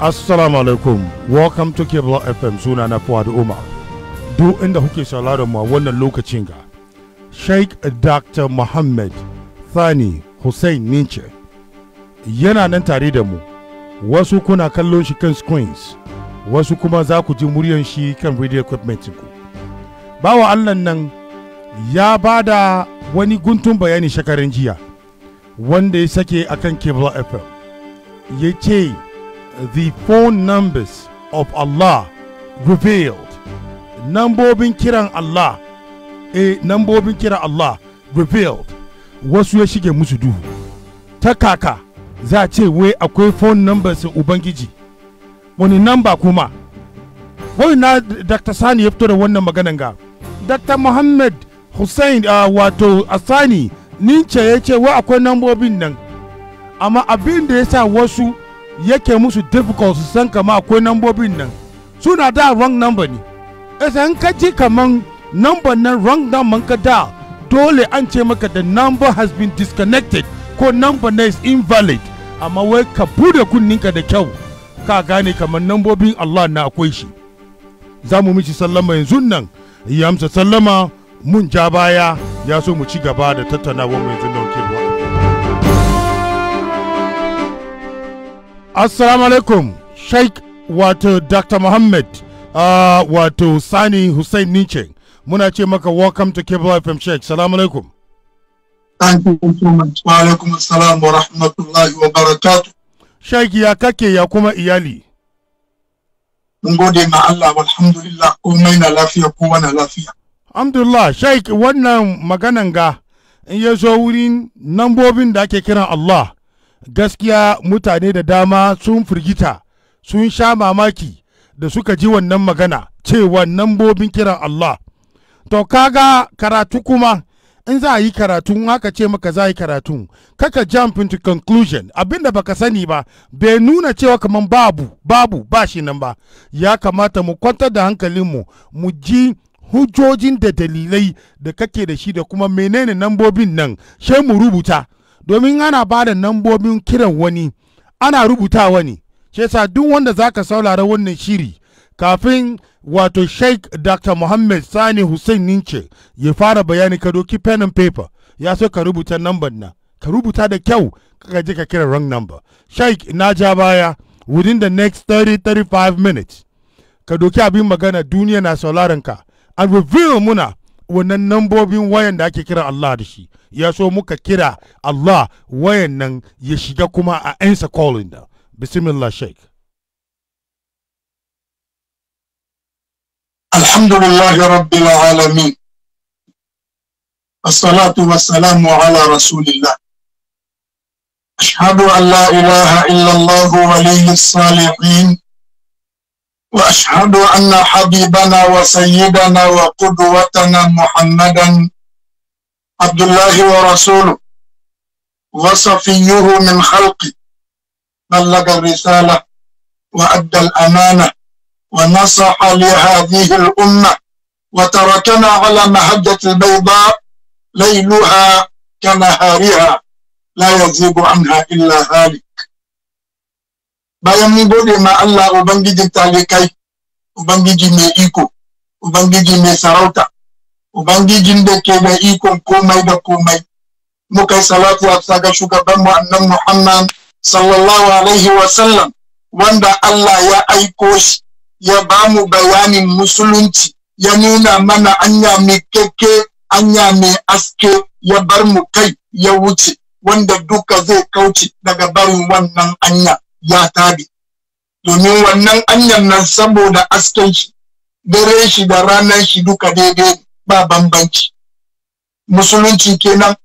Assalamu alaikum, welcome to Kebla FM suna na Fuad Umar. Duk inda kuke sauraron mu wannan lokacin ga Sheikh Dr. Muhammad Thani Hussein Ninche yana nan tare da mu. Wasu kuna kallon shi kan screens, wasu kuma za ku ji muryan shi kan radio equipment ku. Bawa Allah nan ya ba da wani guntun bayani shekaran jiya wanda ya sake akan Kebla FM. Ya ce the phone numbers of Allah revealed. Nambobin kiran Allah, eh, nambobin kiran Allah revealed. Wasu ya shige musu duhu. Ta kaka za a ce wai akwai phone numbers Ubangiji. Wani namba kuma. Wai na Dr. Sani ya fito da wannan maganan ga. Dr. Muhammad Hussein uh, wato Asani nince ya ce wai akwai nambobin nan. Amma abin da ya sa wasu yake musu difficult su san kama akwai nambobin nan suna da wrong number ne isa in ka ji kaman number nan wrong number ka da dole an ce maka the number has been disconnected ko number na is invalid amma wai ka bude kunninka da kyau ka gane kaman nambobin Allah na akwai shi za mu mishi sallama yanzu nan ya amsa sallama mun ja baya ya so mu ci gaba da tattaunawa mai yanzu assalamu alaikum sheik wato dr muhammad uh, wato sani hussein niche muna ce maka welcome to cable fm sheik assalamu alaikum thank you so much wa alaikum assalam wa rahmatullahi wa barakatuh sheik ya kake ya kuma iyali mun gode ma Allah alhamdulillah komai na lafiya ko na lafiya alhamdulillah sheik wannan maganan ga in ya zo wurin nambobin da ake kiran Allah gaskiya mutane da dama sun firgita sun sha mamaki da suka ji wannan magana cewa nambobin kiran Allah to kaga karatu kuma in za a yi karatu haka ce maka za a yi karatu kaka jump into conclusion abinda baka sani ba bai nuna cewa kaman babu babu ba shi nan ba ya kamata mu kwantar da hankalinmu mu ji hujjojin da dalilai da kake da shi da kuma menene nambobin nan sai mu rubuta domin ana ba da nambobin kiran wani ana rubuta wani shi yasa duk wanda zaka saurara wannan shiri kafin wato sheikh dr muhammad sani hussein nince ya fara bayani ka doki pen and paper ya so ka rubuta namban na ka rubuta da kyau ka je ka kira wrong number sheikh na ja baya within the next 30-35 minutes ka doki abin magana duniya na sauraron ka and reveal muna wannan nambobin wayan da ake kira Allah da shi ya so muka kira Allah wayan nan ya shiga kuma a ansa calling da bismillah sheikh alhamdulillah rabbil alamin assalatu wassalamu ala rasulillah ashhadu an la ilaha illa Allah waliyyi salihin واشهد ان حبيبنا وسيدنا وقدوتنا محمدا عبد الله ورسوله وصفيه من خلقه بلغ الرساله وادى الامانه ونصح لهذه الامه وتركنا على مهده البيضاء ليلها كنهارها لا يزيد عنها الا هالك bayan mun gode ma Allah ubangijin talikai ubangiji mai iko ubangiji mai sarauta ubangijin da ke da ikon komai da komai muka yi salatu a tsaga shugaban mu annan Muhammad sallallahu alaihi wa sallam wanda Allah ya aiko shi ya ba mu bayanin musulunci ya nuna mana anya mai keke anya mai aske ya bar mu kai ya wuce wanda duka zai kauce daga barin wannan anya ya tabi domin wannan anyan nan saboda asken shi dare shi da ranar shi duka daidai ba bambanci musulunci kenan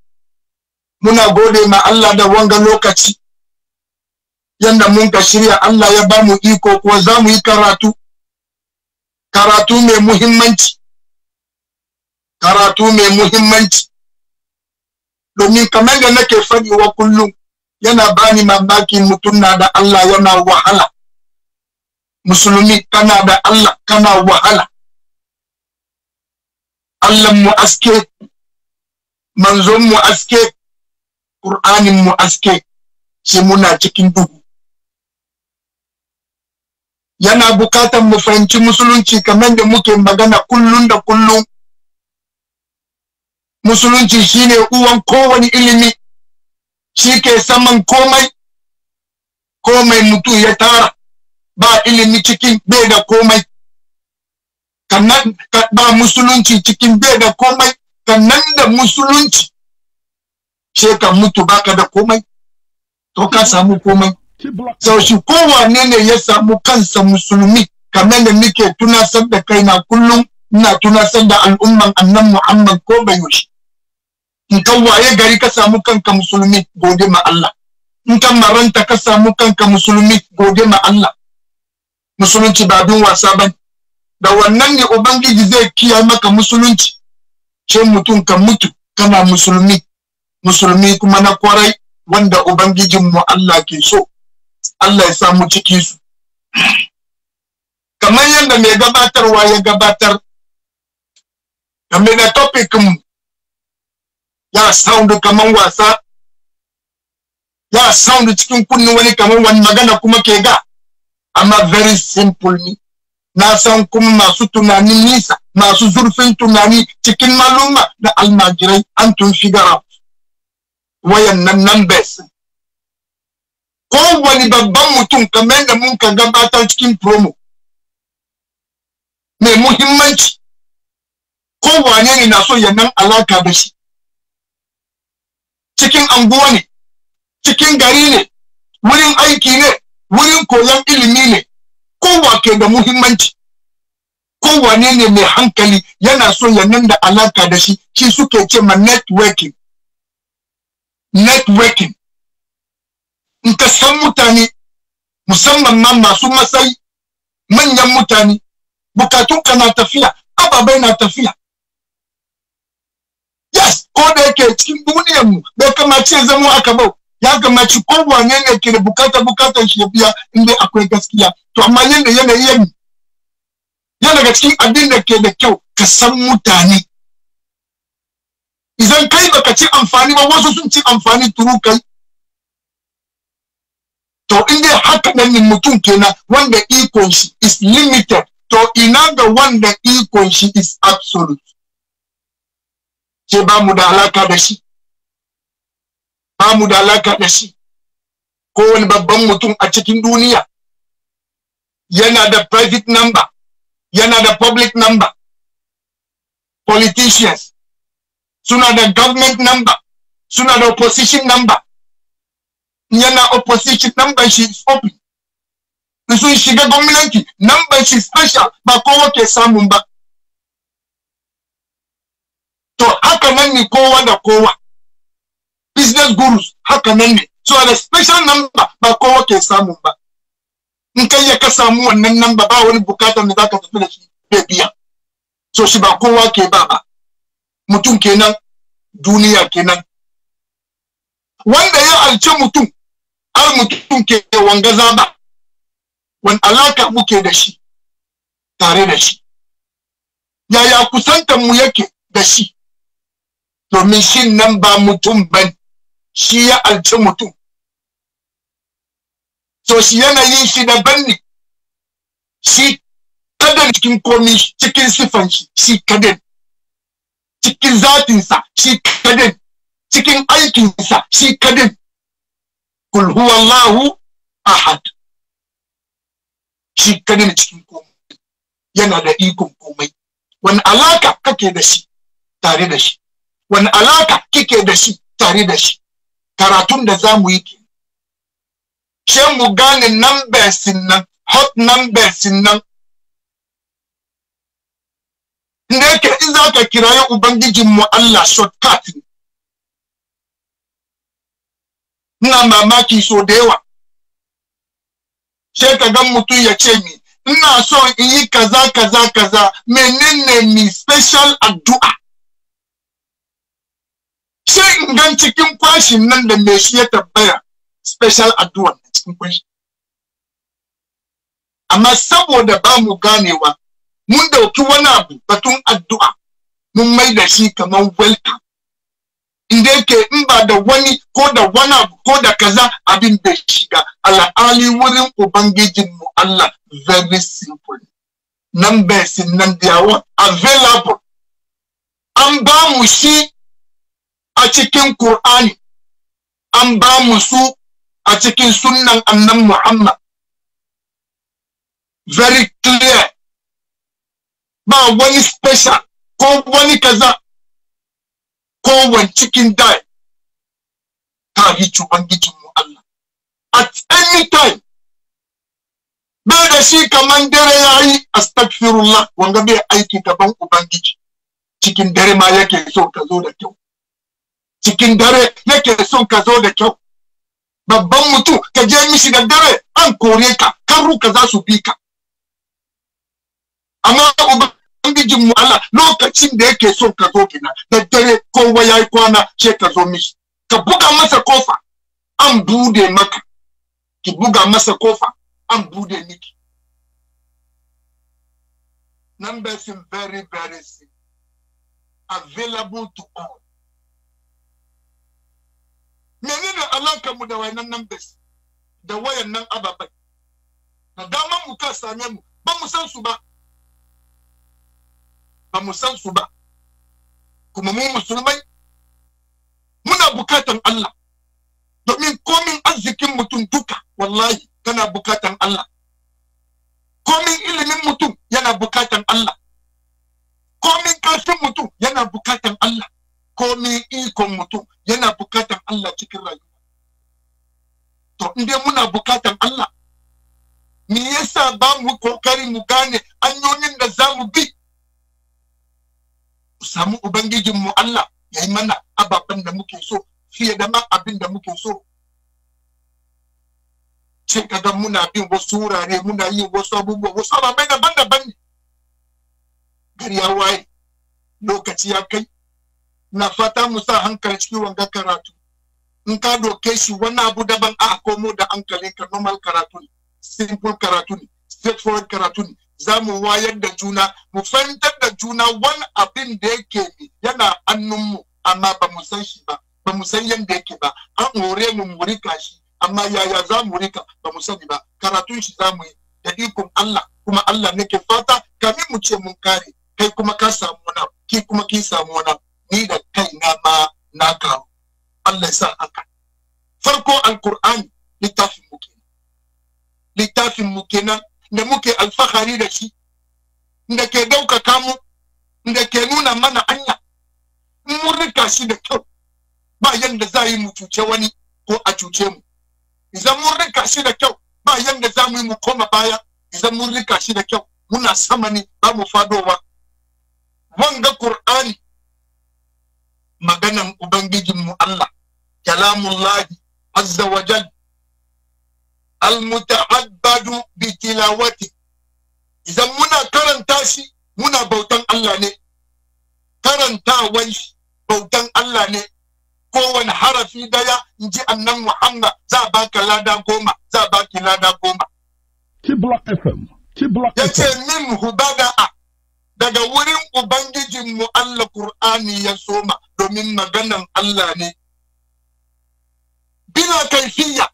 muna gode ma Allah da wanga lokaci yanda mun ka shirya Allah ya ba mu iko kuwa za mu yi karatu karatu mai muhimmanci karatu mai muhimmanci domin kamar da nake faɗi wa kullum yana bani mamaki mutum na da Allah yana wahala musulmi kana da Allah kana wahala Allah mu aske manzon mu aske Qur'anin mu aske sai muna cikin duhu yana bukatan mu fahimci musulunci kamar da muke magana kullun da kullun musulunci shine uwan koWani ilimi shi ke saman komai komai mutu ya tara ba ilimi cikin bai da komai kannan ba musulunci cikin bai da komai kannan da musulunci shi ka mutu baka da komai to ka samu komai sau shi kowane ne ya samu kansa musulmi kamar da nike tunasar da na kullum ina tunasar da al'umman annan muhammad ko bai nkan waye gari ka samu kanka musulmi gode ma Allah in maranta ka samu kanka musulmi gode ma Allah musulunci ba bin wasa ba da wannan ne ubangiji zai kiyaye maka musulunci ce mutum ka mutu kana musulmi musulmi kuma na kwarai wanda ubangijin mu Allah ke so Allah ya samu ciki su kamar yadda mai gabatarwa ya gabatar game da topic mu ya sound kaman wasa ya sound cikin kunnin wani kaman wani magana kuma ke ga amma very simple ni na san kuma masu tunanin nisa masu zurfin tunani cikin maluma da almajirai an tun figure out wayannan numbers wani babban mutum kamar da mun ka gabatar cikin promo mai muhimmanci ko wani ne na so ya nan alaka da shi cikin anguwa ne cikin gari ne wurin aiki ne wurin koyon ilimi ne kowa ke da muhimmanci kowane ne mai hankali yana so ya da alaka da shi shi suke ce ma networking networking in ka san mutane musamman ma masu matsayi manyan mutane bukatun ka na tafiya ababai na tafiya yes ko da yake cikin duniyar mu bai ya zama aka bau ya kamace kowane ne ke da bukata bukatar shi biya inda akwai gaskiya to amma yanda yanayi yana yana daga cikin abin da ke da kyau ka san mutane izan kai baka ci amfani ba wasu sun ci amfani turu kai to in dai haka nan ne mutum kenan wanda ikon shi is limited to ina ga wanda ikon shi is absolute ce ba mu da alaka da shi ba mu da alaka da shi kowane babban mutum a cikin duniya yana da private number yana da public number politicians suna da government number suna da opposition number yana opposition number shi is open sun shiga gwamnati number shi special ba kowa ke samun ba to haka nan ne kowa da kowa business gurus haka nan ne so da special number ba kowa ke samu ba in kai ya ka samu wannan number ba wani bukatar da zaka tafi da shi bai biya so shi ba kowa ke ba ba mutum kenan duniya kenan wanda ya alce mutum har mutum ke wanga zaba wani alaka muke da shi tare da shi yaya kusantar mu yake da shi domin shin nan ba mutum ba shi ya alci mutum to shi yanayin shi daban ne shi kadan cikin komi cikin sifan shi shi kadan cikin zatinsa shi kadan cikin aikinsa shi kadan kul huwallahu ahad shi kadan cikin komai yana da ikon komai wani alaka kake da shi tare da shi wani alaka kike da shi tare da shi karatun da za mu yi ke ce mu gane numbers nan hot numbers nan inda ke in za ka kirayi ubangijin mu Allah shortcut ne ina mamaki so da yawa sai ka gan mutum ya ce mi ina so in yi kaza kaza kaza menene mi special addu'a sai in gan cikin kwashin nan da me shi ya tabbaya special addu'a na cikin kwashin amma saboda ba mu ganewa mun dauki wani abu batun addu'a mun mai da shi kamar welcome inda yake in ba da wani ko da wani abu ko da kaza abin da shiga al'ali wurin ubangijin Allah very simple numbers nan da yawa available an ba shi a cikin ƙur'ani an ba mu su a cikin sunan annan Muhammad very clear ba wani special ko wani kaza ko wani cikin dai ta yi ubangijin mu Allah at any time ba da shi kamar dare ya yi, astaghfirullah wanga bai aiki gaban ubangiji cikin dare ma yake so ka zo da kyau cikin dare yake son ka zo da kyau babban mutum ka je mishi da dare an kore ka ruka za su bi ka amma ubangijin mu Allah lokacin da yake son ka zo kina da dare kowa yayi kwana ce ka zo mishi ka buga masa kofa an bude maka ki buga masa kofa an bude miki numbers in very very simple available to all menene alaka mu da wayannan numbers da wayannan ababai na daman mu ka same mu ba mu san su ba ba mu san su ba kuma mu musulmai muna bukatan Allah domin komin arzikin mutum duka wallahi kana bukatan Allah komin ilimin mutum yana bukatan Allah komin kashin mutum yana bukatan Allah komi ikon mutum yana bukatan Allah cikin rayuwa to in muna bukatan Allah me yasa ba mu kokari mu gane hanyoyin da za mu bi mu samu ubangijin Allah ya yi mana ababen da muke so fiye da ma abin da muke so ce kaga muna bin wasu wurare muna yi wasu abubuwa wasu ababai daban-daban ne gari ya waye lokaci ya kai na fata mu sa hankali cikin wanga karatu in ka doke shi wani abu daban a komo da hankali ka normal karatu ne simple karatu ne straightforward karatu za mu wayar da juna mu fahimtar da juna wani abin da yake yana hannunmu amma ba mu san shi ba ba mu san yadda yake ba an hore mu mu rika shi amma yaya za mu rika ba mu sani ba karatun shi za mu yi da ikon Allah kuma Allah nake fata kamin mu ce mun kare kai kuma ka samu wani ki kuma ki samu wani ni da kai na ma na ka Allah sa aka farko alkur'ani littafin muke kenan littafin muke da muke alfahari da shi da ke daukaka mu da ke nuna mana anya mu mun rika shi da kyau ba yanda za mu cuce wani ko a cuce mu idan mun rika shi da kyau ba yanda za mu yi mu koma baya idan mun rika shi da kyau muna sama ne ba mu fadowa wanga qur'ani maganan ubangijinmu Allah kalamullahi azza wa jal almuta'abbadu bi tilawati idan muna karanta shi muna bautan Allah ne karantawan shi bautan Allah ne kowane harafi daya in ji annan Muhammad za baka lada goma za baki lada goma. Kibla FM. Kibla FM. Yace min a daga wurin ubangijinmu Allah Kur'ani ya soma domin maganan Allah ne bila kaifiya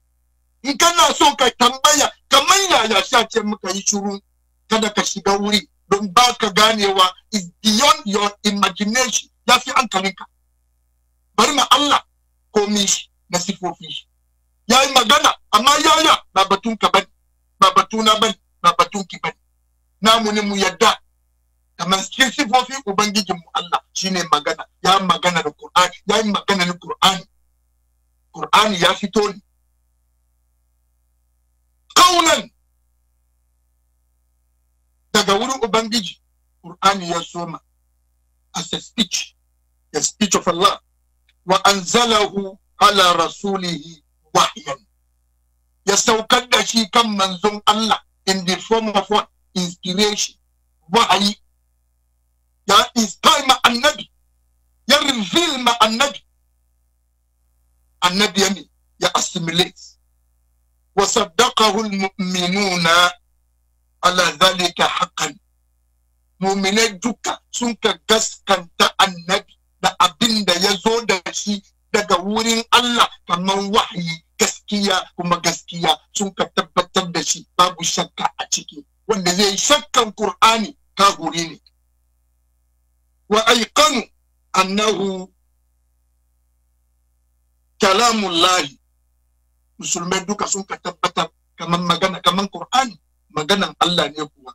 in kana so ka tambaya kamar yaya sha ce muka yi shiru kada ka shiga wuri don ba ka ganewa is beyond your imagination ya fi hankalinka bari ma Allah komi shi na sifofi shi ya yi magana amma yaya ba batun ka ba batuna bani, ba batun ki namu ne mu yadda kamar cikin sifofin ubangijin mu Allah shine magana ya magana da Qur'ani ya yi magana da Qur'ani Qur'ani ya fito ne kaunan daga wurin ubangiji Qur'ani ya soma as a speech the speech of Allah wa anzalahu ala rasulihi wahyan ya saukar da shi kan manzon Allah in the form of what inspiration wahayi ya install ma annabi ya reveal ma annabi annabi ne ya assimilate wa saddaqahu almu'minuna ala dhalika haqqan mu'minai duka sun ka gaskanta annabi da abinda ya zo da shi daga wurin Allah kamar wahayi gaskiya kuma gaskiya sun ka tabbatar da shi babu shakka a ciki wanda zai shakkan Kur'ani ka ne وأيقنوا أنه كلام الله musulmai duka sun ka tabbatar kamar magana kamar Qur'ani maganan Allah ne kuwa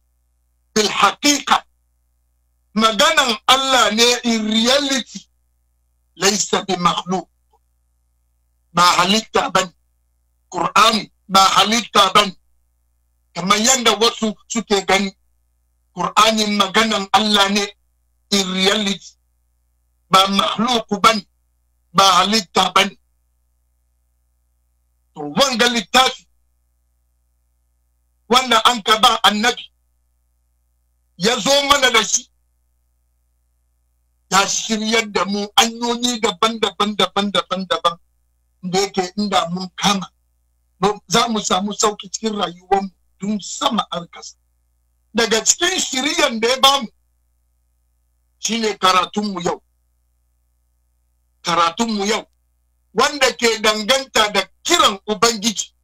bil haqiqa maganan Allah ne in reality laysa bi makhluq ba halitta bane Qur'ani ba halitta bane kamar yadda wasu suke gani Qur'ani maganan Allah ne in reality ba makhluku ba ba halitta ba to wanga littafi wanda an ka ba annabi ya zo mana da shi ya shiryar da mu hanyoyi daban-daban daban-daban daban da yake inda mun kama za mu samu sauki cikin mu tun sama arkasa daga cikin shiryan da ya bamu shine karatunmu yau karatunmu yau wanda ke danganta da kiran ubangiji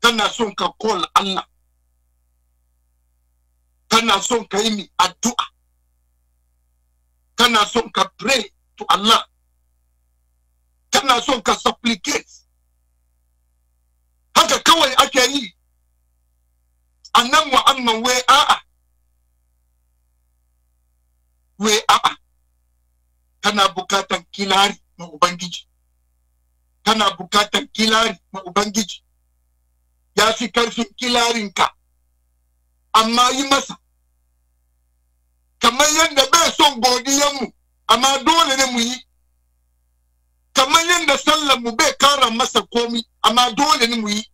kana son ka call Allah kana son ka yi mi addu'a kana son ka pray to Allah kana son ka supplicate haka kawai ake yi annan wa'annan wai a'a we a'a kana bukatan kilari ma ubangiji kana bukatan kilari ma ubangiji ya fi karfin kilarinka amma yi masa kamar yadda bai son godiyanmu amma dole ne mu yi kamar yadda mu bai kara masa komi amma dole ne mu yi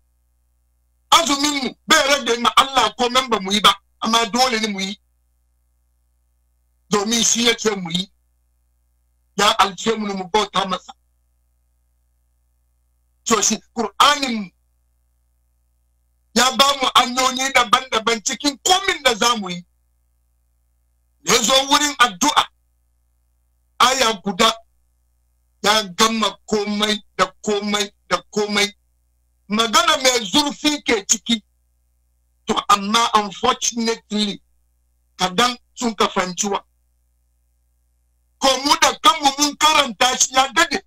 azuminmu bai rage ma Allah ko ba mu yi ba amma dole ne mu yi domin shi yake mu yi ya alce mu mu bauta masa to shi qur'anin ya ba mu daban-daban cikin komin da za mu yi ya zo wurin addu'a aya guda ya gama komai da komai da komai magana mai zurfi ke ciki to amma unfortunately kadan sun kafanci wa ko mu da kanmu mun karanta shi ya dade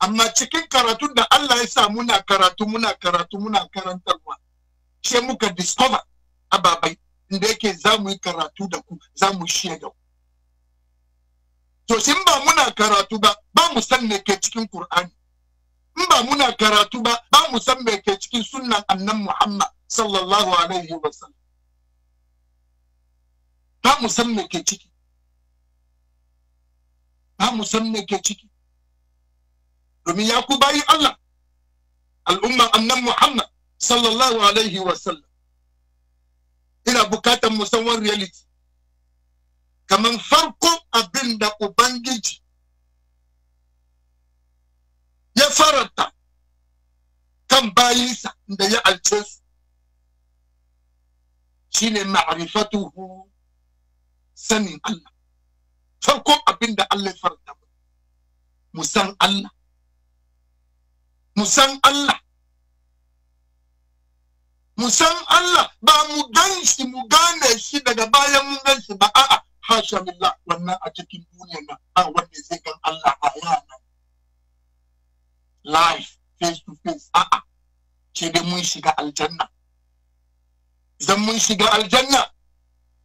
amma cikin karatu da Allah ya sa muna karatu muna karatu muna karantarwa sai muka discover ababai inda yake za mu yi karatu da ku za mu shiye da ku to in ba muna karatu ba ba mu san me ke cikin Qur'ani in ba muna karatu ba ba mu san me ke cikin sunnan annan Muhammad sallallahu alaihi wa sallam ba mu san me ke ciki za mu ke ciki domin ya ku bayi Allah al'umman annan Muhammad sallallahu alaihi wa sallam ina bukatar mu san reality kamar farko abin da ubangiji ya farata kan bayinsa da ya alce su shine ma'rifatuhu sanin Allah farko abin da Allah ya faranta mu san Allah mu san Allah mu san Allah ba mu gan shi mu gane shi daga bayan mun gan shi ba a'a hasha billah wannan a cikin duniyar nan a wanda zai gan Allah a yana life face to face a'a ce dai mun shiga aljanna zan mun shiga aljanna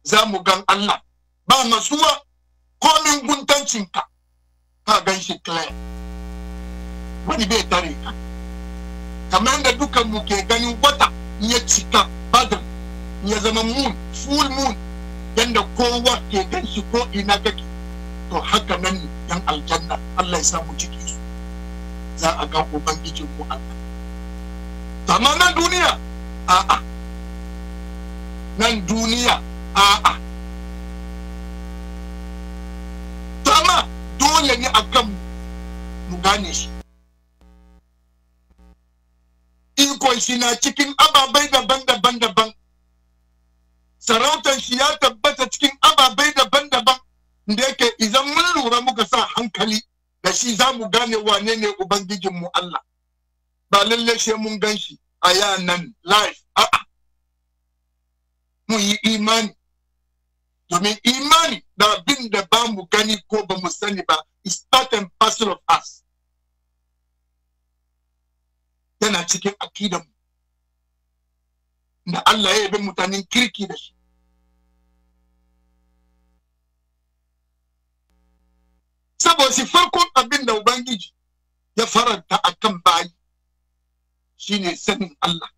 za mu gan Allah ba masuwa komin guntancinka ka gan shi clear wani bai tare ka kamar da dukan mu ke ganin wata ya cika badr ya zama mun, full mun, yanda kowa ke gan shi ko ina kake to haka nan yan aljanna Allah ya samu ciki su za a ga ubangijin mu Allah amma nan duniya a'a nan duniya a'a dole ne akan mu gane shi ikon shi na cikin ababai daban-daban daban sarautar shi ya tabbata cikin ababai daban-daban da yake idan mun lura muka sa hankali da shi za mu gane wane ne ubangijinmu Allah ba lalle shi mun gan shi a yanan life a'a mu yi imani domin imani da abin da ba mu gani ko ba mu sani ba is part and parcel of us yana cikin akidan mu da Allah ya yabe mutanen kirki da shi saboda shi farkon abin da ubangiji ya faranta akan bayi shine sanin Allah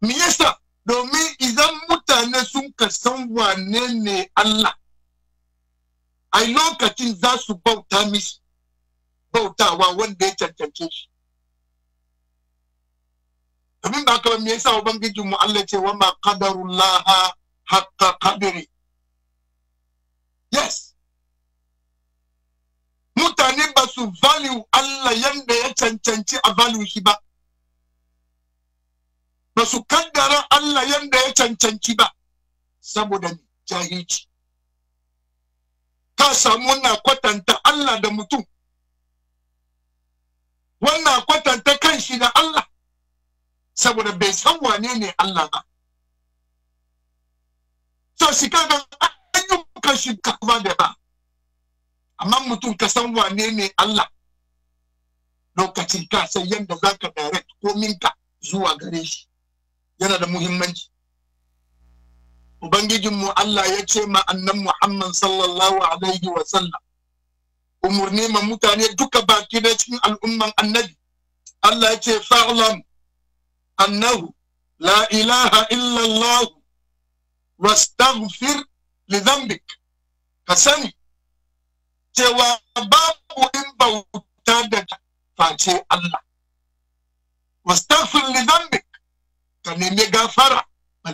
me yasa domin idan mu mutane sun ka san wane ne Allah a lokacin za su bauta mishi bautawa wanda ya cancance shi abin ba haka me yasa ubangijin mu Allah ce wa ma qadarullah haqqa qadri yes mutane ba su value Allah yanda ya cancanci a value shi ba ba su kaddara Allah yanda ya cancanci ba saboda jahilci ka samu na kwatanta Allah da mutum wannan kwatanta kanshi da Allah saboda bai san wane ne Allah ba so shi kaga ayyukan shi ba da ba amma mutum ka san wane ne Allah lokacin ka san yadda zaka direct komin ka zuwa gare shi yana da muhimmanci ubangijinmu Allah ya ce ma annan Muhammad sallallahu alaihi wa sallam umurni ma mutane duka baki da cikin al'umman annabi Allah ya ce fa'lam annahu la ilaha illa Allah wastaghfir li dhanbik ka sani cewa babu in bauta da face Allah wastaghfir li dhanbik ka nemi gafara a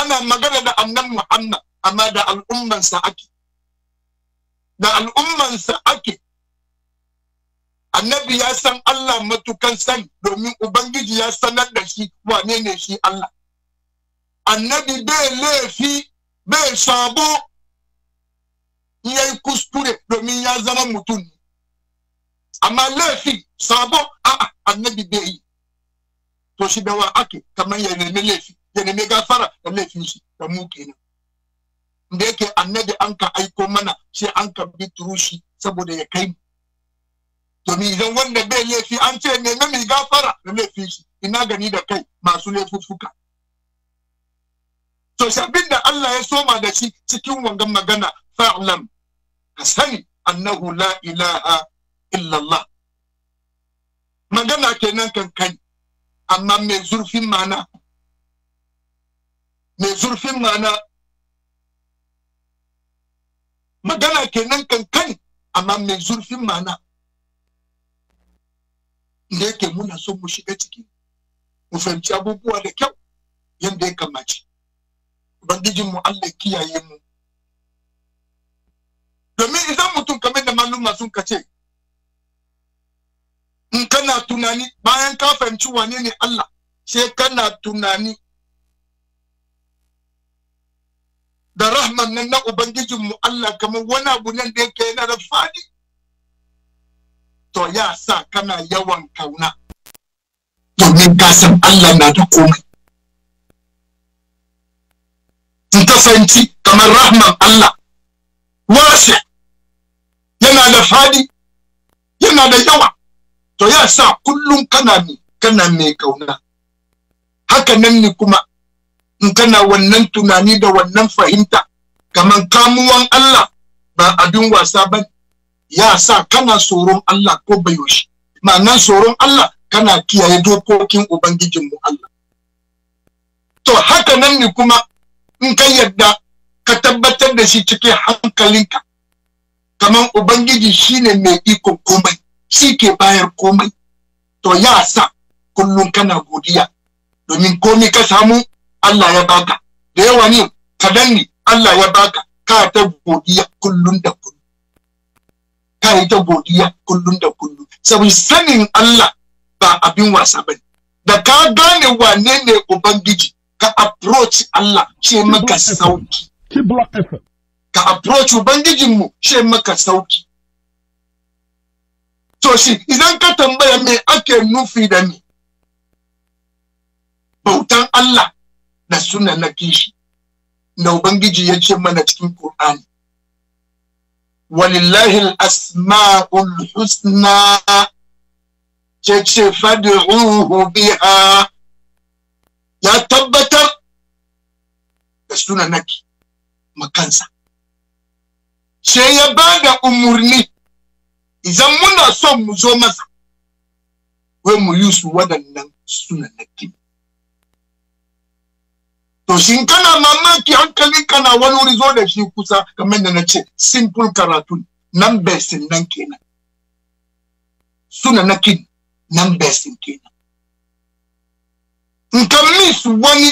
ana magana da annan muhammad amma da al'ummansa ake da al'ummansa ake annabi ya san Allah matukan sani domin ubangiji ya sanar da shi wane ne shi Allah annabi bai laifi bai sabo ya yi kuskure domin ya zama mutum amma laifi sabo a'a annabi bai yi to shi da wa ake kamar ya nemi laifi ya nemi gafara da laifin shi da mu kenan da yake annabi an ka aiko mana shi an ka bi turushi saboda ya kai mu domin idan wanda bai laifi an ce nemi mai gafara da laifin shi ina gani da kai masu laifuffuka to shabin da Allah ya soma da shi cikin wangan magana fa'lam ka sani annahu la ilaha illallah magana kenan kan kai amma mai zurfin mana mai zurfin mana magana kenan kan amma mai zurfin mana da yake muna son mu shiga ciki mu fahimci abubuwa da kyau yadda ya kamace mu allah kiyaye mu domin idan mutum kamar da maluma sun kace kana tunani bayan ka fahimci wane ne Allah sai kana tunani da rahman nan na ubangijinmu Allah kamar wani abu nan da yake yana da fadi to ya sa kana yawan kauna domin ka san Allah na da komai in ka fahimci kamar rahman Allah wasa yana da fadi yana da yawa to ya sa kullum kana mi kana mai kauna haka nan ne kuma in kana wannan tunani da wannan fahimta kamar kamuwan Allah ba abin wasa ba ya sa kana tsoron Allah ko bai yoshi ma'anan tsoron Allah kana kiyaye dokokin ubangijinmu Allah to haka nan ne kuma in ka yadda ka tabbatar da shi cikin hankalinka kamar ubangiji shine mai iko komai shi ke bayar komai to ya sa kullum kana godiya domin komai ka samu Allah ya baka da yawa ne ka danni Allah ya baka ka ta godiya kullum da kullum ka yi ta godiya kullum da kullum saboda sanin Allah ba abin wasa ba ne. da ka gane wane ne ubangiji ka approach Allah ce maka sauki ka approach ubangijinmu ce maka sauki to shi idan ka tambaya me ake nufi da ni bautan Allah da suna na kishi na ubangiji ya ce mana cikin Qur'ani walillahi al-asma'ul husna ce ce fad'uhu biha ya tabbatar da suna naki makansa ce ya bada umurni idan muna son mu zo masa wai mu yi su waɗannan sunanaki to shin kana mamaki hankali kana wani wuri zo da shi kusa kamar da na ce simple karatu nan besin nan kenan kin nan besin kenan in kan su wani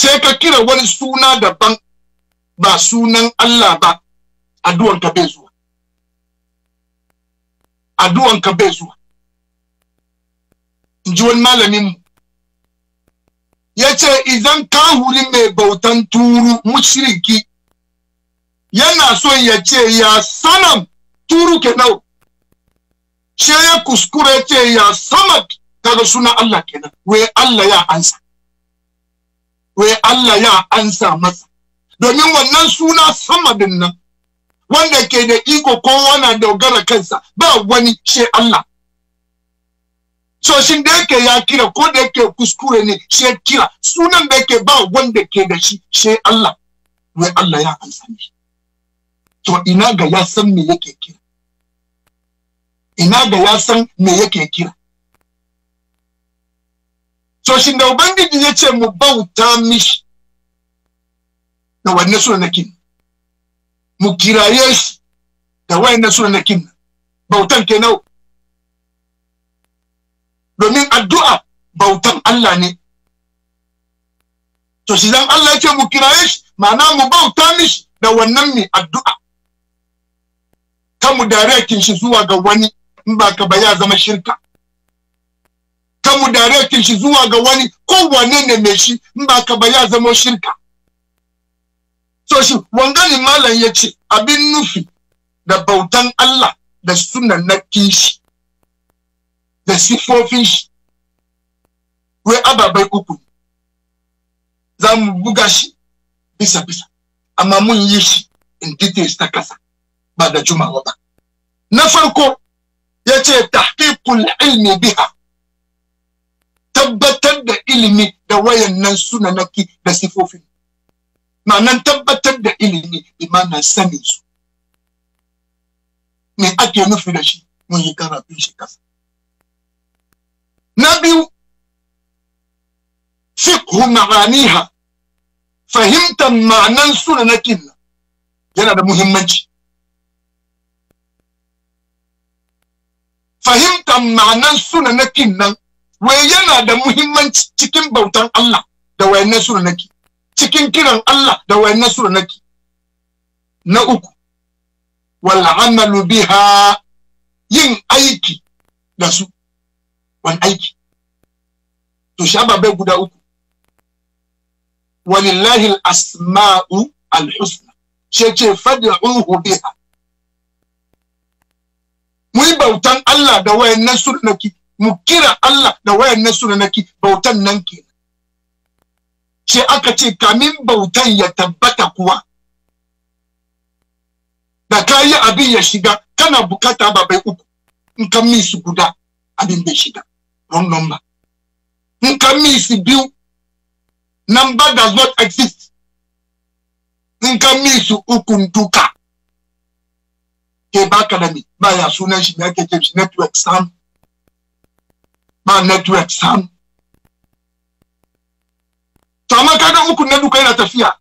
sai ka kira wani suna daban ba sunan Allah ba a ka bai zo. addu'an ka bai zuwa in ji wani malamin mu ya ce idan kahuri mai bautan turu mushriki yana son ya ce ya sanam turu ke nau she ya kuskure ce ya samad kaga suna Allah kenan we Allah ya ansa we Allah ya ansa masa domin wannan suna samadin nan wanda ke da iko kowa na dogara kansa ba wani shi Allah so shin da yake ya kira ko da yake kuskure ne ya kira sunan da yake ba wanda ke da shi shi Allah wai Allah ya ansa ne to ina ga ya san me yake kira ina ga ya san me yake kira so shin da ubangiji ya ce mu bauta mishi da wanne sunan nake mu kiraye shi da wayannan sunanakin bautan ke kenan domin addu'a bautan Allah ne to shi dan Allah yake mu kiraye shi ma'ana mu bauta shi. da wannan mai addu'a kan mu directin shi zuwa ga wani in ba ka ba ya zama shirka kan mu directin shi zuwa ga wani ko wane ne mai shi in ba ka ba ya zama shirka to shi wangani malam ya ce abin nufi da bautan Allah da sunan na kishi da sifofin shi wai ababai uku za mu buga shi bisa bisa amma mun yi shi in details ta kasa ba da jumawa ba na farko ya ce tahqiqul ilmi biha tabbatar da ilimi da wayannan sunanaki da sifofin nan tabbatar da ilimi imanin sanin su me ake nufi da shi mun yi karatun shi kasa na biyu fiqhu ma'aniha fahimtar ma'anan na kinna yana da muhimmanci fahimtar ma'anan na nan wai yana da muhimmanci cikin bautan Allah da wayannan suna na kinna cikin kiran Allah da wayannan naki na uku wal amalu biha yin aiki da su wani aiki to shi ababai guda uku walillahi al-asma'u al-husna ce ce fad'uhu biha mu yi bautan Allah da wayannan naki, mu kira Allah da wayannan naki bautan nan kenan sai aka ce kamin bautan ya tabbata kuwa da ka yi abin ya shiga kana bukata ba bai uku in kan min su guda abin bai shiga wrong number in kan min su biyu number does not exist in kan min su uku duka ke baka da mi ba ya sunan shi me ake ce shi network sam ba network sam to amma kaga uku na duka yana tafiya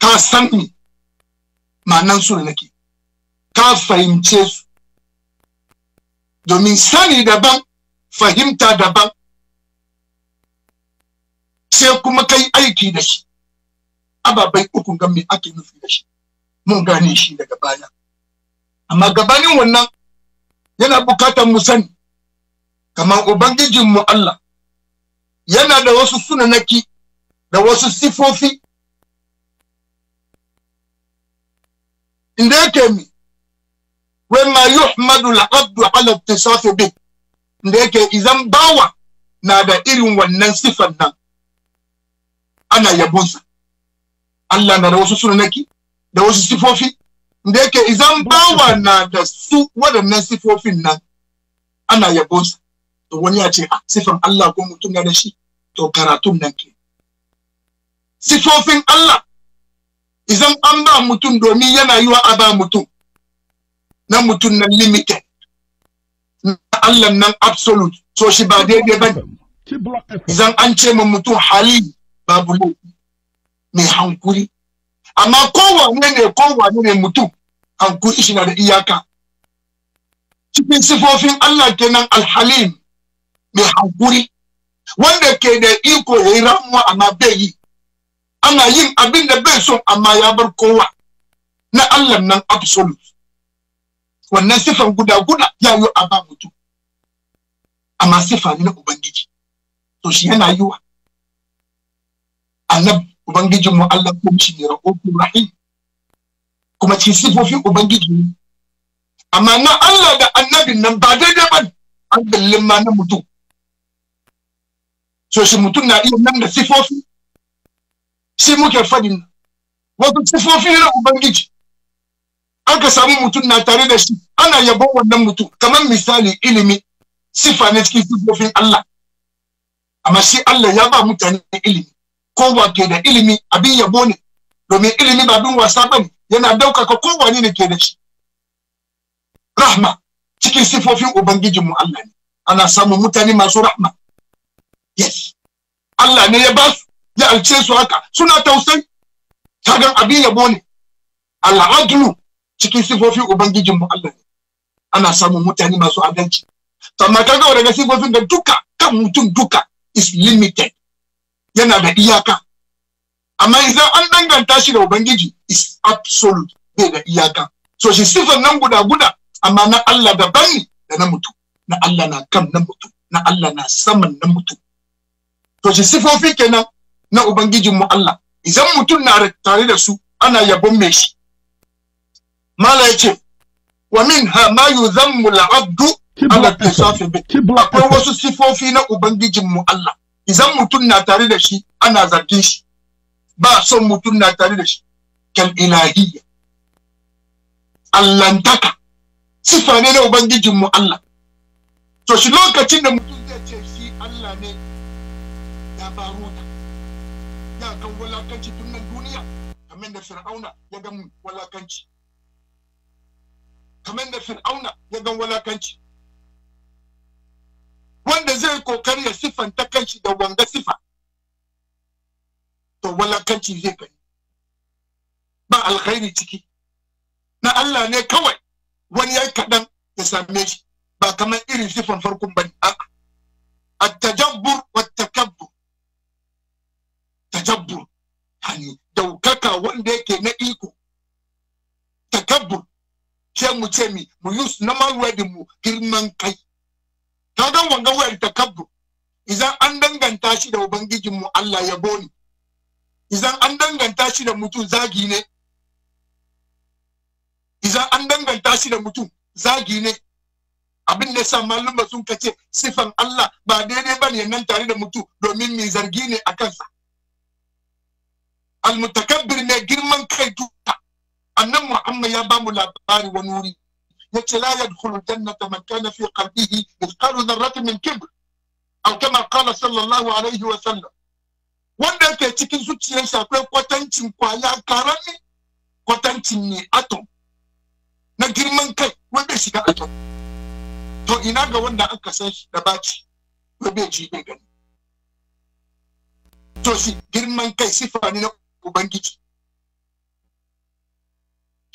ka san ni ma'anan su nake ka fahimce su domin sani daban fahimta daban sai kuma kai aiki da shi ababai uku ga me ake nufi da shi mun gane shi daga baya amma gabanin wannan yana bukatar mu sani kamar ubangijinmu Allah yana da wasu sunanaki da wasu sifofi inda yake mi wema yuhmadu al-abdu ala ittisafi bi inda yake izan bawa na da irin wannan sifan nan ana yabonsa Allah na da wasu sunanaki da wasu sifofi inda yake izan bawa na da su waɗannan sifofin nan ana yabonsa to wani ya ce ah, sifan Allah ko mutum na da shi to karatun nan ke sifofin Allah idan an ba mutum domin yana yi wa a ba mutum na mutum nan limited na Allah nan absolute so shi ba daidai ba idan an ce ma mutum hali ba bulu mai hankuri amma kowane ne kowane ne mutum hankuri shi na da iyaka cikin sifofin Allah kenan alhalim mai hankuri wanda ke da iko ya yi ramuwa amma bai yi ana yin abin da bai son amma ya bar kowa na Allah nan absolute wannan sifan guda guda ya yi a ba mutum amma sifa ne na ubangiji to shi yana yi wa annab ubangiji mu Allah ko shi ne rahofin rahim kuma ci sifofin ubangiji amma na Allah da annabin nan ba daidai ba an ma na mutum so shi mutum na iya nan da sifofi shi muke fadin wasu sifofi na ubangiji aka samu mutum na tare da shi ana yabon wannan mutum kamar misali ilimi sifa ne cikin sifofin Allah amma shi Allah ya ba mutane ilimi kowa ke da ilimi abin yabo ne domin ilimi ba bin wasa bane yana daukaka wani ne ke da shi rahma cikin sifofin mu Allah ne ana samun mutane masu rahma yes Allah ne ya ba su ya alce su haka suna tausayi kagan abin yabo ne Allah adlu cikin sifofin ubangijin mu Allah ana samun mutane masu adalci amma kaga daga sifofin da duka kan mutum duka is limited yana da iyaka amma idan an danganta shi da ubangiji is absolute bai da iyaka so shi sifan nan guda guda amma na Allah daban ne da na mutum na Allah na kan na mutum na Allah na saman na mutum to shi sifofi kenan na ubangijin mu Allah idan mutum na tare da su ana yabon mai shi mala yace wa minha ma yuzammu al-abdu ala tisafi bi akwai wasu sifofi na ubangijin mu Allah idan mutum na tare da shi ana zargin shi ba son mutum na tare da shi kal ilahiyya allantaka sifa ne na mu Allah to shi lokacin da mutum zai ce shi Allah ne fir'auna ya gan walakanci kamar da fir'auna ya gan walakanci wanda zai kokari ya siffanta kanshi da wanga sifa to walakanci zai gani ba alkhairi ciki na Allah ne kawai wani yayi kaɗan ya same shi ba kamar irin sifan farkon bane a'a at-tajabbur wat-takabbur tajabbur ce mu ce mi mu use normal word mu girman kai ta wanga wanga ta kabu Izan an danganta shi da ubangijin mu Allah ya boni Izan an danganta shi da mutum zagi ne Izan an danganta shi da mutum zagi ne abin da sa malumma sun kace sifan Allah ba daidai bane nan tare da mutu domin mai zargi ne a kansa almutakabbir ne girman kai annan muhammad ya bamu labari wani wuri yace la yadkhulu jannata man kana fi qalbihi mithqalu dharratin min kibr aw kama qala sallallahu alaihi wa sallam wanda yake cikin zuciyar zuciyarsa akwai kwatancin kwaya karami kwatancin ne atom na girman kai wanda shiga atom to ina ga wanda aka san shi da baci ko bai ji bai gani to shi girman kai sifa ne na ubangiji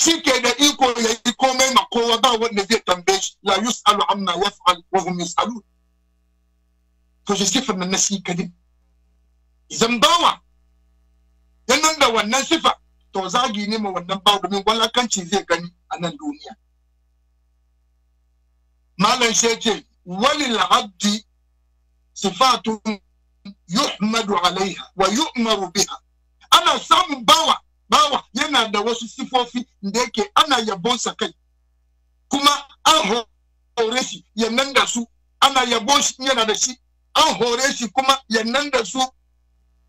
shi ke da iko ya yi komai ma kowa ba wanda zai tambaye shi la yus'alu amma yaf'al wa hum yus'alun to shi sifar na shi kadin idan bawa ya nuna wannan sifa to zagi ne ma wannan bawa domin walakanci zai gani a nan duniya malam shi wani walil abdi sifatun yuhmadu alaiha wa yu'maru biha ana samun bawa bawa yana da wasu sifofi da yake ana sa kai kuma an hore shi ya nan da su ana yabon shi yana da shi an hore shi kuma ya nan da su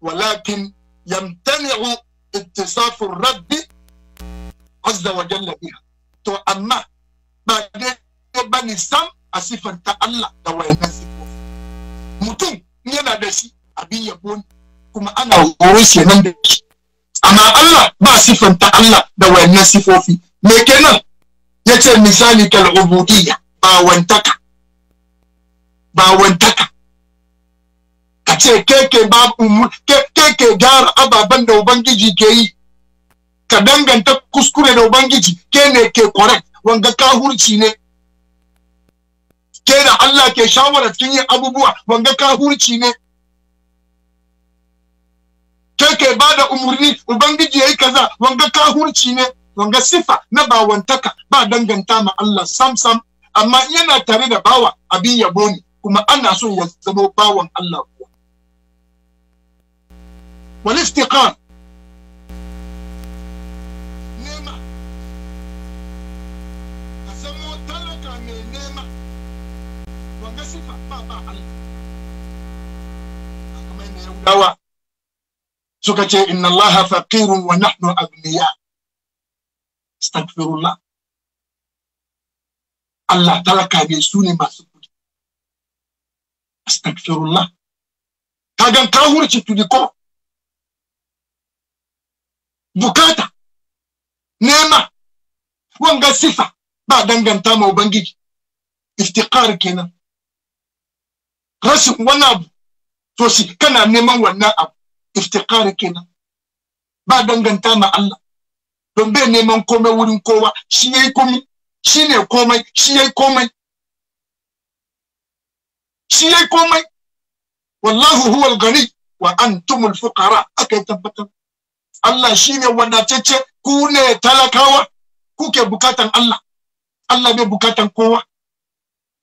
walakin yamtani'u ittisafur rabbi azza wa jalla biha to amma ba dai ba ni sam a sifanta Allah da wayannan sifofi mutum yana da shi abin yabo kuma ana hore shi nan da shi amma Allah ba sifanta Allah da wayannan sifofi me kenan ce misali kal ubudiyya ba wantaka ba wantaka ka ce keke ba keke gyara ababen da ubangiji ke yi ka danganta kuskure da ubangiji ke ne ke correct wanga ka hurci ne ke da Allah ke shawara cikin yin abubuwa wanga ka hurci ne kai kai ba da umarni ubangiji yayi kaza wanga ka hurci ne wanga sifa na bawantaka ba danganta ma Allah sam sam amma yana tare da bawa abin yabo ne kuma ana so ya zama bawan Allah kuwa. wal istiqam dawa suka ce inna Allah faqirun wa nahnu agniya astaghfirullah Allah talaka ne su ne masu kudi astaghfirullah kagan ka hurci tudi ko bukata nema wanga sifa ba danganta ma ubangiji iftiqar kenan rashin wani abu to shi kana neman wannan abu iftikari kenan ba danganta ma Allah don bai neman komai wurin kowa shi yayi komai shi ne komai shi yayi komai shi yayi komai wallahu huwal gani wa al fuqara aka tabbatar Allah shi shine wadatacce ku ne talakawa kuke bukatan Allah Allah bai bukatan kowa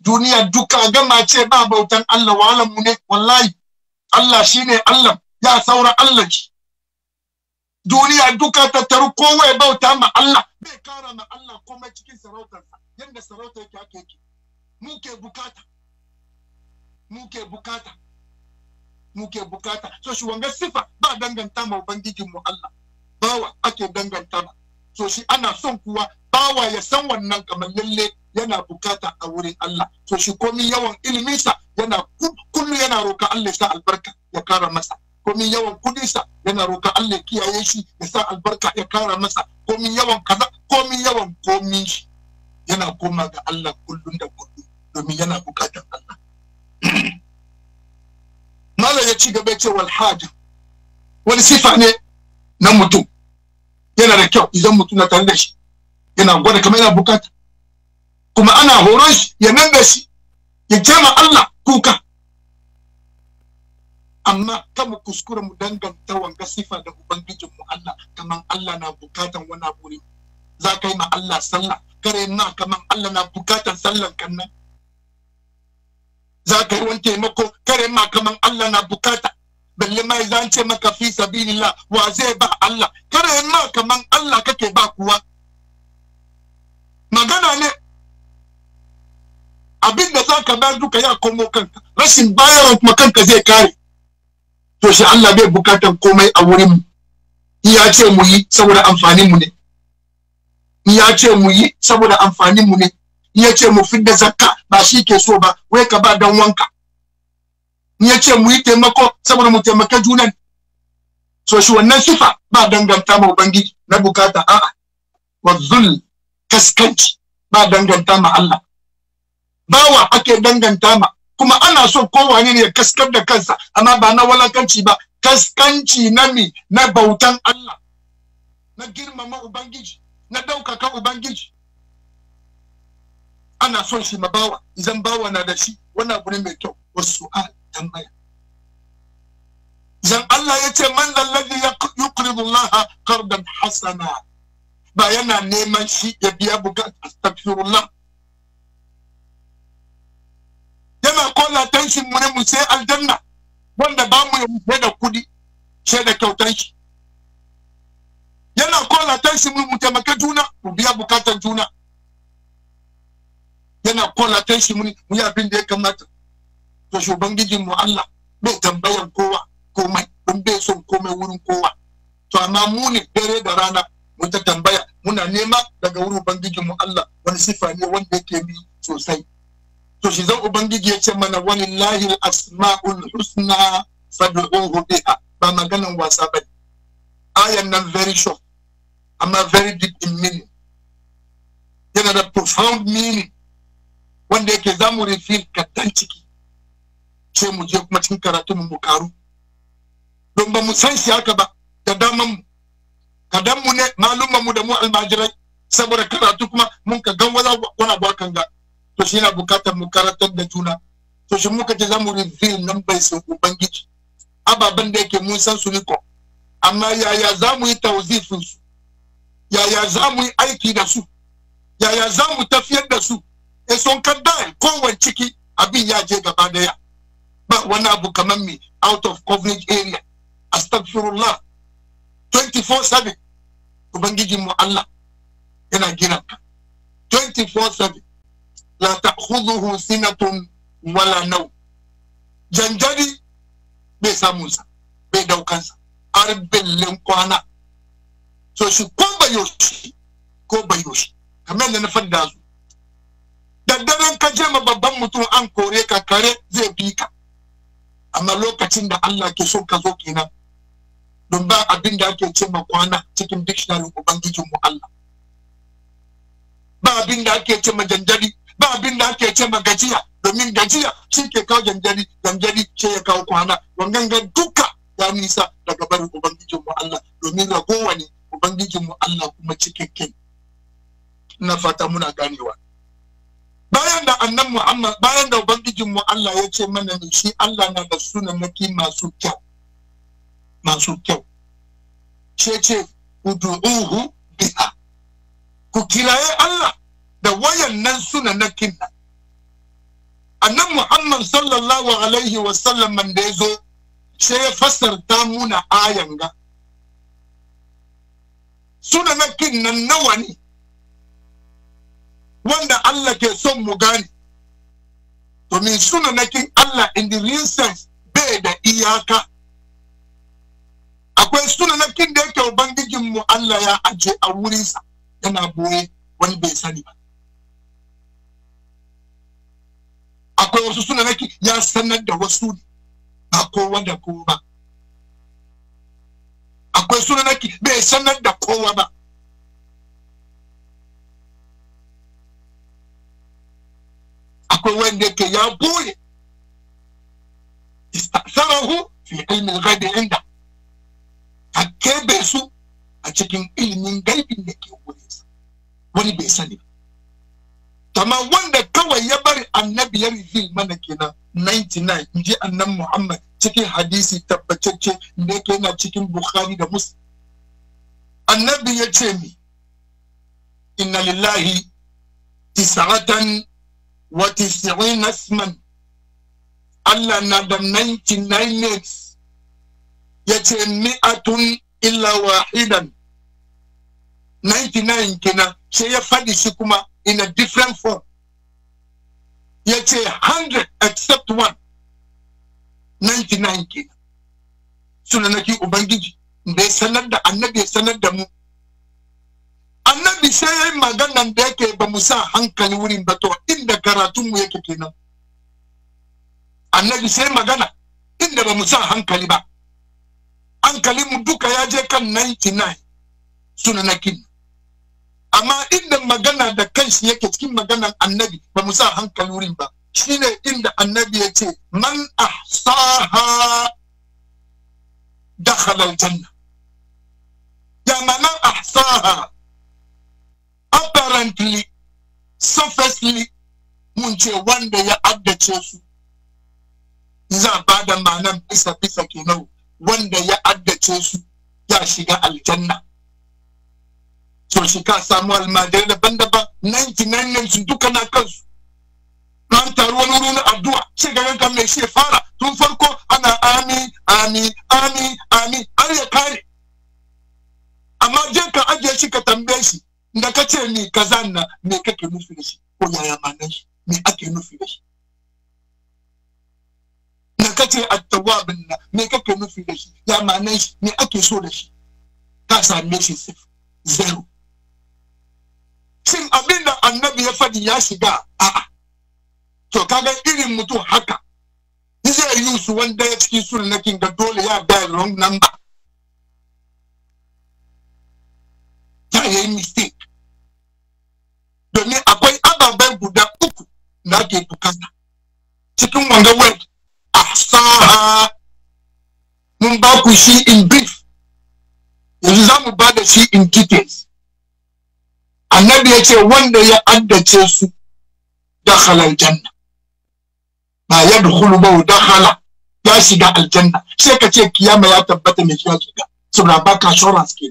duniya duka gama ce ba bautan Allah wahalan mu ne wallahi Allah shine Allah ya saura Allah ki duniya duka ta taru kowa ya bauta ma Allah bai kara ma Allah komai cikin sarautarsa yadda sarauta yake ake yake mu ke bukata mu ke bukata mu ke bukata so shi wanga sifa ba danganta ma ubangijin mu Allah bawa ake danganta ba so shi ana son kuwa bawa ya san wannan kamar lalle yana bukata a wurin Allah So shi komi yawan iliminsa yana kullu yana roka Allah ya sa albarka ya kara masa komin yawan kudinsa yana roƙa Allah kiyaye shi ya sa albarka ya kara masa komin yawan kaza komin yawan komin shi yana koma ga Allah kullum da kullum domin yana bukatar Allah Malam ya ci gaba ce wal haja wani sifa ne na mutum yana da kyau idan mutum na tare da shi yana gwada kama yana bukata kuma ana horon shi ya nan da shi ya kema Allah kuka amma ta mu kuskura mu danganta wanga sifa da ubangijin mu Allah kaman Allah na bukatan wani abu ne za ka yi ma Allah sallah kare na kaman Allah na bukatan sallan kanna za ka yi wani taimako kare ma kaman Allah na bukata balle mai zance maka fi sabilillah wa zai ba Allah kare na kaman Allah kake ba kuwa magana ne abin da za ka bayar duka ya komo kanka rashin bayarwa kuma kanka zai kare to shi Allah bai bukatar komai a wurin mu ya ce mu yi saboda amfanin mu ne ya ce mu yi saboda amfanin mu ne ya ce mu fidda zakka ba shi ke so ba wai ka ba dan wanka ya ce mu yi taimako saboda mu taimaka junan so shi wannan sifa ba danganta ma ubangiji na bukata a wa zul kaskanci ba danganta ma Allah bawa ake danganta ma kuma ana so kowane ne ya kaskar da kansa amma ba na walakanci ba kaskanci na mi na bautan Allah na girmama ubangiji na daukaka ubangiji ana son shi mabawa bawa bawa na da shi wani abu ne mai kyau wasu a tambaya zan Allah ya ce man ya yukridu Allah qardan hasana ba yana neman shi ya biya bukata astaghfirullah ana kola tension mune mu sai aljanna wanda ba mu yi da kudi sai da kyautan shi yana kola tension mu mu taimaka juna mu biya bukatar juna yana kola tension mune mu yi abin da ya kamata to bangijin mu Allah bai tambayan kowa komai don bai son komai wurin kowa to amma mu ne dare da rana mun ta tambaya muna nema daga wurin mu Allah wani sifa ne wanda yake bi sosai to shi zan ubangiji ya ce mana wani lahil asma'ul husna fad'uhu biha ba maganan wasa ba ne. ayan nan very short amma very deep in meaning yana da profound meaning wanda yake za mu rufi kaddan ciki sai mu je kuma cikin karatu mu karu don ba mu san shi haka ba da daman mu kadan mu ne malumman mu da mu almajirai saboda karatu kuma mun ka gan wani abu kan ga to shi yana bukatar mu karatar da juna to shi muka ce za mu reveal nan bai sai ubangiji ababen da yake mun san su niko amma yaya za mu yi tawzifin su yaya za mu yi aiki da su yaya za mu tafiyar da su e eh, son kaddan kowane ciki abin ya je gaba daya ba wani abu kamar me out of covenant area astaghfirullah 24/7 ubangijin mu Allah yana gina 24/7 la ta'khudhuhu sinatun wala nau janjari bai samunsa bai daukansa har bellin kwana so shi ko yoshi ko bai yoshi kamar da na fadda su daddaren ka je ma babban mutum an kore ka kare zai bi ka amma lokacin da Allah ke so ka zo kenan don ba abin da ake ce ma kwana cikin dictionary ubangijin mu Allah ba abin da ake ce ma janjari ba abin da ake ce ma gajiya domin gajiya shi ke kawo gangani gangani ce ya kawo kwana ga duka ya nisa daga barin ubangijin mu Allah domin ga ne ubangijin mu Allah kuma cikakken ina fata muna ganewa bayan da annan Muhammad bayan da ubangijin mu Allah ya ce mana ne shi Allah na da sunanaki masu kyau masu kyau ce ce udu'uhu biha ku kiraye Allah da wayannan sunanakin nan annan muhammad sallallahu alaihi wasallam man da ya zo sai ya fasarta muna ayan ga sunanakin nan nawa ne wanda Allah ke son mu gane domin kin Allah in the real sense bai da iyaka akwai suna na kin da yake mu Allah ya aje a wurinsa yana boye wani bai sani ba akwai wasu suna nake ya sanar da wasu ba kowa da kowa ba akwai suna ki? bai sanar da kowa ba akwai wanda yake ya boye istasarahu fi ilmin gadi inda a kebe su a cikin ilimin gaibin da ke wurinsa wani bai sani ba kama wanda kawai ya bari annabi ya reveal mana kenan 99 inji annan muhammad cikin hadisi tabbatacce da yake yana cikin bukhari da musu annabi ya ce mi inna lillahi tis'atan wa tis'in asman Allah na da 99 names ya ce mi'atun illa wahidan 99 kenan sai ya fadi shi kuma in a different form yet a hundred except one 99 ke sunanaki ubangiji da ya sanar da annabi ya sanar mu annabi sai ya yi ba mu hankali wurin bato inda karatunmu yake kenan annabi sai magana inda ba mu sa hankali ba hankalinmu duka ya je kan 99 sunanakin amma inda magana da kanshi yake cikin maganan annabi ba mu sa hankali wurin ba shine inda annabi ya ce man ahsaha dakhala aljanna ya mana ahsaha apparently surfacely mun ce wanda ya addace su za ba da manan bisa bisa kenan wanda ya addace su ya shiga aljanna so shi ka samu almajirai daban-daban nan nan su duka na kansu an taru wani wuri na addu'a sai ga yankan mai shi fara tun farko ana ami ami ami ami har ya kare amma je ka ajiye shi ka tambaye shi da ka ce ni kaza na me kake nufi da shi ko yaya ma shi me ake nufi da shi da ka ce attawabin na me kake nufi da shi ya ma shi me ake so da shi ka same shi zero shin abin da annabi ya faɗi ya shiga a'a to kaga irin mutum haka zai yi su wanda ya cikin sunnakin ga dole ya dial wrong number ta yi mistake domin akwai ababen guda uku da ake bukata cikin wani a sa'a mun ba ku shi in brief yanzu za mu ba da shi in details annabi ya ce wanda ya addace su da halal janna ba yadkhulu ba dakhala ya shiga aljanna sai ka ce kiyama ya tabbata mai ya shiga ka shora suke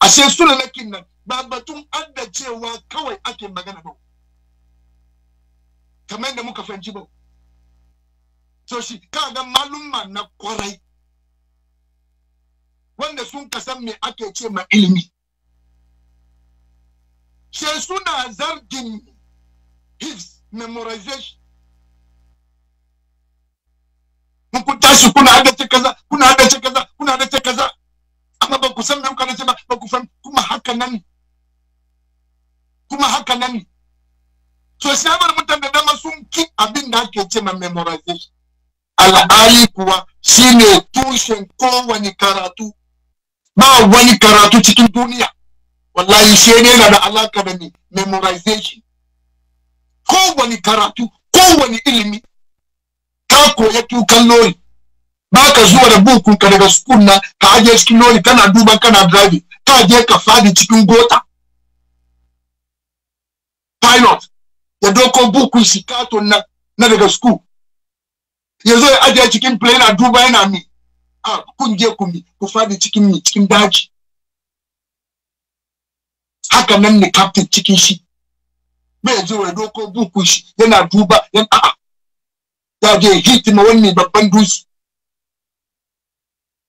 a ashe suna lakin nan ba batun addacewa kawai ake magana ba kamar da muka fahimci ba so shi ka ga malumma na kwarai wanda sun kasan me ake ce ma ilimi sai suna zargin his memorization ku tashi kuna ce kaza kuna ce kaza kuna ce kaza amma ba ku san me kuka ce ba ba ku san kuma haka nan kuma haka nan to sabar mutan da dama sun ki abin da ake ce ma memorization al'ali kuwa shine tushen kowane karatu ba wani karatu cikin duniya wallahi ne yana da alaka da memorization wani karatu wani ilimi ka koya tukan lori ba ka zuwa da bukun ka daga sukun na ka ajiye cikin lori kana duban kana driving ka je ka fadi cikin gota pilot ya doko bukun shi katon na na daga school ya zo ya ajiye cikin plane a duba yana mi a kun je ku mi ku fadi cikin mi cikin daji haka nan ne kafin cikin shi bai zo doko buku shi yana duba yan a'a ya je hitima wani babban dusu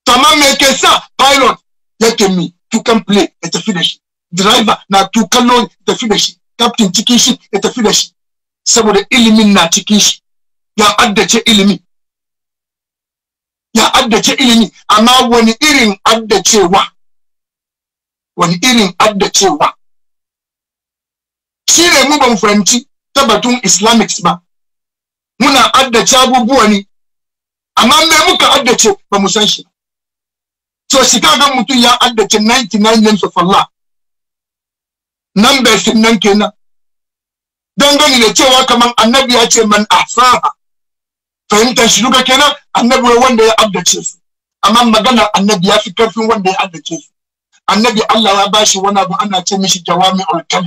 tama me ke sa pilot yake mi tukan play ya tafi da shi driver na tukan lori ya tafi da shi kaftin cikin shi ya tafi da shi saboda ilimin na cikin shi ya addace ilimi ya addace ilimi amma wani irin addacewa wani irin addacewa shi ne mu ban fahimci ta batun islamics ba muna addace abubuwa ne amma me muka addace ba mu san shi so shi ga mutum ya addace 99 names of nan bai nan kenan dangane da cewa kamar annabi ya ce man ahsaha fahimtar shi duka kenan annabi wanda ya addace su amma magana annabi ya fi karfin wanda ya addace su annabi Allah ya bashi wani abu ana ce mishi jawami ulkal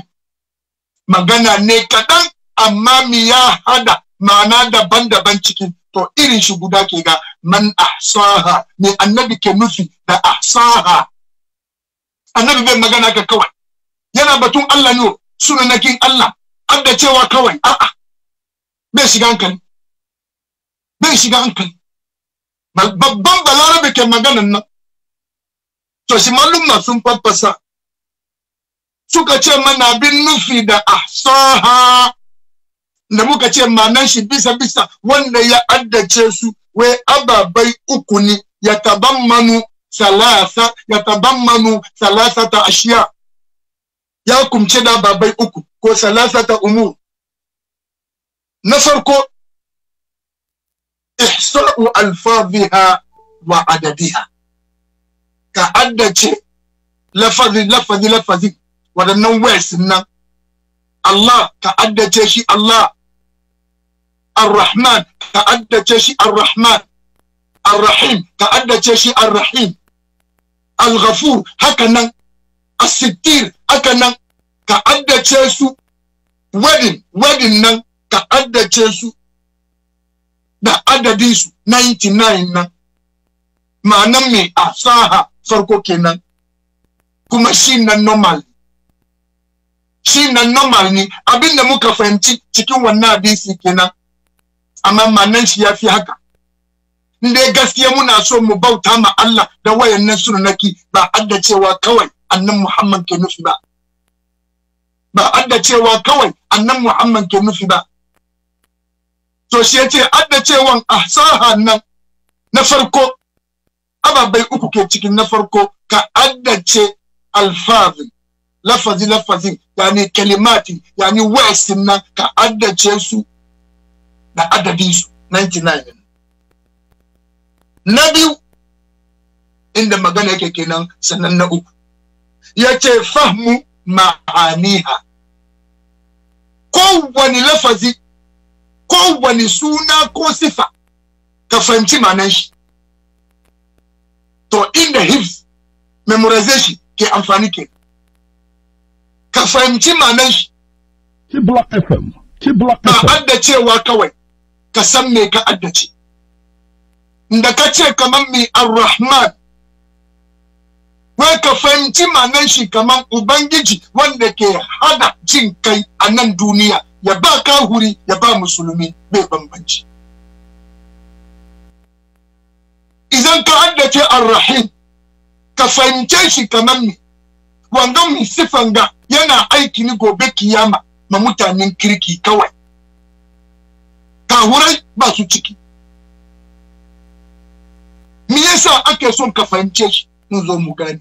magana ne kaɗan amma mi ya hada ma'ana daban-daban cikin to irin shi guda ke ga man ahsaha me annabi ke nufi da ahsaha annabi bai magana ka kawai yana batun Allah ne sunanakin Allah abda cewa kawai a'a bai shiga hankali bai shiga hankali babban balarabe ke maganan nan to shi sun faffasa suka ce mana bin nufi da ahsaha da muka ce manan shi bisa bisa wanda ya addace su wai ababai uku ne ya tabammanu salasa ya tabammanu ta ashiya ya kumce da babai uku ko ta umur na farko ihsa'u alfaziha wa adadiha ka addace lafazi lafazi lafazi waɗannan words nan Allah ka addace shi Allah Ar-Rahman ka addace shi Ar-Rahman Ar-Rahim ka addace shi Ar-Rahim Al-Ghafur haka nan As-Sittir haka nan ka addace su wedding wedding nan ka addace su da adadin su 99 nan ma'anan mai asaha farko kenan kuma shi na normal shi na normal ne abinda muka fahimci cikin wannan hadisi kenan amma manan shi ya fi haka inda gaskiya muna so mu bauta ma Allah da wayannan sunanaki ba adda cewa kawai annan Muhammad ke nufi ba ba adda cewa kawai annan Muhammad ke nufi ba to shi yace adda cewan ahsaha nan na farko ababai uku ke cikin na farko ka addace alfazi lafazi lafazi yani kalimati yani words nan ka addace su da adadin su 99 na biyu inda magana yake kenan sannan na uku ya ce fahmu ma'aniha kowane lafazi kowane suna ko sifa ka fahimci ma'anan shi to inda hips memorization ke amfani ke ka fahimci manan shi ki block fm ki block fm ka addacewa kawai ka san me ka addace inda ka ce kamar mai arrahman wai ka fahimci manan shi kaman ubangiji wanda ke hada jin kai a nan duniya ya ba kahuri ya ba musulmi bai bambanci idan ka haddace arrahim ka fahimce shi kamar me wanga mu sifan ga yana aiki ni gobe kiyama ma mutanen kirki kawai kahurai ba su ciki me yasa ake son ka fahimce shi in zo mu gani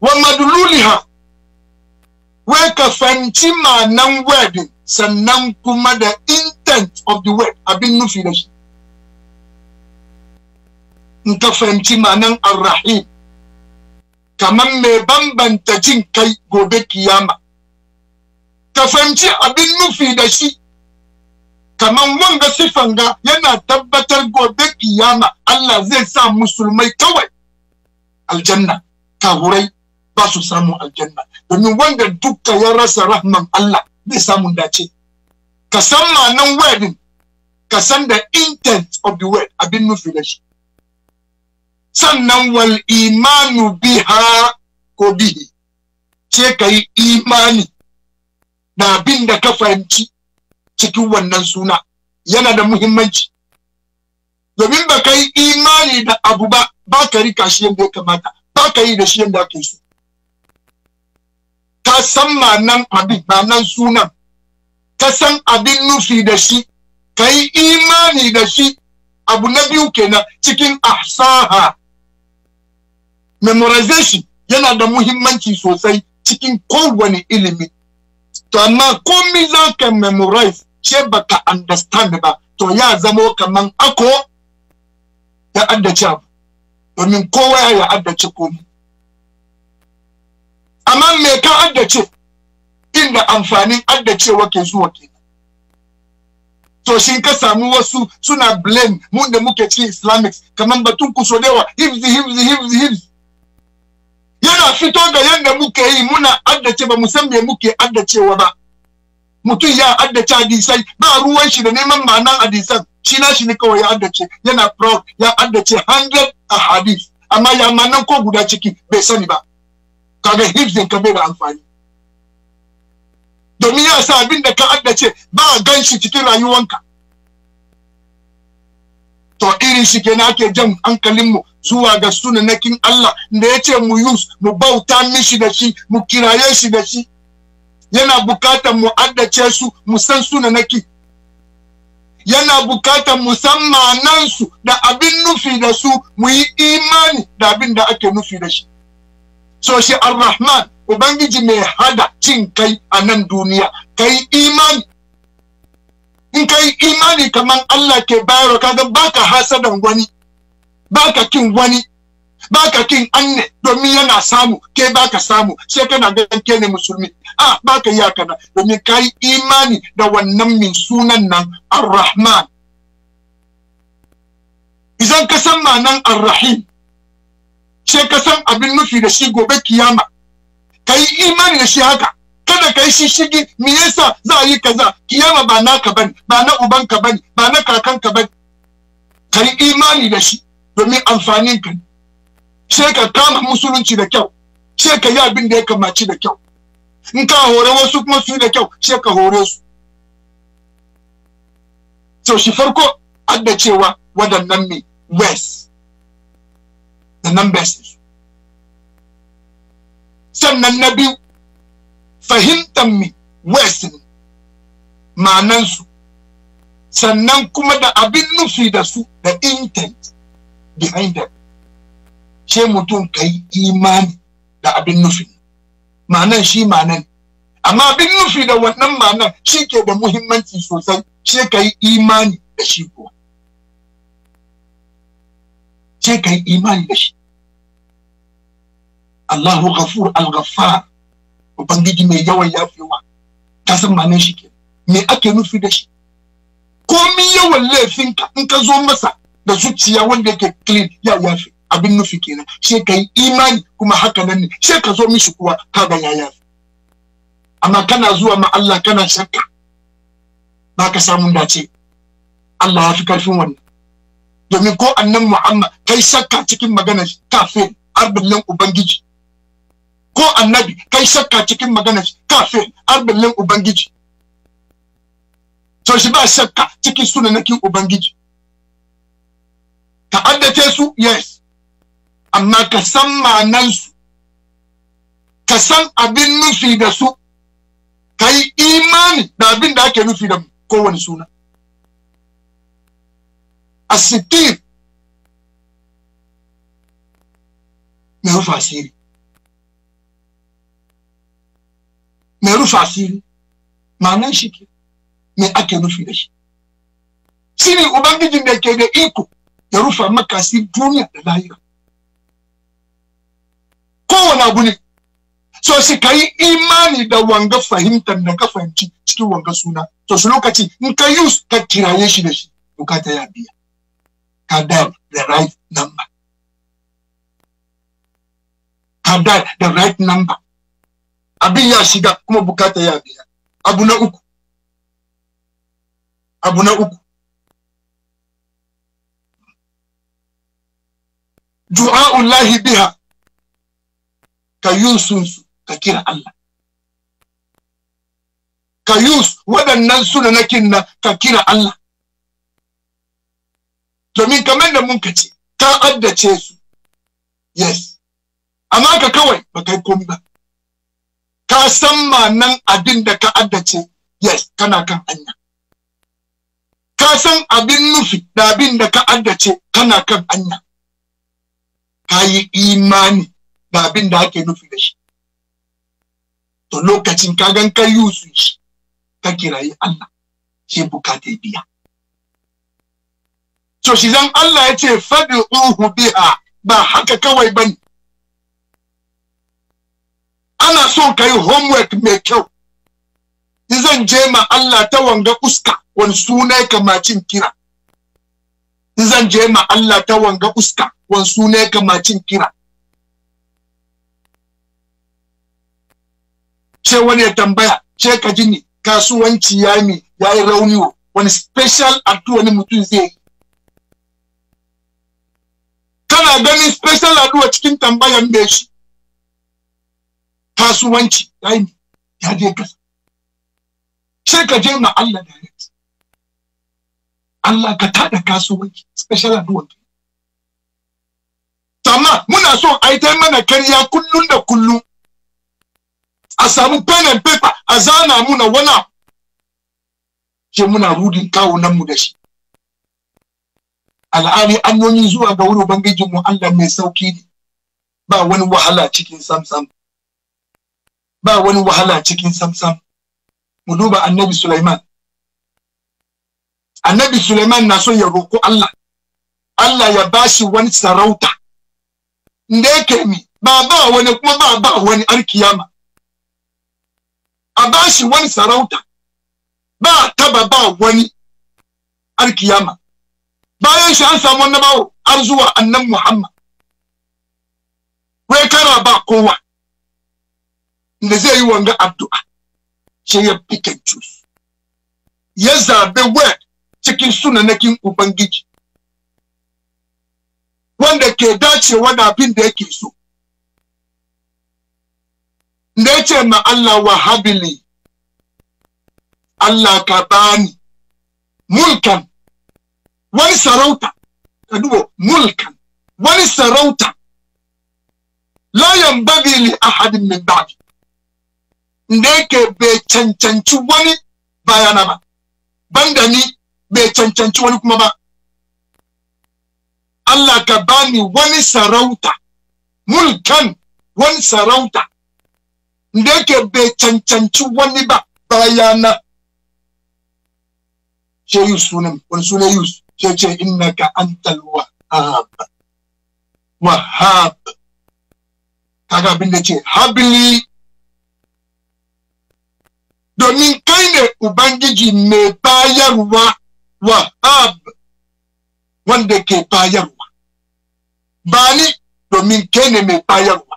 wa madluliha wai ka fahimci ma nan word sannan kuma da intent of the word abin nufi da shi in ka fahimci ma'anan arrahim kamar mai bambanta jin kai gobe kiyama ka fahimci abin nufi da shi kamar wanga sifan ga yana tabbatar gobe kiyama Allah zai sa musulmai kawai aljanna kahurai ba su samu aljanna domin wanda dukka ya rasa rahman Allah zai samu dace ka san ma'anan wedding ka san da intent of the word abin nufi da shi sannan wal imanu biha ko bihi ce ka yi imani da abin da ka fahimci cikin wannan suna yana da muhimmanci domin ba ka yi imani da abu ba ba ka rika shi yadda ya kamata ba ka yi da shi yadda ake so ka san ma'anan abin ma'anan sunan ka san abin nufi da shi ka yi imani da shi abu na biyu kenan cikin ahsaha memorization yana da muhimmanci sosai cikin kowane ilimi to amma komi za ka memorize ce baka understand ba to ya zama kaman ako ya addace abu domin kowa ya addace komi amma me ka addace inda amfanin addacewa ke zuwa ke to shin ka samu wasu suna blame mu da muke cikin islamics kamar batun kusodewa hibzi hibzi hibzi hibzi yana fito da yanda muke yi muna addace ba mu san me muke addacewa ba mutum ya addace hadisai ba ruwan shi da neman ma'anan hadisan shi na shi ne kawai ya addace yana proud ya addace 100 a hadis amma ya ma'anan ko guda ciki bai sani ba kaga hibzin ka bai da amfani domin ya sa abin da ka addace ba gan shi cikin rayuwanka to irin shi kenan ake jan hankalinmu zuwa ga sunanakin Allah da ya ce mu yus mu bauta mishi da shi mu kiraye shi da shi yana bukatar mu addace su mu san sunanaki yana bukatar mu san manansu da abin nufi da su mu yi imani da abin da ake nufi da shi so shi ar-rahman ubangiji mai hada cin kai a nan duniya kai imani in kai imani kamar Allah ke bayar bayarwa kaga baka hasadan wani baka kin wani baka kin anne domin yana samu ke baka samu sai kana ganin ke ne musulmi a baka yi haka domin kai imani da wannan min sunan nan ar-rahman idan ka san ma'anan ar-rahim sai ka san abin nufi da shi gobe kiyama kai imani da shi haka kada kai shi shigi me yasa za a yi kaza kiyama ba naka bane ba na ubanka bane ba na kakanka bane kai imani da shi domin amfanin ka sai ka kama musulunci da kyau sai ka yi abin da ya kamaci da kyau in ka hore wasu kuma su da kyau sai ka hore su sau shi farko adda cewa waɗannan ne west da nan best sannan na biyu fahimtar mi west ne ma'anansu sannan kuma da abin nufi da su da intent behind them sai mutum ka yi imani da abin nufi ma'anan shi ma'anan amma abin nufi da wannan ma'anan shi ke da muhimmanci sosai sai ka yi imani da shi kuwa sai ka yi imani da shi Allahu ghafur al-ghaffar ubangiji mai yawan yafewa ta san ma'anan shi ke me ake nufi da shi komi yawan laifinka in ka zo masa da zuciya wanda yake clean ya yafe abin nufi kenan sai ka imani kuma haka nan ne sai ka zo mishi kuwa ka ga ya yafe amma kana zuwa ma Allah kana shakka ba ka samu dace Allah ya fi karfin wannan domin ko annan Muhammad kai shakka cikin maganar kafin arbillin ubangiji ko annabi kai shakka cikin maganar kafin arbillin ubangiji to shi ba shakka cikin sunanakin ubangiji ka addace su yes amma ka san su ka san abin nufi da su ka yi imani da abin da ake nufi da kowane suna a sitir mai rufa asiri mai rufa asiri ma'anan shi ke mai ake nufi da shi shi ne ubangijin da ke da iko ya rufa maka asiri duniya da lahira kowane abu ne so shi ka yi imani da wanga fahimtar da ka fahimci cikin wanga suna to su lokaci in ka use ka kiraye shi da shi bukata ya biya ka dial the right number ka dial the right number abin ya shiga kuma bukata ya biya abu na uku abu na uku du'a'ullahi biha ka yusunsu ka kira Allah ka yus waɗannan suna na ka kira Allah domin kamar da mun ce ta addace su yes amma ka kawai ba kai komi ba ka san ma nan abin da ka addace yes kana kan hanya ka san abin nufi da abin da ka addace kana kan hanya ka yi imani da abin da ake nufi da shi to lokacin ka gan ka yi su shi ka kirayi Allah sai bukata biya to shi zan Allah ya ce faɗi uhu biha ba haka kawai ba ana so ka yi homework mai kyau zan je ma Allah ta wanga uska wani suna kamacin kira zan je ma Allah ta wanga fuska wansu ne macin kira ce wani ya tambaya ce ka ni kasuwanci ya yi ya yi rauni wani special addu'a wani mutum zai yi kana ganin special addu'a cikin tambayan me shi kasuwanci ya yi ya je kasa sai ka je ma Allah direct Allah ka tada kasuwanci special and amma muna so a yi mana karya kullum da kullum a samu pen and paper a zana muna wana ce muna rudin nan mu da shi al'ali annoni zuwa ga wurin ubangijin mu Allah mai sauki ne ba wani wahala cikin samsam ba wani wahala cikin samsam mu duba annabi Sulaiman annabi Suleiman na so ya roko Allah Allah ya bashi wani sarauta inda yake mi ba ba wani kuma ba ba wani arkiyama a bashi wani sarauta ba taba ba wani arkiyama bayan shi an samu bawo har zuwa annan Muhammad wai kara ba kowa da zai yi wanga addu'a sai ya pick and choose ya zabe where cikin suna sunanakin Ubangiji, wanda ke dacewa da abin da yake so. Da ce ma Allah wa habili, Allah ka bani mulkan wani sarauta, ka dubo mulkan wani sarauta, layan a ahadin min ba'di. Da yake bai cancanci wani bayana ba, banda ni bai cancanci wani kuma ba Allah ka bani wani sarauta mulkan wani sarauta da yake bai cancanci wani ba bayana ce yus sunan wani sunan yus ce ce innaka antal wahhab wahhab kaga abin da ce habili domin kai ne ubangiji mai bayarwa wa wanda ke bayarwa ba ni domin ke ne mai bayarwa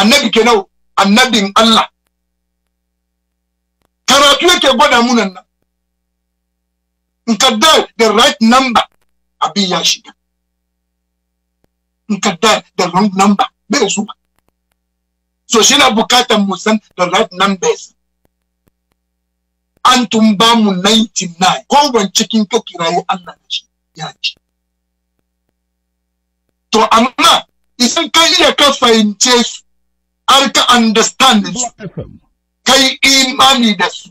annabi ke nau annabin Allah karatu yake gwada munan nan in ka da the right number abin ya shiga in ka da the wrong number bai zuba so shi na bukatar musan the right numbers an tun mu 99 kogon cikin ka Allah da shi ya ci to amma isan ka iya ka fahimce su har ka understand su kai imani da su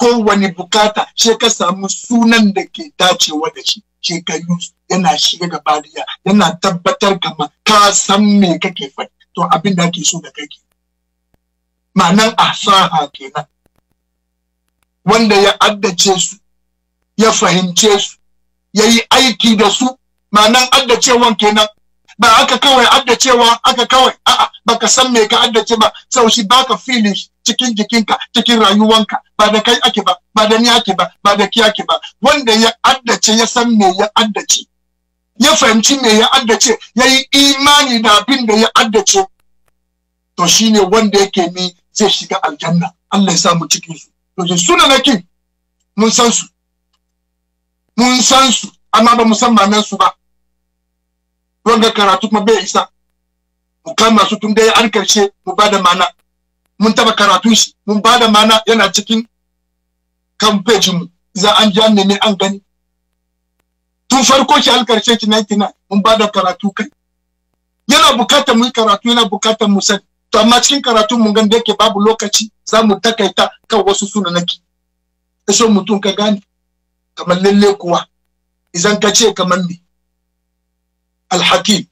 kowane bukata she ka samu sunan da ke dacewa da shi she ka yana shiga gaba da yana tabbatar kama ka san me kake faɗi to abin da ake so da kake a asaha kenan wanda ya addace su ya fahimce su ya yi aiki da su ma'anan addacewan kenan ba aka kawai addacewa aka kawai a'a baka san me ka addace ba sau shi baka filin cikin jikinka cikin rayuwanka ba da kai ake ba ba da ni ake ba ba da ki ake ba wanda ya addace ya san me ya addace ya fahimci me ya addace ya yi imani da abin da ya addace to shine wanda yake ni zai shiga aljanna Allah ya sa mu cikin su suna na kin mun san su mun san su amma ba mu san mamen su ba wanga karatu kuma bai isa mu kama su tun dai an karshe mu ba da mana mun taba karatu shi mun ba da mana yana cikin kan page mu za an ji an nemi an gani tun farko shi an karshe shi 99 mun ba da karatu kai yana bukatar mu karatu yana bukatar mu sani to amma cikin karatun mun gan da yake babu lokaci za mu takaita kan wasu sunanaki kaso mutum ka gane kamar lalle kuwa izan ka ce kamar me alhakim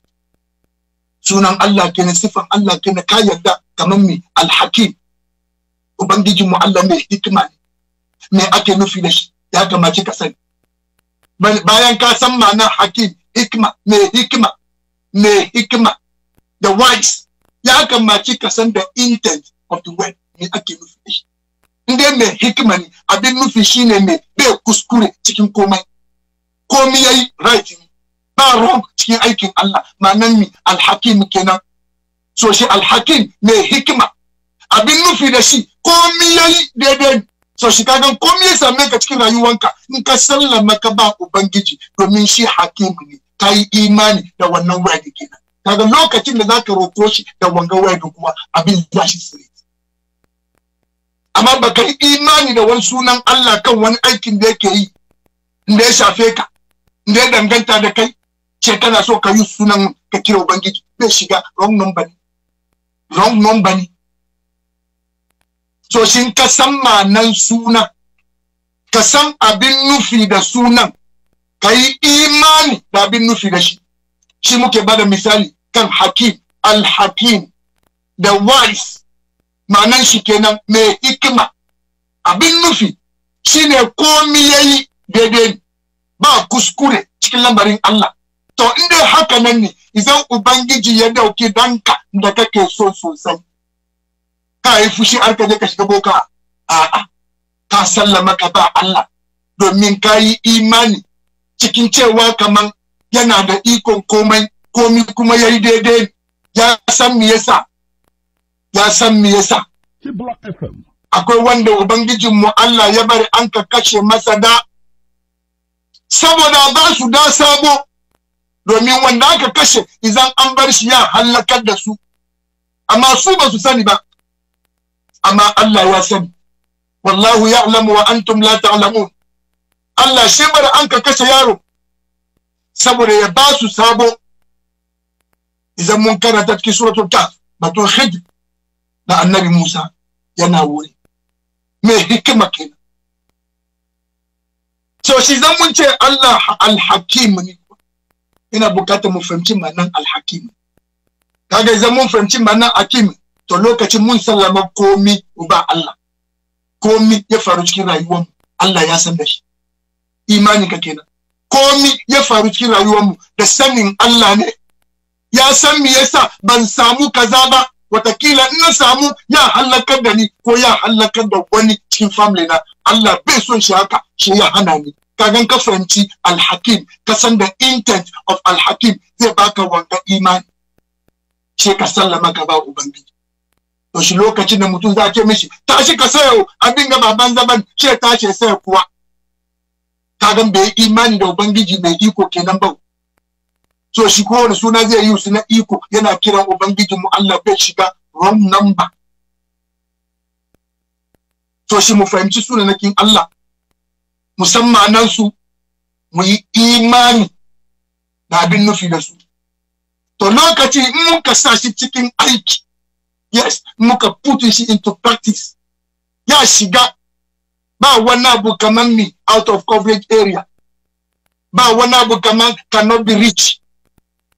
sunan Allah ke na sifan Allah ke na ka yarda kamar me alhakim ubangiji mu Allah mai hikima ne me ake nufi da shi ya kamace ka sani bayan ka san ma'anar hakim hikima mai hikima mai hikima da wise ya kamaci ka san da intent of the word ne ake nufi da shi in dai mai hikima ne abin nufi shine mai bai kuskure cikin komai komai yayi right ba wrong cikin aikin Allah ma'anan ni alhakim kenan so shi alhakim mai hikima abin nufi da shi komai yayi daidai so shi gan komai ya same ka cikin rayuwanka in ka sallama ka ba ubangiji domin shi hakim ne ta yi imani da wannan wadi kenan kaga lokacin da zaka roko shi da wanga waya da kuma abin ya shi sai amma baka yi imani da wani sunan Allah kan wani aikin da yake yi da ya shafe ka da ya danganta da kai ce kana so ka yi sunan ka kira ubangiji bai shiga wrong number ne wrong number ne so shin ka san ma'anan sunan ka san abin nufi da sunan ka yi imani da abin nufi da shi shi muke bada misali kan hakim alhakim da wise ma'anan shi kenan mai hikima abin nufi shine komi yayi daidai ba kuskure cikin lambarin Allah to inda haka nan ne idan ubangiji ya dauki danka da kake so sosai ka yi fushi har ka je ka shiga boka a ka sallama ka ba Allah domin ka yi imani cikin cewa kaman yana da ikon komai komi kuma yayi daidai ya san me yasa ya san me yasa akwai wanda ubangijin mu Allah ya bari an ka kashe masa da saboda ba su da sabo domin wanda aka kashe idan an bar shi ya halakar da su amma su ba su sani ba amma Allah ya sani wallahu ya'lamu wa antum la ta'lamun Allah shi bar an ka kashe yaro saboda ya ba su sabo idan mun karanta cikin suratul kaf batun hijr da annabi Musa yana wuri me hikima ke so shi zan mun ce Allah al-hakim ne ina bukata mu fahimci ma'anar al-hakim kaga idan mun fahimci ma'anar hakim to lokacin mun sallama komi uba Allah komi ya faru cikin rayuwar Allah ya san da shi imani ka kenan komi ya faru cikin mu da sanin Allah ne ya san me yasa ban samu kaza ba watakila in na samu ya halakar da ni ko ya halakar da wani cikin family na Allah bai son shi haka shi ya hana ni kagan ka fahimci alhakim ka san da intent of alhakim zai baka wanda imani shi ka sallama ka ba ubangiji to shi lokacin da mutum za ce mishi tashi ka sayo abin ga baban zaban shi tashi sayo kuwa kagan bai imani da ubangiji mai iko kenan ba so shi kowane suna zai yi su na iko yana kiran ubangiji mu Allah bai shiga wrong number so shi mu fahimci suna sunanakin Allah musamman nan su mu yi imani da abin nufi da su to lokaci in muka sa shi cikin aiki yes muka put shi into practice ya shiga ba wani abu kaman me out of coverage area ba wani abu kaman cannot be reached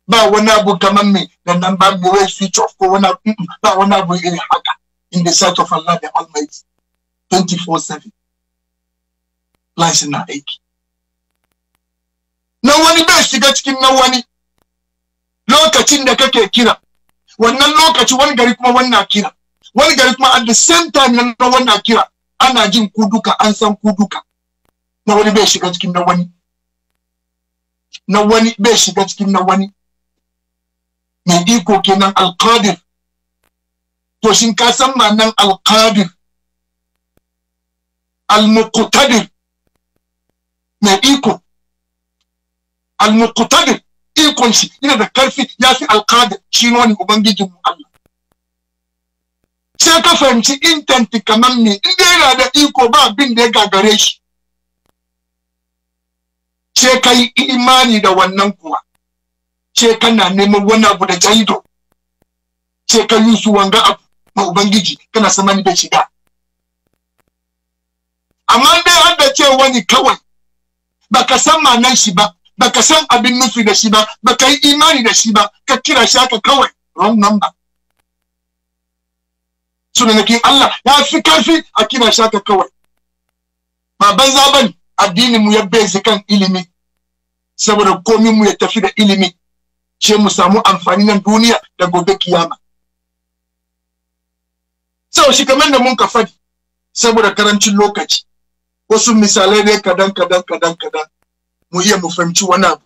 ba wani abu kaman me da nan ba mu wai switch off ko wani abu ba wani abu irin haka in the sight of Allah the Almighty 24/7 lies na aiki na wani bai shiga cikin na wani lokacin da kake kira wannan lokaci wani gari kuma wannan kira wani gari kuma at the same time na wannan kira ana jin ku duka an san ku duka na wani bai shiga cikin na wani na wani bai shiga cikin na wani mai iko kenan alqadir to shin ka san ma'anan alqadir almuqtadir mai iko almuqtadir ikon shi yana da karfi ya fi alqadir shi ne wani ubangijin mu Allah sai ka fahimci intanti kamar me in yana da iko ba abin da ya gagare shi sai ka yi imani da wannan kuwa sai kana neman wani abu da jaido sai ka yi su wanga abu na ubangiji kana samani da shiga amma dai har da ce wani kawai baka san manan shi ba baka san abin nufi da shi ba baka yi imani da shi ba ka kira shi haka kawai wrong number sunanakin Allah ya fi karfi a kina shaka kawai ba banza bane addinin mu ya base kan ilimi saboda komi mu ya tafi da ilimi ce mu samu amfani nan duniya da gobe kiyama sau shi kamar da mun ka faɗi saboda karancin lokaci wasu misalai ne kadan kadan kadan kadan mu iya mu fahimci wani abu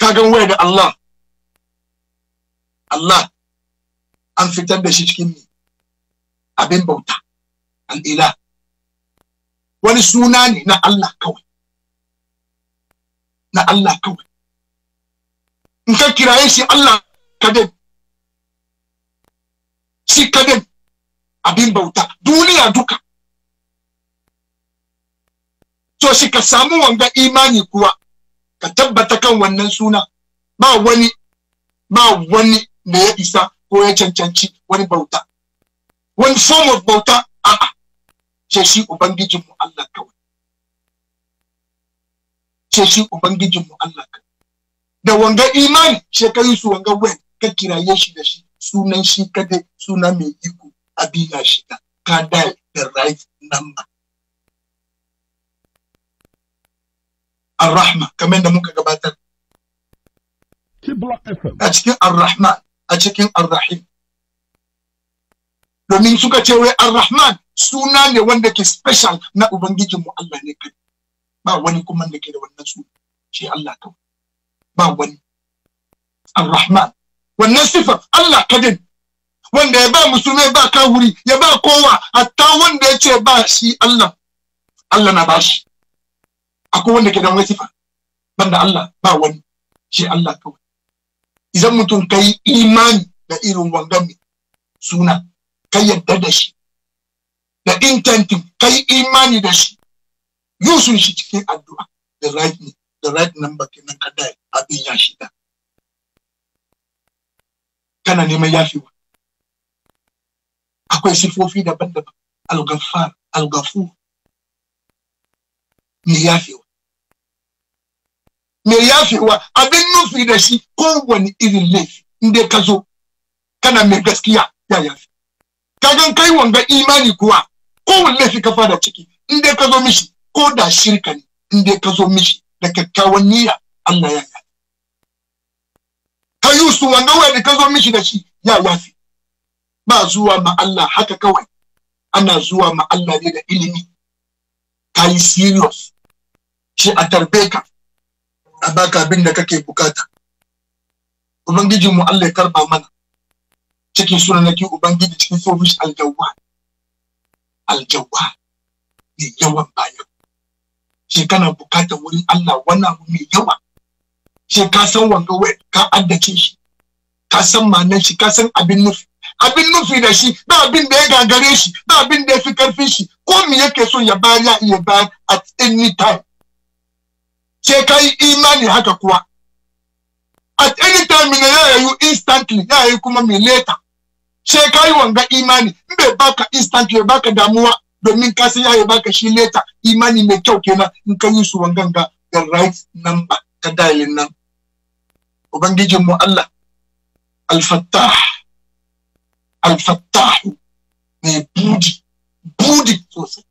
kagan waya da Allah Allah an fitar da shi cikin abin bauta al'ila wani suna ne na Allah kawai na Allah kawai in ka kiraye shi Allah kadai shi kadai abin bauta duniya duka to shi ka samu wanga imani kuwa ka tabbata kan wannan suna ba wani ba wani da ya isa ko ya cancanci wani bauta wani form of bauta a'a ce shi ubangijin mu Allah kawai ce shi ubangijin mu Allah kawai da wanga imani shekaru su wanga wen ka kiraye shi da shi sunan shi kadai suna mai iko abina shi da ka dial the right number Ar-Rahma kamar da muka gabatar. A cikin Ar-Rahma a cikin arrahim domin suka ce wai arrahman suna ne wanda ke special na mu Allah ne kai ba wani kuma da ke da wannan suna shi Allah kawai ba wani arrahman wannan sifar Allah kadin wanda ya ba musulmai ba kawuri ya ba kowa hatta wanda ya ce ba shi Allah Allah na ba shi akwai wanda ke da wani sifa banda Allah ba wani shi Allah kawai idan mutum ka yi imani da irin wangan suna ka yadda da shi da intentin ka yi imani da shi yusun shi cikin addu'a da right ne da right number nan ka da abin ya shiga kana neman yafewa akwai sifofi daban-daban al-ghaffar al-ghafur ne yafewa mai yafewa abin nufi da shi kowane irin laifi in ka zo kana mai gaskiya ya yafe kagan kai wanga imani kuwa kowane laifi ka fada ciki in dai ka zo mishi ko da shirka ne in dai ka zo mishi da kyakkyawan niyya Allah ya ya. ka su wanga wani ka zo mishi da shi ya yafe ba zuwa ma Allah haka kawai ana zuwa ma Allah ne da ilimi ka yi serious shi a tarbe ka a baka abin da kake bukata ubangiji mu Allah ya karba mana cikin sunanaki ubangiji cikin sofish aljawwa aljawwa mai yawan bayan shi kana bukata wurin Allah wannan abu mai yawa shi ka san wanga wai ka addace shi ka san manan shi ka san abin nufi abin nufi da shi ba abin da ya gagare shi ba abin da ya fi karfin shi ko me yake so ya bayar ya iya bayar at any time sai ka imani haka kuwa at any time mina ya yayu instantly ya yayi kuma mai later sai wanga imani in bai baka instantly bai baka damuwa domin ka san ya baka shi later imani mai kyau kenan in ka yi su wangan ga the right number ta dalilin nan ubangijin mu Allah al-fattah al-fattah mai budi budi sosai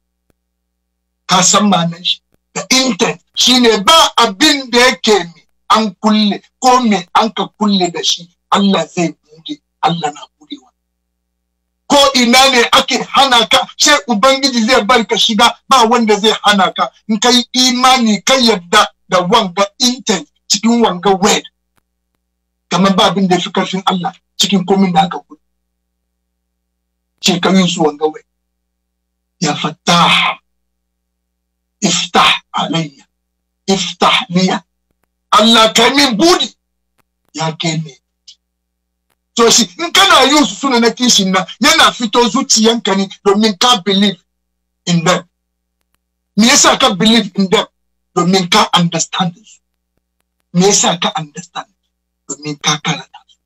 ka san shi da intanet shine ba abin da yake mi an kulle ko me an ka kulle da shi Allah zai bude Allah na wa ko ina ne ake hana ka sai ubangiji zai bar ka shiga ba wanda zai hana ka in kai imani ka yadda da wanga intan cikin wanga web kamar ba abin da fi karfin Allah cikin komin da aka kulle shekarun su wanga web ya fatah iftah alayya iftah miya Allah kai min budi ya kai ne to shi in kana yin su suna na kishin nan yana fito zuciyanka ne domin ka believe in them me yasa ka believe in them domin ka understand su me yasa ka understand domin ka karanta su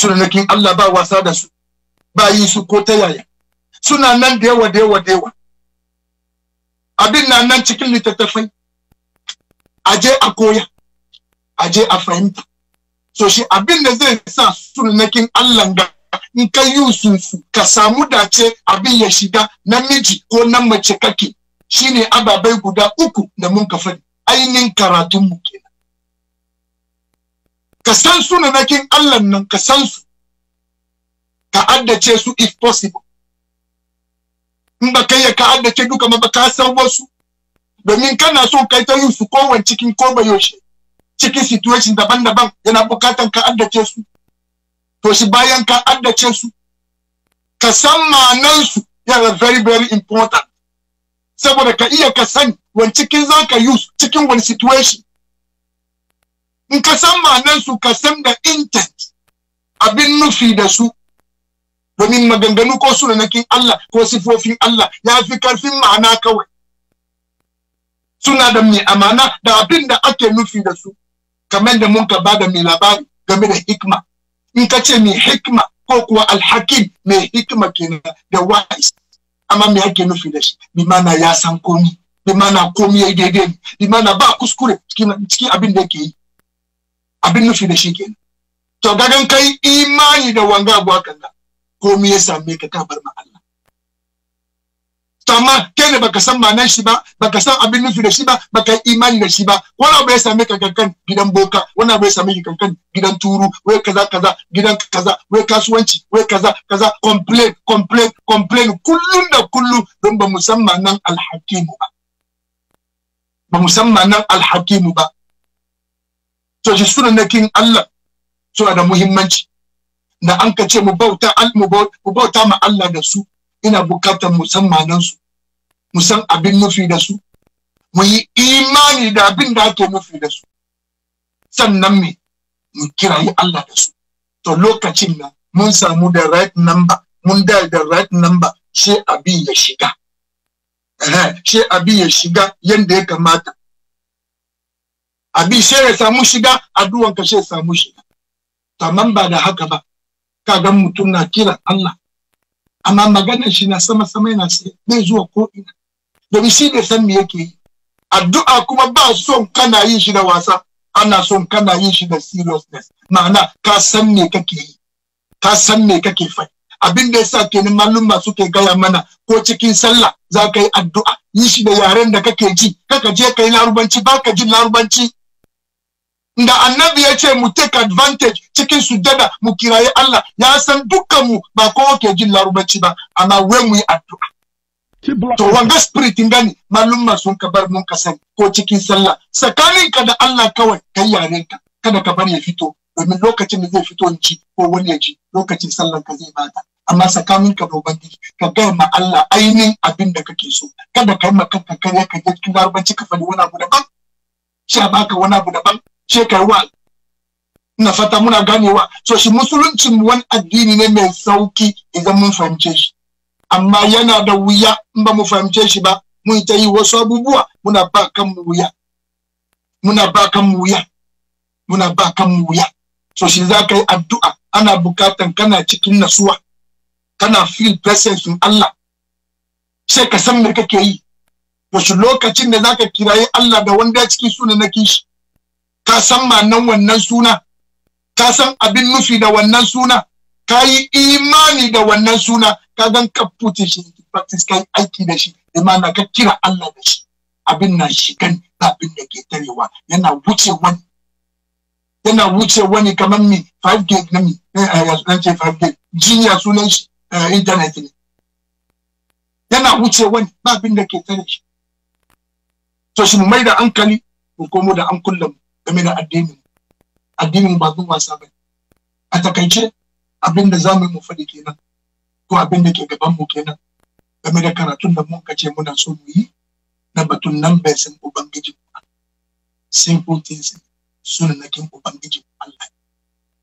sunanakin Allah ba wasa da su ba yi su ko ta yaya suna nan da yawa da yawa da yawa abin nan nan cikin littattafai a je a koya a je a fahimta so shi abin da zai sa sunnakin Allah ga in ka yi ka samu dace abin ya shiga namiji ko na mace kake shine ababai guda uku da mun ka faɗi ainihin karatun mu kenan ka san sunanakin Allah nan ka san su ka addace su if possible in ba kai ya ka addace duka ma ba ka san wasu domin kana so kai ta yusu su wani cikin ko yaushe cikin situation daban-daban yana bukatan ka addace su to shi bayan ka addace su ka san ma'anan su yana very very important saboda ka iya ka sani wani cikin za ka use cikin wani situation in ka san ma'anan su ka san da intent abin nufi da su domin maganganu ko sunanakin Allah ko sifofin Allah ya fi karfin ma'ana kawai suna da mai amana da abin da ake nufi da su kamar da mun ka ba da mai labari game da hikma in ka ce mai hikma ko kuwa alhakim mai hikma kenan da wise amma mai ake nufi da shi bi mana ya san komi bi mana komi ya daidai ne bi mana ba kuskure cikin abin da yake yi abin nufi da shi kenan to gagan kai imani da wanga abuwa hakan komai ya same ka kabar bar ma Allah to amma kai ne baka san ma'anar shi ba baka san abin nufi da shi ba baka imani da shi ba wani abu ya same ka kankan gidan boka wani abu ya same ka kankan gidan turu wai kaza kaza gidan kaza wai kasuwanci wai kaza kaza complain complain complain kullun da kullu don ba musamman nan alhakimu ba ba musamman nan alhakimu ba to shi sunan nakin Allah suna da muhimmanci da an ka ce mu bauta mu bauta ma Allah da su ina bukatar mu san su mu san abin nufi da su mu yi imani da abin da ake nufi da su sannan me mu kira yi Allah da su to lokacin nan mun samu da right number mun da da right number sai abin ya shiga sai abin ya shiga yanda ya kamata abin sai ya samu shiga addu'an ka ya samu shiga tamam ba da haka ba Kagan mutum na kira Allah amma maganar shi na sama sama yana sai bai zuwa ko ina domin shi bai san me yake yi addu'a kuma ba son kana yin shi da wasa ana son kana yin shi da seriousness ma'ana ka san me kake yi ka san me kake faɗi abin da yasa kenan malluma suke gaya mana ko cikin sallah za ka yi addu'a yi shi da yaren da kake ji kaka je ka yi larubanci ba ka jin larubanci da annabi ya ce mu take advantage cikin sujada mu kiraye Allah ya san dukkan mu ba kowa ke jin larubanci ba amma we mu yi addu'a to wanga spirit gani ma sun ka bar mun ka sani ko cikin sallah tsakanin ka da Allah kawai kai yare ka kada ka bar ya fito domin lokacin da zai fito ci ko wani ya ji lokacin sallan ka zai bata amma tsakanin ka da ubangiji ka ga ma Allah ainihin abin da kake so kada ka yi ma ka kare ka je cikin larubanci ka fadi wani abu daban sha baka wani abu daban shekarwa na fata muna ganewa so shi musuluncin wani addini ne mai sauki idan mun fahimce shi amma yana da wuya in ba mu fahimce shi ba mun ta yi wasu abubuwa muna ba kan mu wuya muna ba kan mu wuya muna ba kan mu wuya so shi za ka yi addu'a ana bukatan kana cikin nasuwa kana feel presence in Allah sai ka san me kake yi Wasu lokacin da zaka kirayi Allah da wanda ya cikin sunan na kishi ka san ma'anan wannan suna ka san abin nufi da wannan suna ka yi imani da wannan suna ka gan ka fute shi practice ka yi aiki da shi imana ka kira Allah da shi abin na kan abin da ke tarewa yana wuce wani yana wuce wani kamar mi 5 gig na mi eh, eh, ya san ce 5 gig jinya sunan shi eh, internet ne yana wuce wani ba abin da ke tare shi to shi mai da hankali mu komo da an kullum game da addinin addinin ba zuwa wasa ba a takaice abin da za mu yi mu faɗi kenan ko abin da ke gaban mu kenan game da karatun da muka ce muna so mu yi na batun nan bai san ubangijin simple things sunanakin ubangijin Allah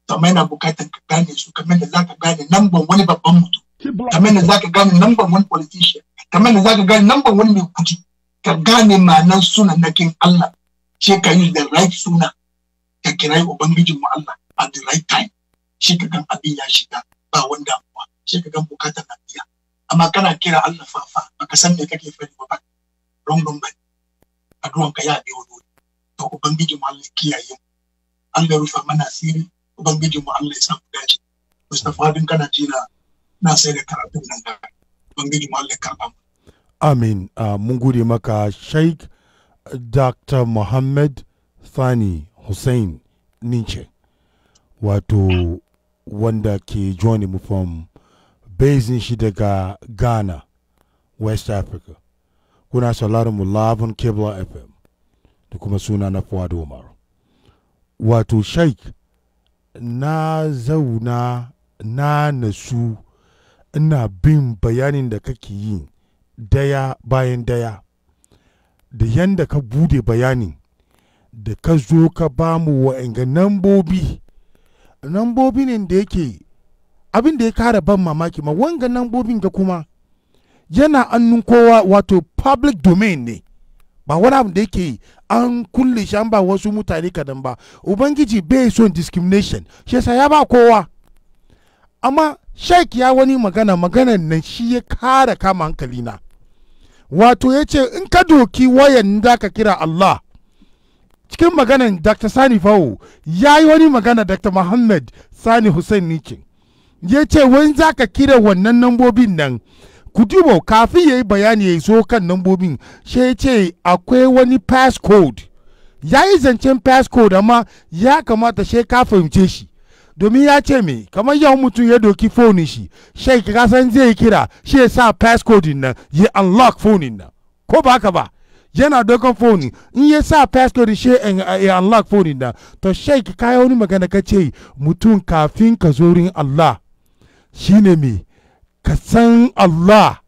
to mai na bukatar ka gane su kamar da zaka gane number wani babban mutum kamar da zaka gane number wani politician kamar da zaka gane number wani mai kuɗi ka gane ma'anar sunanakin Allah she da right suna ka kirai ubangijin mu Allah at the right time shi ka abin ya shiga ba wanda damuwa shi ka bukatar na biya amma kana kira Allah fafa baka san me kake fari ba wrong number a ka ya biyo dole to ubangiji mu Allah kiyaye mu Allah ya rufa mana asiri ubangiji mu Allah ya sa dace Mustafa din kana jira na sai da karatun nan da ubangiji mu Allah ya karba mu amin ah, mun gode maka Sheikh dr muhammad thani hussein ninche wato wanda ke join mu from basin shi daga ghana west africa kuna sauraron mu lavin cable fm da kuma suna na fuad umar wato sheik na zauna na nasu ina bin bayanin da kake yi daya bayan daya da yanda ka bude bayani da ka zo ka ba mu wa'anga nambobi nambobi ne da yake abin da ya kara ban mamaki ma wanga nambobin ga kuma yana annun kowa wato public domain ne ba wani abu da yake an kulle shi an ba wasu mutane kadan ba ubangiji bai son discrimination shi yasa ya ba kowa amma sheik ya wani magana maganan nan shi ya kara kama hankalina wato ya ce in ka doki wayan da ka kira Allah cikin maganan Dr. Sani Fawo ya yi wani magana Dr. Muhammad Sani Hussein Nike ya ce wani za ka kira wannan nambobin nan ku dubo kafin ya yi bayani ya zo kan nambobin shi ya ce akwai wani passcode ya yi zancen passcode amma ya kamata shi ka fahimce shi domin ya ce me kamar yau mutum ya doki fonin shi shai ka san zai kira shi ya sa passcode nan ya unlock fonin nan ko ba ka ba yana dokan foni in ya sa passcode shi ya unlock fonin nan to shai ka kayo wani magana ka ce mutum kafin ka zorin Allah shine me ka san Allah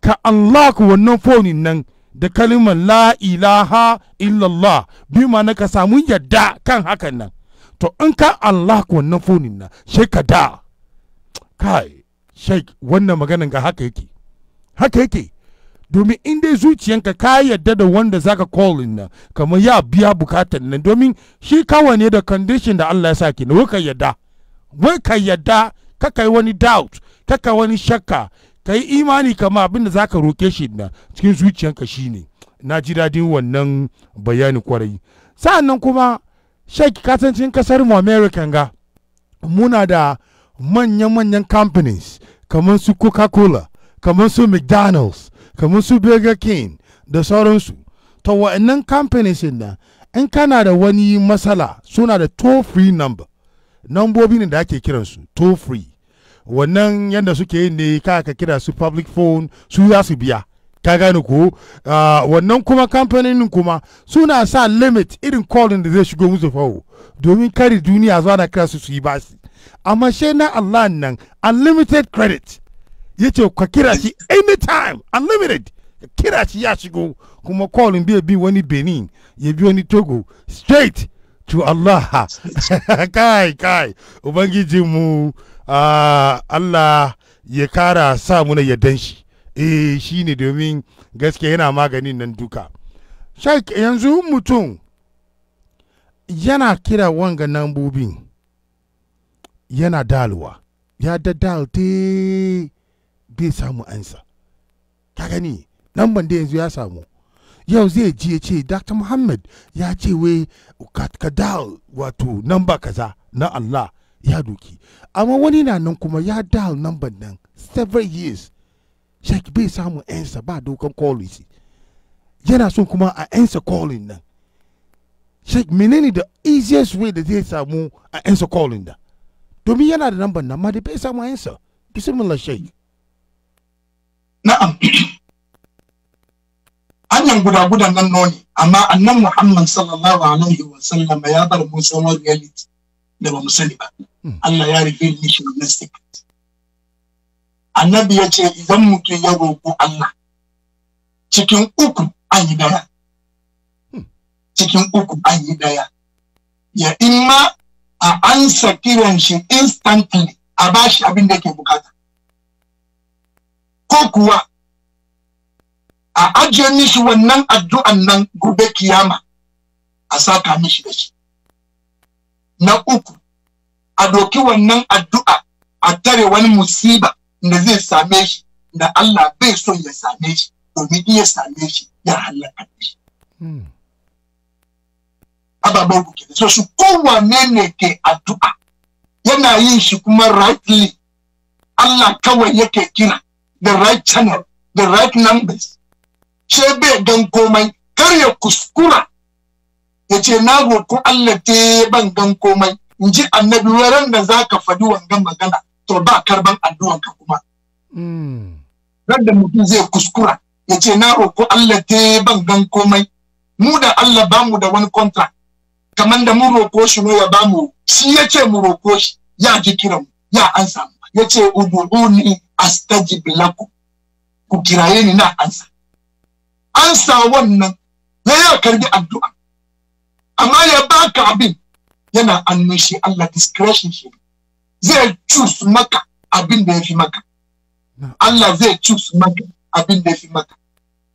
ka unlock wannan fonin nan da kalimar la ilaha illallah bi ma na ka samu yadda kan hakan nan to in ka Allah wannan fonin na sai ka da kai shek wannan maganan ga haka yake haka yake domin in dai zuciyanka ka yadda da wanda zaka call na kamar ya biya bukatar nan domin shi kawane ne da condition da Allah ya sa ki wai ka yadda wai ka yadda ka kai wani doubt ka kai wani shakka ka yi imani kamar abin da zaka roke shi na cikin zuciyanka shine na ji dadin wannan bayani kwarai sa'annan kuma shaki kasancin kasar mu american ga muna da manyan-manyan companies kamar su coca-cola kamar su mcdonald's kamar su burger king da sauransu ta wa'annan companies nan in kana da wani masala suna da toll free number nambobi ne da ake kiransu toll free wannan yadda suke yin ne ka kira su public phone su za su biya ka gane ku ah, wannan kuma kamfanin kuma suna sa limit irin calling da zai shigo musu fawo domin kari duniya zuwa na kira su yi basi amma shi na Allah nan unlimited credit ya ce ka kira shi anytime unlimited kira shi ya shigo kuma calling bai bi wani benin ya bi wani togo straight to Allah kai kai ubangijinmu ah, Allah ya kara sa na yardan shi eh shi ne domin gaske yana maganin nan duka shaik yanzu mutum yana kira wanga bubin yana dalwa ya da dalte bai samu ansa ka gani nan ban da yanzu ya samu yau zai ji ya ce dr muhammad ya ce wai ka dal wato nan ba kaza na allah ya duki amma wani na nan kuma ya dal nan nan several years shaki bai samun ansa ba dokan callings yana son kuma a ansa calling nan shaki menene the easiest way da zai samu a ansa calling da domin yana da number nan ma da bai samu ansa bismillah shaki na'am anyan guda-gudan nan noni amma annan muhammad sallallahu alaihi wa sallam ya bar mu reality da ba mu sani ba hmm. Allah ya rike ni shi na annabi ya ce idan mutum ya roƙo Allah cikin uku an yi daya cikin uku an yi daya ya imma a ansa kiran shi instantly a bashi abin da ke bukata ko kuwa a ajiye mishi wannan addu'an nan gobe kiyama a saka mishi da shi na uku a doki wannan addu'a a tare wani musiba da zai same shi da Allah bai so ya same shi domin iya same shi ya halaka shi. Hmm. Ababen ku kenan. So su kowane ne ke addu'a yana yin shi kuma rightly Allah kawai yake kira the right channel the right numbers. Sai bai gan komai kar ya kuskura ya ce na roƙi Allah te eh, ban gan komai in ji annabi wurin da za ka faɗi wangan magana to ba karban addu'an ka kuma ran mm. da mutum zai kuskura ya ce na roƙo Allah te ban gan komai mu da Allah ba mu da wani contract kamar da mu roƙo shi ne ya ba mu shi ya ce mu roƙo shi ya ji kiran mu ya ansa mu ya ce uduruni astajib lakum ku kiraye ni na ansa ansa wannan ya ya karbi addu'a amma ya baka abin yana annushi Allah discretion shi zai choose maka abin da ya fi maka Allah zai cus maka abin da ya fi maka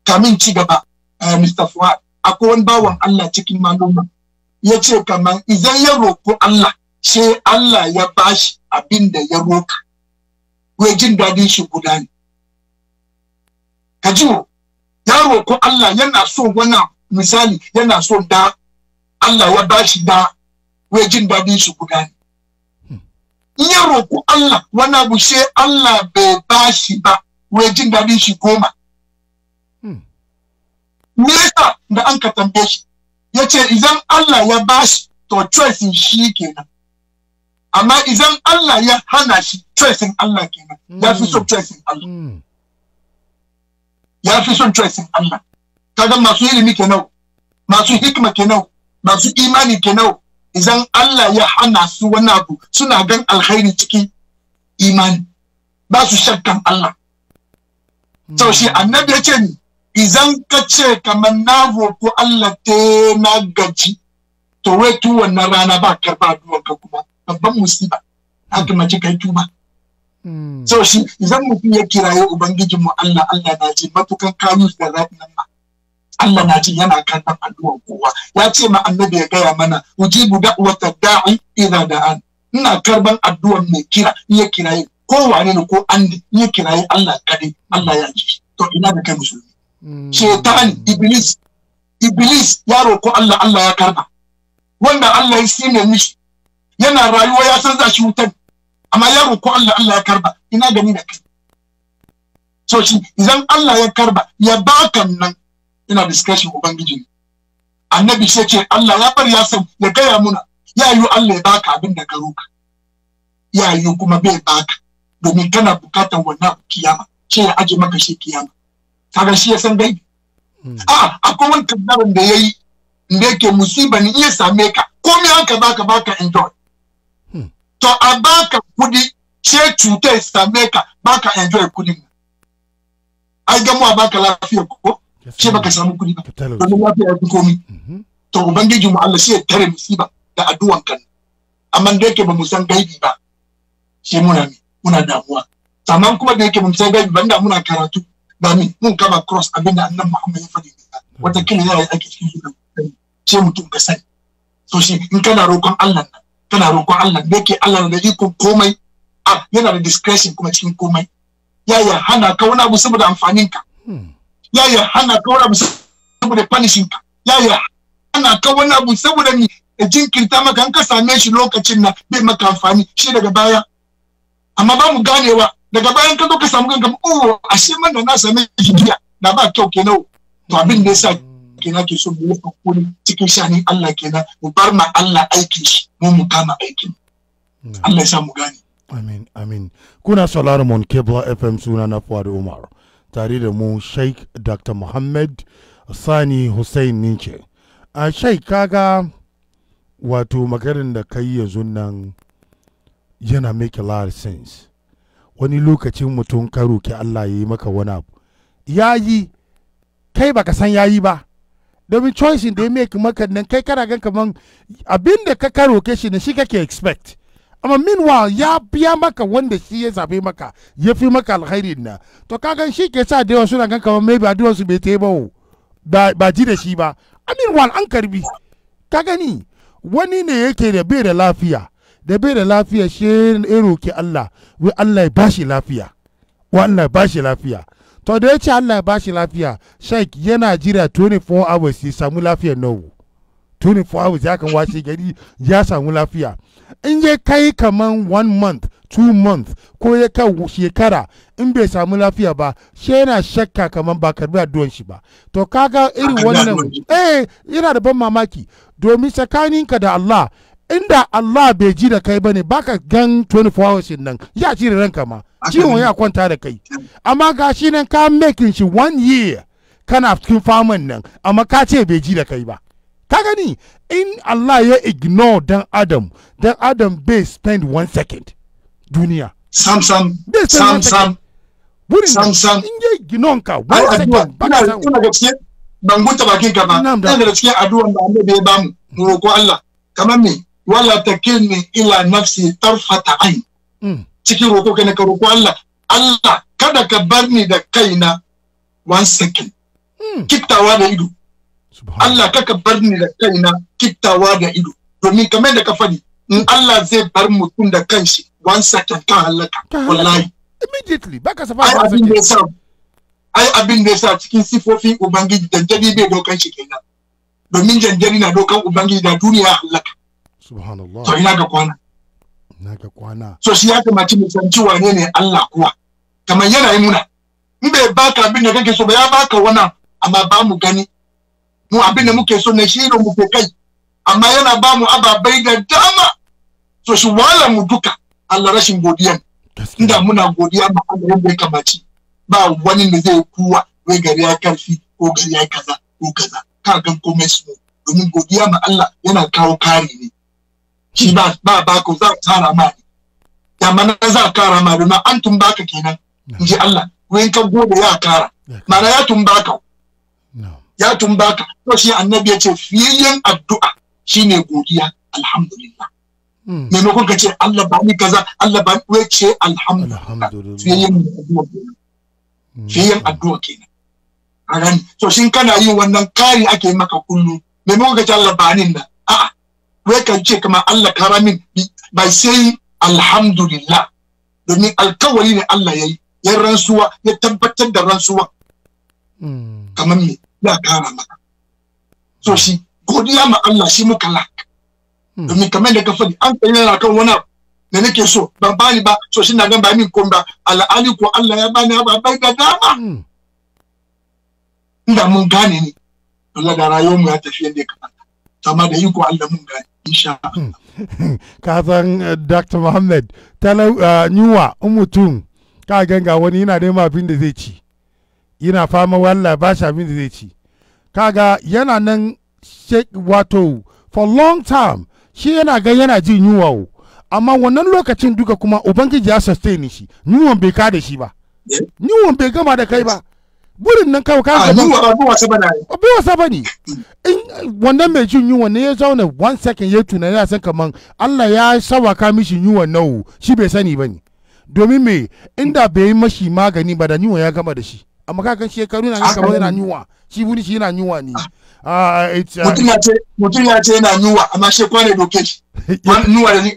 kamin ci gaba eh, Mr. Fuad akwai wani bawan Allah cikin manoma ya ce kamar idan ya roƙo Allah sai Allah ya bashi abin da ya roka wai jin daɗin shi guda ne ka ji ya roƙo Allah yana so wani misali yana so da Allah ya bashi da wai jin daɗin shi guda ne N ya Allah wani abu Allah bai ba shi ba wai jin daɗin shi goma. Hmm. Nesa da an ka tambaye shi ya ce idan Allah ya bashi to choice shi kenan. Amma idan Allah ya hana shi choice Allah kenan ya fi so choice Allah. Ya fi so choice Allah. Kaga masu ilimi kenan, masu hikima kenan, masu imani kenan, Izan Allah ya hana su wani abu suna gan alkhairi ciki imani ba su shakkan Allah so shi annabi ya ce ni idan ka ce kamar na roƙo Allah te na gaji to wetu wannan rana ba karba addu'ar ka kuma babban musiba haka mace kai tuba sau hmm. shi idan mutum ya kiraye ubangijinmu Allah Allah na ji matukan kayu da raɗin nan Allah na ji yana karɓar addu'ar kowa ya ce ma annabi ya gaya mana ujibu da'wata da'i idza da'an ina karban addu'ar mai kira in ya kiraye ko wane ne ko an in ya kiraye Allah kadai Allah ya ji to ina da kai musulmi hmm. shaitan iblis iblis ya roko Allah Allah ya karba wanda Allah ya sime mishi yana rayuwa ya san za shi wutar amma ya roko Allah Allah ya karba ina gani da kai so shi idan Allah ya karba ya baka nan ina discretion ubangiji annabi sai ce Allah ya bari ya san ya gaya muna ya yi Allah ya baka abin da ka roka ya yi kuma bai baka domin kana bukatar wannan kiyama sai ya aje maka shi kiyama kaga shi ya san dai hmm. a akwai wani kaddaran da yayi da yake musiba ni iya same ka komai haka baka baka enjoy hmm. to a baka kudi sai cutar same ka baka enjoy kudin ai mu baka lafiya ko ce baka samu kuɗi ba zaman lafiya ya fi komi mhm. to ubangiji mu Allah sai ya tare musiba da addu'an kan amma da yake ba mu san gaibi ba sai muna ne muna damuwa sannan kuma da yake ba mu san gaibi ba inda muna karatu ba mi mun kama cross abin da annabi Muhammad ya faɗi mm. wata kila yayi ake cikin shi ce mutum ka sani to shi in kana roƙon Allah nan kana roƙon Allah da yake Allah da ikon komai yana da discretion kuma cikin komai yaya hana ka wani abu saboda amfanin ka hmm. ya yi hana ka wani abu saboda punishing ka ya yi hana ka wani abu saboda ni a jinkirta maka an ka same shi lokacin na bai maka amfani shi daga baya amma ba mu ganewa daga bayan ka zo ka samu kanka oh ashe man da na same shi giya da ba kyau kenan to abin da yasa kenan ke so mu yi hakuri cikin shani Allah kenan mu bar ma Allah aikin shi mu mu kama aikin Allah ya sa mu gane amin amin kuna sauraron mon kebla fm suna na Fuad Umar tare da mu sheikh dr muhammad sani hussein ninke a sheikh kaga wato magarin da ka yi yanzu nan yana make a lot of sense wani lokacin mutum ka roki allah ya yi maka wani abu ya yi kai baka san ya yi ba domin choice da ya make maka nan kai kana gan kaman abin da ka karo ke shi ne shi kake expect amma meanwhile ya biya maka wanda shi ya zabe maka ya fi maka alkhairin na to kagan shi ke sa da yawa suna gan kamar maybe addu'ar su bai ta ba ba ji da shi ba a meanwhile an karbi ka gani wani ne yake da bai da lafiya da bai da lafiya shi ya roki Allah wai Allah ya bashi lafiya wa Allah ya bashi lafiya to da ya ce Allah ya bashi lafiya sheik yana jira 24 hours ya samu lafiyar nawo 24 hours ya kan washe gari ya samu lafiya in ya kai kaman one month two month ko ya kai shekara in bai samu lafiya ba shi yana shakka kaman ba karbi addu'an shi ba to kaga irin wannan eh yana da ban mamaki domin tsakanin ka da Allah inda Allah bai ji da kai ba ne baka gan 24 hours nan ya ji da ranka ma ciwon ya kwanta da kai amma ga shi nan ka making shi one year kana cikin faman nan amma ka ce bai ji da kai ba ka gani in Allah ya ignore dan adam dan adam bai spend one second duniya sam sam sam wurin sam in ya ignore ka one second ba ka ban bakin ka ba ina cikin da mu Allah kamar me wala takilni ila nafsi tarfata ain mm. cikin ka Allah Allah kada ka bar ni da kaina one second mm. da ido Allah kaka bar ni da kaina kittawa da ido domin kamar da ka fadi in Allah zai bar mutum da kanshi one second kan halaka wallahi immediately baka safa ai abin da yasa ai abin da yasa cikin sifofin ubangiji janjali bai dokan shi kenan domin janjali na dokan ubangiji da duniya halaka subhanallah to ina ga kwana ina ga kwana so shi ya kamaci mu san cewa ne ne Allah kuwa kamar yana yi muna in bai baka abin da kake so ba ya baka wannan amma ba mu gani mu abin da muke so na shi ne ko kai amma yana ba mu ababai da dama so shi wala mu duka Allah rashin godiya inda muna godiya ma Allah yadda ya kamaci ba wani da zai kuwa wai gari ya karfi ko gari ya kaza ko kaza ka ga komai su domin godiya ma Allah yana kawo kare ne shi ba ba ba ko za ta ma ne ya mana za kara ma domin an tumbaka kenan inji Allah wai ka gode ya kara mana ya tumbaka ya tumbatu to shi annabi ya ce fiyayyen addu'a shine godiya alhamdulillah hmm. maimakon ka ce Allah ba ni kaza Allah ba ni ce alhamdulillah fiyayyen addu'a hmm. fiyayyen addu'a kenan a gani shin kana yi wannan kari ake maka kullu maimakon ka ce Allah ba ni a a'a we ka ce kama Allah karamin by saying alhamdulillah domin alkawari ne Allah ya yi ya ransuwa ya tabbatar da ransuwa hmm. kamar me ya kara maka so shi godiya ma Allah shi muka la hmm. domin kamar da ka faɗi an kai yana kan wani da nake so ban bani ba so shi na gan ba min ko ba al'ali ko Allah ya bani ba bai da dama hmm. inda mun gane ne Allah da rayuwar mu ya tafi yadda ya kamata amma da iko Allah mun gane insha Allah hmm. ka san eh, Dr. Muhammad talau eh, yunwa in mutum ka ganga wani yana neman abin da zai ci yana fama wallah ba shi abin da zai ci kaga yana nan wato for long term shi yana ga yana jin yunwa amma wannan lokacin duka kuma ubangiji ya sustain shi yunwan bai ka da shi ba yunwan bai gama da kai ba burin nan kawai ka ah, ga ba wasa bane in wannan mai jin yunwa ne ya zauna one second ya tunani ya san kaman Allah ya ka mishi yunwa nawo shi bai sani bane domin me inda bai yi mashi magani ba da yunwa ya gama da shi amma kakan shekaru na yanka ba yana yunwa shi buni shi yana yunwa ne ah. Ah, uh, mutum ya ce yana yunwa amma shi kwane doke shi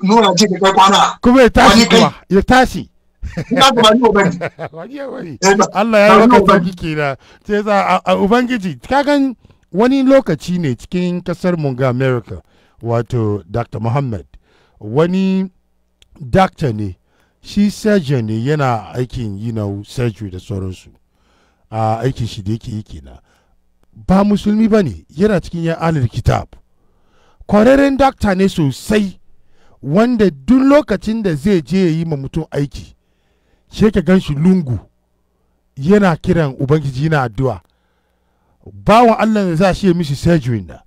nuna ce ka kai kwana kuma ya tashi kuma ya tashi eh, Allah ya yi maka sauki da ce za a ubangiji kakan wani lokaci ne cikin kasar Munga America wato Dr. Muhammad wani doctor ne shi surgeon ne yana aikin you know surgery da sauransu a aikin shi da yake yi kenan ba musulmi ba ne yana cikin ya alil kitab kwararren dakta ne sosai wanda duk lokacin da zai je ya yi ma mutum aiki sai ka gan shi lungu yana kiran ubangiji yana addu'a wa allah da za shi ya mishi surgery na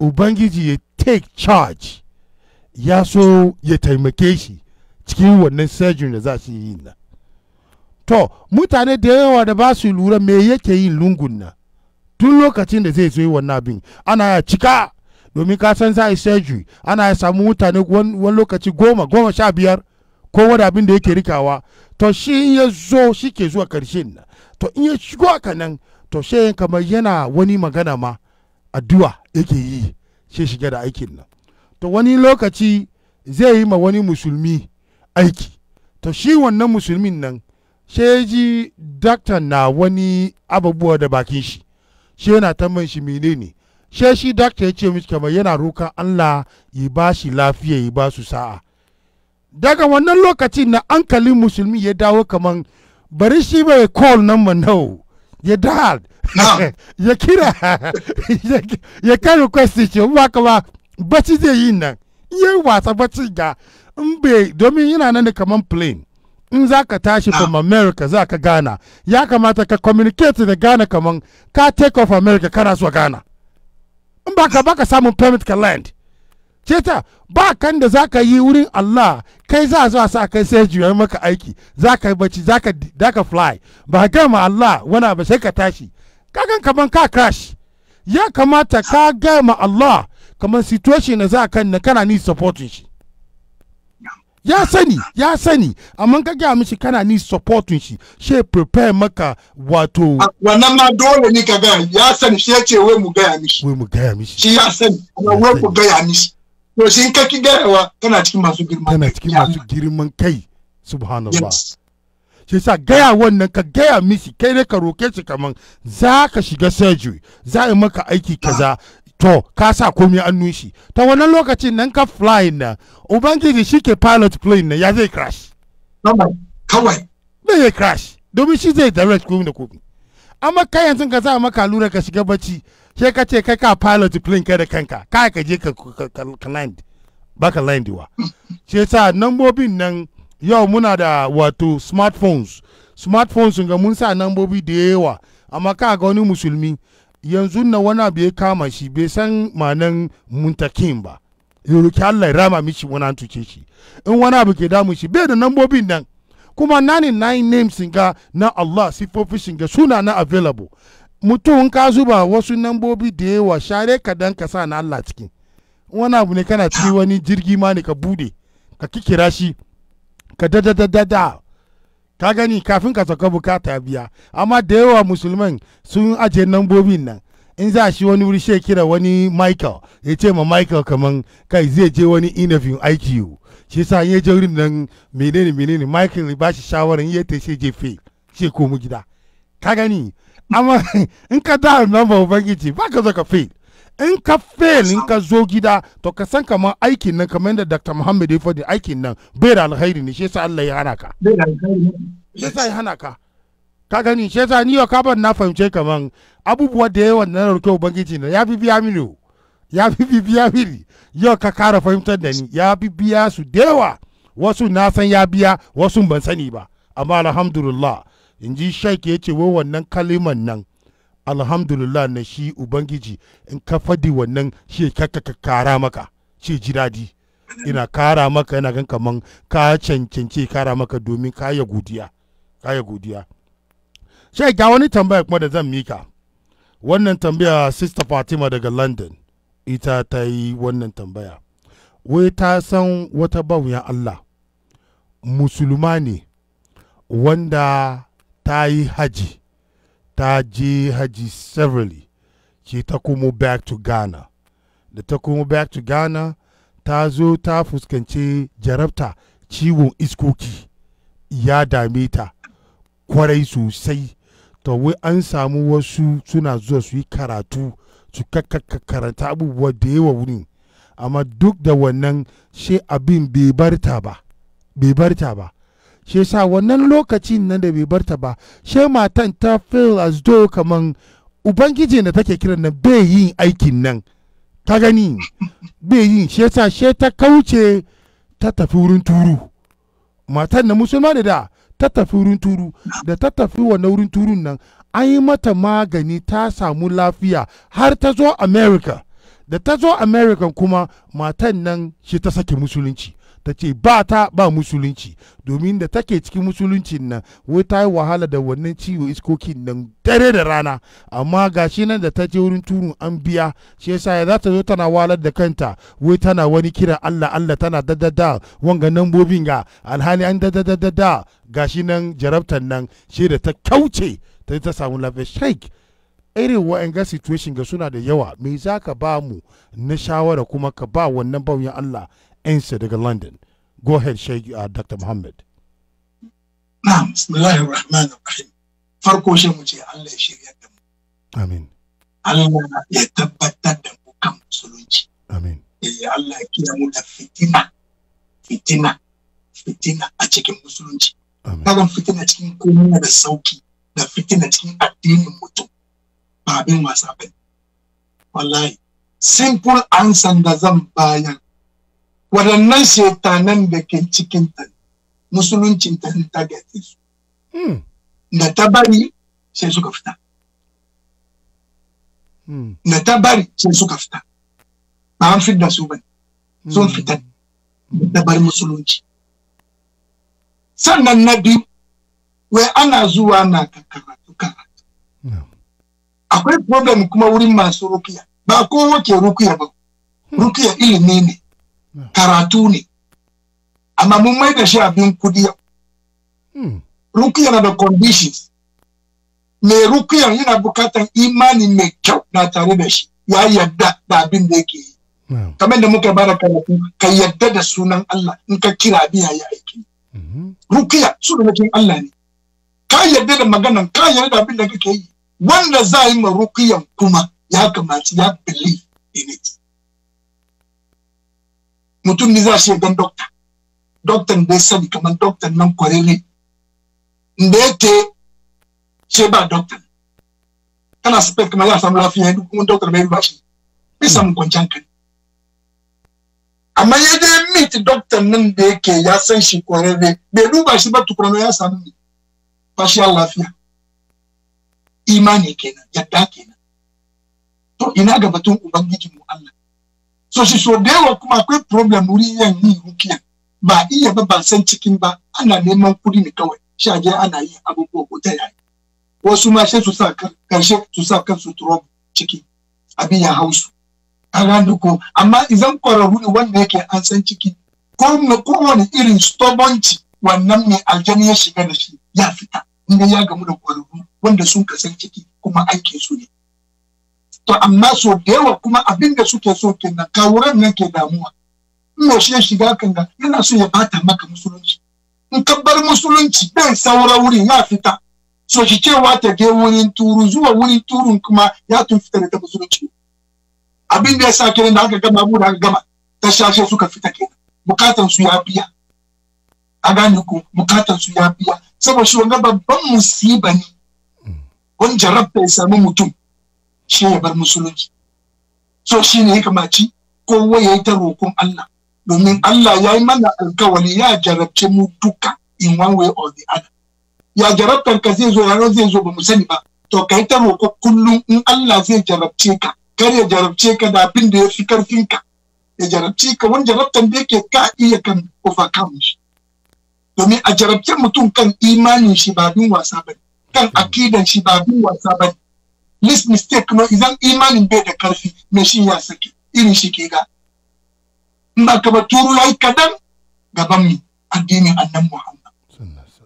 ubangiji ya take charge ya so ya taimake shi cikin wannan surgery da za shi yi na to mutane da yawa da ba su lura me yake yin lungun nan tun lokacin da zai zo wannan abin ana ya cika domin ka san za a yi surgery ana ya samu mutane wani lokaci goma goma sha biyar ko wani abin da yake rikawa to shi in ya zo shi ke zuwa karshen na to in ya shigo nan to shi kamar yana wani magana ma addu'a yake yi shi shiga da aikin nan to wani lokaci zai yi ma wani musulmi aiki to shi wannan musulmin nan ji dakta na wani abubuwa da bakin shi shi yana tambayin shi menene she shi dakta ya ce mishi kamar yana rokan Allah ya ba shi lafiya ya ba su sa'a daga wannan lokacin na ankalin musulmi ya dawo kamar bari shi bai call nan manau ya dal ya kira ya kan request shi ba ka ba bacci zai yi nan yi wasa bacci ga in bai domin yana nan da kamar plane in za ka tashi from america za ka gana ya kamata ka communicate da gana kaman ka take off america kana zuwa gana in ba ka ba ka samun permit ka land ceta ba kan da za ka yi wurin allah kai za zuwa sa kai sai juya maka aiki za ka yi bacci za ka fly ba gama allah wani ba sai ka tashi kagan kaman ka crash ya kamata ka gama allah kaman situation na za kan na kana ni supporting shi ya sani ya sani amma ka gaya mishi kana ni supportin shi she prepare maka wato wannan ma dole ne ka gaya ya sani she ce wai mu gaya mishi wai mu gaya mishi shi ya sani amma wai mu gaya mishi to shi ka ki wa kana cikin masu girman kana cikin masu girman kai subhanallah yes. shi sa gaya wannan ka gaya mishi kai ne ka roke shi kaman za ka shiga surgery za a maka aiki ah. kaza to ka sa komi an nushi ta wannan lokacin nan ka fly na ubangiji shi ke pilot plane na ya zai crash kawai zai ya crash domin shi zai direct komi da komi amma kai yanzu ka za maka lura ka shiga bacci sai ka ce kai ka pilot plane kai da kanka kai ka je ka land baka wa shi sa nambobin nan yau muna da wato smartphones smartphones ga mun sa nambobi da yawa amma ka ga wani musulmi yanzu na wani abu ya kama shi bai san manan muntakin ba ya ki Allah ya rama mishi wani an tuke shi in wani abu ke damu shi bai da nambobin nan kuma nani nine names ga na Allah siffofin shiga suna na available mutum ka zuba wasu nambobi da yawa share ka dan ka sa na Allah cikin wani abu ne kana ciki wani jirgi ma ne ka bude ka kikira shi ka da da da da ka gani kafin ka sauka bukata biya amma da yawa musulman sun ajiye nambobin nan in za shi wani wuri shi kira wani michael ya ce ma michael kaman kai zai je wani interview aiki shi sa ya je wurin nan menene menene michael ba shi shawarar ya ta shi je shi komo gida ka gani amma in ka da number ubangiji ba ka zo ka fail in ka fail in ka zo gida to ka san kamar aikin nan kamar yadda Dr. Muhammad ya faɗi aikin nan bai da alkhairi ne shi yasa Allah ya hana ka shi yasa ya hana ka ka gani shi yasa ni ka ban na fahimce kamar abubuwa da yawan na roke ubangiji na ya bi biya mini ya bi biya mini yau ka kara fahimtar da ni ya bi biya su da yawa wasu na san ya biya wasu ban sani ba amma alhamdulillah in ji shaik ya ce wai wannan kaliman nan alhamdulillah na shi ubangiji in ka fadi wannan shi ka kara maka shi ji daɗi ina kara maka yana gan kaman ka cancanci kara maka domin kaya godiya kaya godiya sai ga wani tambaya kuma da zan mika wannan tambaya sister fatima daga london ita ta yi wannan tambaya wai ta san wata bawuya allah musulma ne wanda ta yi haji ta je haji severely ke ta komo back to ghana da ta komo back to ghana ta zo ta fuskanci jarabta ciwon iskoki ya dame ta kwarai sosai to wai an samu wasu suna zuwa su yi karatu su karanta abubuwa da yawa wuni amma duk da wannan shi abin bai barta ba shi yasa wannan lokacin nan da bai bar ta ba she matan ta feel as though kaman ubangiji da take kiran nan bai yin aikin nan ta gani bai yin shi yasa she ta kauce ta tafi wurin turu matan na musulma da da ta tafi wurin turu da ta tafi wannan wurin turun nan an yi mata magani ta samu lafiya har ta zo america da ta zo america kuma matan nan shi ta sake musulunci ta ce ba ta ba musulunci domin da take cikin musuluncin nan wai ta yi wahala da wannan ciwo iskokin nan dare da rana amma gashi nan da ta je wurin turun an biya shi yasa ya za ta zo tana walar da kanta wai tana wani kira Allah Allah tana dadada wanga bobin ga alhali an dadadada shi nan jarabtar nan shi da ta kauce ta ta samu lafiya shake irin situation ga suna da yawa me za ka ba mu na shawara kuma ka ba wannan bauyan Allah insa daga london go ahead shai uh, dr muhammad na'am bismillahir rahmanir rahim farko shi mu ce Allah ya shirya da mu amin Allah ya tabbatar da mu kan musulunci amin eh Allah ya kiyaye mu da fitina fitina fitina a cikin musulunci kada fitina cikin komai da sauki da fitina cikin addinin mutum ba abin wasa ba wallahi simple answer da zan bayar. waɗannan shetanan da ke cikin ta musuluncin ta ta target su hmm. da ta bari sai suka fita hmm. da ta bari sai suka fita ba an da su ba sun hmm. fita da bar musulunci sannan na biyu wai ana zuwa na karatu karatu akwai problem kuma wurin masu rukiya ba kowa ke rukiya ba rukiya ilimi ne karatu ne amma mun mai da shi abin kudi hmm. rukiya na da conditions mai rukiyan yana bukatan imani mai kyau na tare da shi ya yadda da abin da yake yi kamar da muka bada karatu ka yadda da sunan Allah in ka kira biya ya aiki hmm. rukiya sunan Allah ne ka yadda da maganan ka yadda da abin da kake yi wanda za a yi ma rukiyan kuma ya kamaci ya believe in it mutum ne za shi gan dokta doktan bai sani kamar doktan nan kwararre da yake ce ba doktan kana spek kamar za a samu lafiya duk kuma doktar bai ba shi bai samu kwanciyar kai amma ya dai meet doktan nan da yake ya san shi kwararre bai duba shi ba tukurano ya samu ne fashiyar lafiya imani kenan yadda kenan to ina ga batun ubangijinmu so shisho kuma akwai problem wuri yan yi rukiya ba iya ba ban san cikin ba ana neman kuɗi ne kawai shaje ana yi abubuwa ko ta yaya wasu ma sai su sa karshe su sa kansu trouble ciki abin ya hausu an gane amma idan kwararru ne wanda yake an san ciki ko kowane irin stubbornci wannan mai aljani ya shiga da shi ya fita inda ya gamu da kwararru wanda sun san ciki kuma aikin su ne to amma so da yawa kuma abin da suke so kenan kawuran nan ke damuwa in yaushe ya shiga kanga yana so ya bata maka musulunci in ka bar musulunci dan saura wuri ya fita so shi cewa ta je wurin turu zuwa wurin turun kuma ya tun fita da musulunci abin da ya sa kenan da aka gama abu da aka gama ta shashe suka fita kenan bukatan su ya biya a gane ku, bukatan su ya biya saboda shi wannan babban musiba ne hmm. wani jarabta ya samu mutum shi ya bar musulunci so shi ne ya kamaci kowa ya yi ta roƙon Allah domin Allah ya yi mana alkawari ya jarabce mu duka in one way or the other ya jarabtar ka zai zo ranar zai zo ba mu sani ba to ka yi ta roƙo kullum in Allah zai jarabce ka kar ya jarabce ka da abin da ya fi karfin ka ya jarabce ka wani jarabtar da yake ka iya kan overcome shi domin a jarabce mutum kan imanin shi ba bin wasa ba kan akidan shi ba bin wasa ba least mistake no idan imanin bai da karfi mai shi ya sake irin shi ke ga in ka ba turu lai kadan gaban mi addinin annan muhammad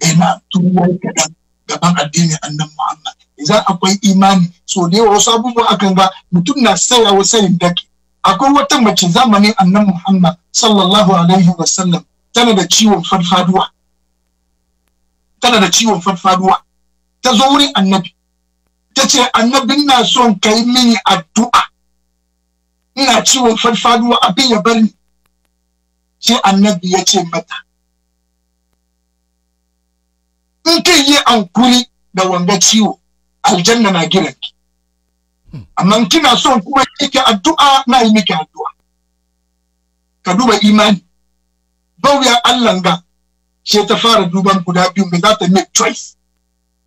ina eh, turu lai kadan gaban addinin annan muhammad idan akwai imani so dai wa wasu abubuwa akan ga mutum na wa sayin daki akwai wata mace zamanin annan muhammad sallallahu alaihi wa sallam. tana da ciwon farfaduwa tana da ciwon farfaduwa ta zo wurin annabi ta ce annabin na son ka mini addu'a ina ciwon farfaduwa abin ya bari annabi ya ce mata in kai yi ankuri da wanga ciwo aljanna na ki, amma kina son kuma yake addu'a na yi miki addu'a ka duba imani bauya Allah ga sai ta fara duban guda biyu me za ta make choice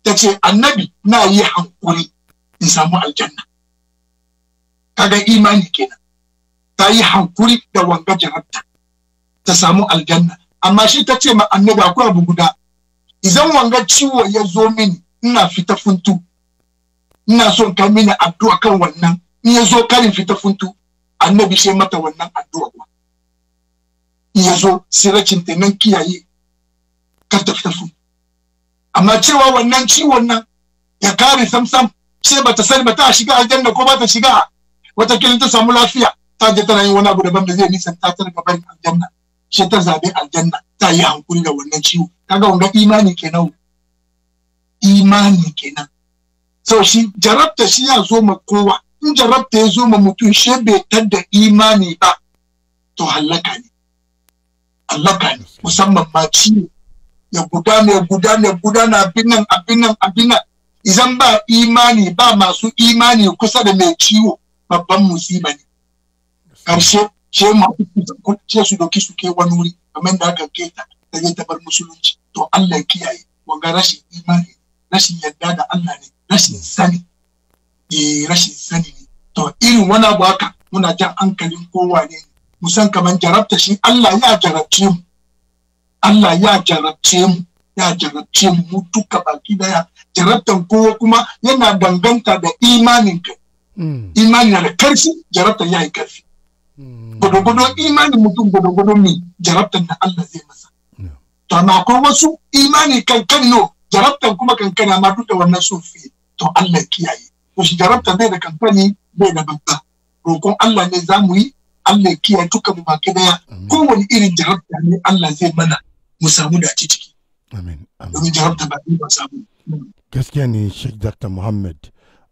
ta ce annabi na yi hankuri in samu aljanna ga imani kenan ta yi hankuri da wanga jarabta ta samu aljanna amma shi ta ce ma annabi akwai abu guda idan wanga ciwo ya zo mini ina fita funtu ina son ka mini addu'a kan wannan in ya zo karin fita funtu annabi sai mata wannan addu'a in ya zo sai ta nan kiyaye kar ta fita funtu amma cewa wannan ciwon nan ya kare samsam ce ba ta sani bata ta shiga aljanna ko ba ta shiga wata kilin ta samu lafiya ta je tana yin wani abu daban da zai nisan ta ta daga barin aljanna shi ta zabe aljanna ta yi hankuri da wannan ciwo kaga wanga imani kenan imani kenan so shi jarabta shi ya zo ma kowa in jarabta ya zo ma mutum shi bai tadda imani ba to hallaka ne hallaka ne musamman ma ciwo ya gudana ya gudana ya gudana abin nan abin nan abin nan idan ba imani ba masu imani kusa da mai ciwo babban musiba ne karshe ce masu ce su doki su wani wuri kamar da aka keta ta bar musulunci to Allah kiyaye wanga rashin imani rashin yadda da Allah ne rashin sani e rashin sani ne to irin wani abu haka muna jan hankalin kowa ne musan kamar jarabta shi Allah ya jarabce mu Allah ya jarabce mu ya jarabce mu duka baki daya jarabtan kowa kuma yana danganta da imanin ka hmm. imani da karfi jarabtan ya yi karfi gudugudu imanin mutum gudugudu ne jarabtan da Allah zai masa to amma ko wasu imani kan no jarabtan kuma kankana amma duk da wannan sufi to Allah kiyaye to shi jarabtan bai da kamfani bai da banka roƙon Allah ne za mu yi Allah kiyaye duka mu baki daya kowane irin jarabta ne Allah zai mana mu samu da ci ciki amin amin domin jarabta ba ba samu gaskiya ne Sheikh Dr Muhammad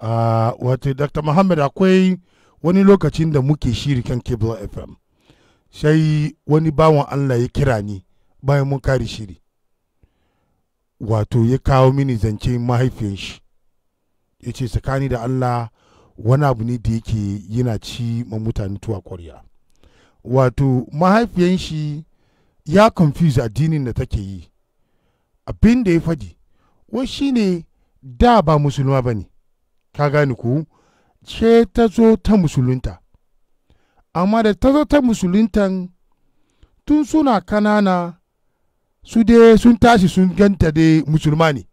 ah, wato Dr Muhammad akwai wani lokacin da muke shiri kan Cable FM sai wani bawan Allah ya kira ni bayan mun kare shiri wato ya kawo mini zance mahaifiyar shi ya ce tsakani da Allah wani abu ne da yake yana ci ma mutane tuwa ƙwarya wato mahaifiyan shi ya confuse addinin da take yi abin da ya faɗi wai shine da ba musulma bane ne ka gane ku ce ta zo ta musulunta amma da ta zo ta musuluntan tun suna kanana su dai sun tashi sun ganta dai musulma ne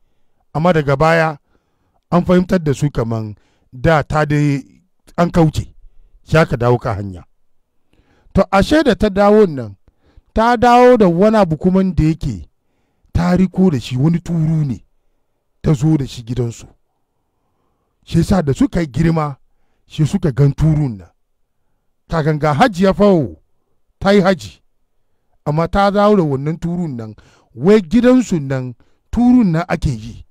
amma daga baya an fahimtar da su kaman da ta dai an kauce ya dawo ka hanya to ashe da ta dawo nan ta dawo da wani abu kuma da yake ta riko da shi wani turu ne ta zo da shi gidansu shi sa da suka girma shi suka gan turun nan ta ganga hajji ya fawo ta yi hajji amma ta dawo da wannan turun nan wai gidansu nan turun nan ake yi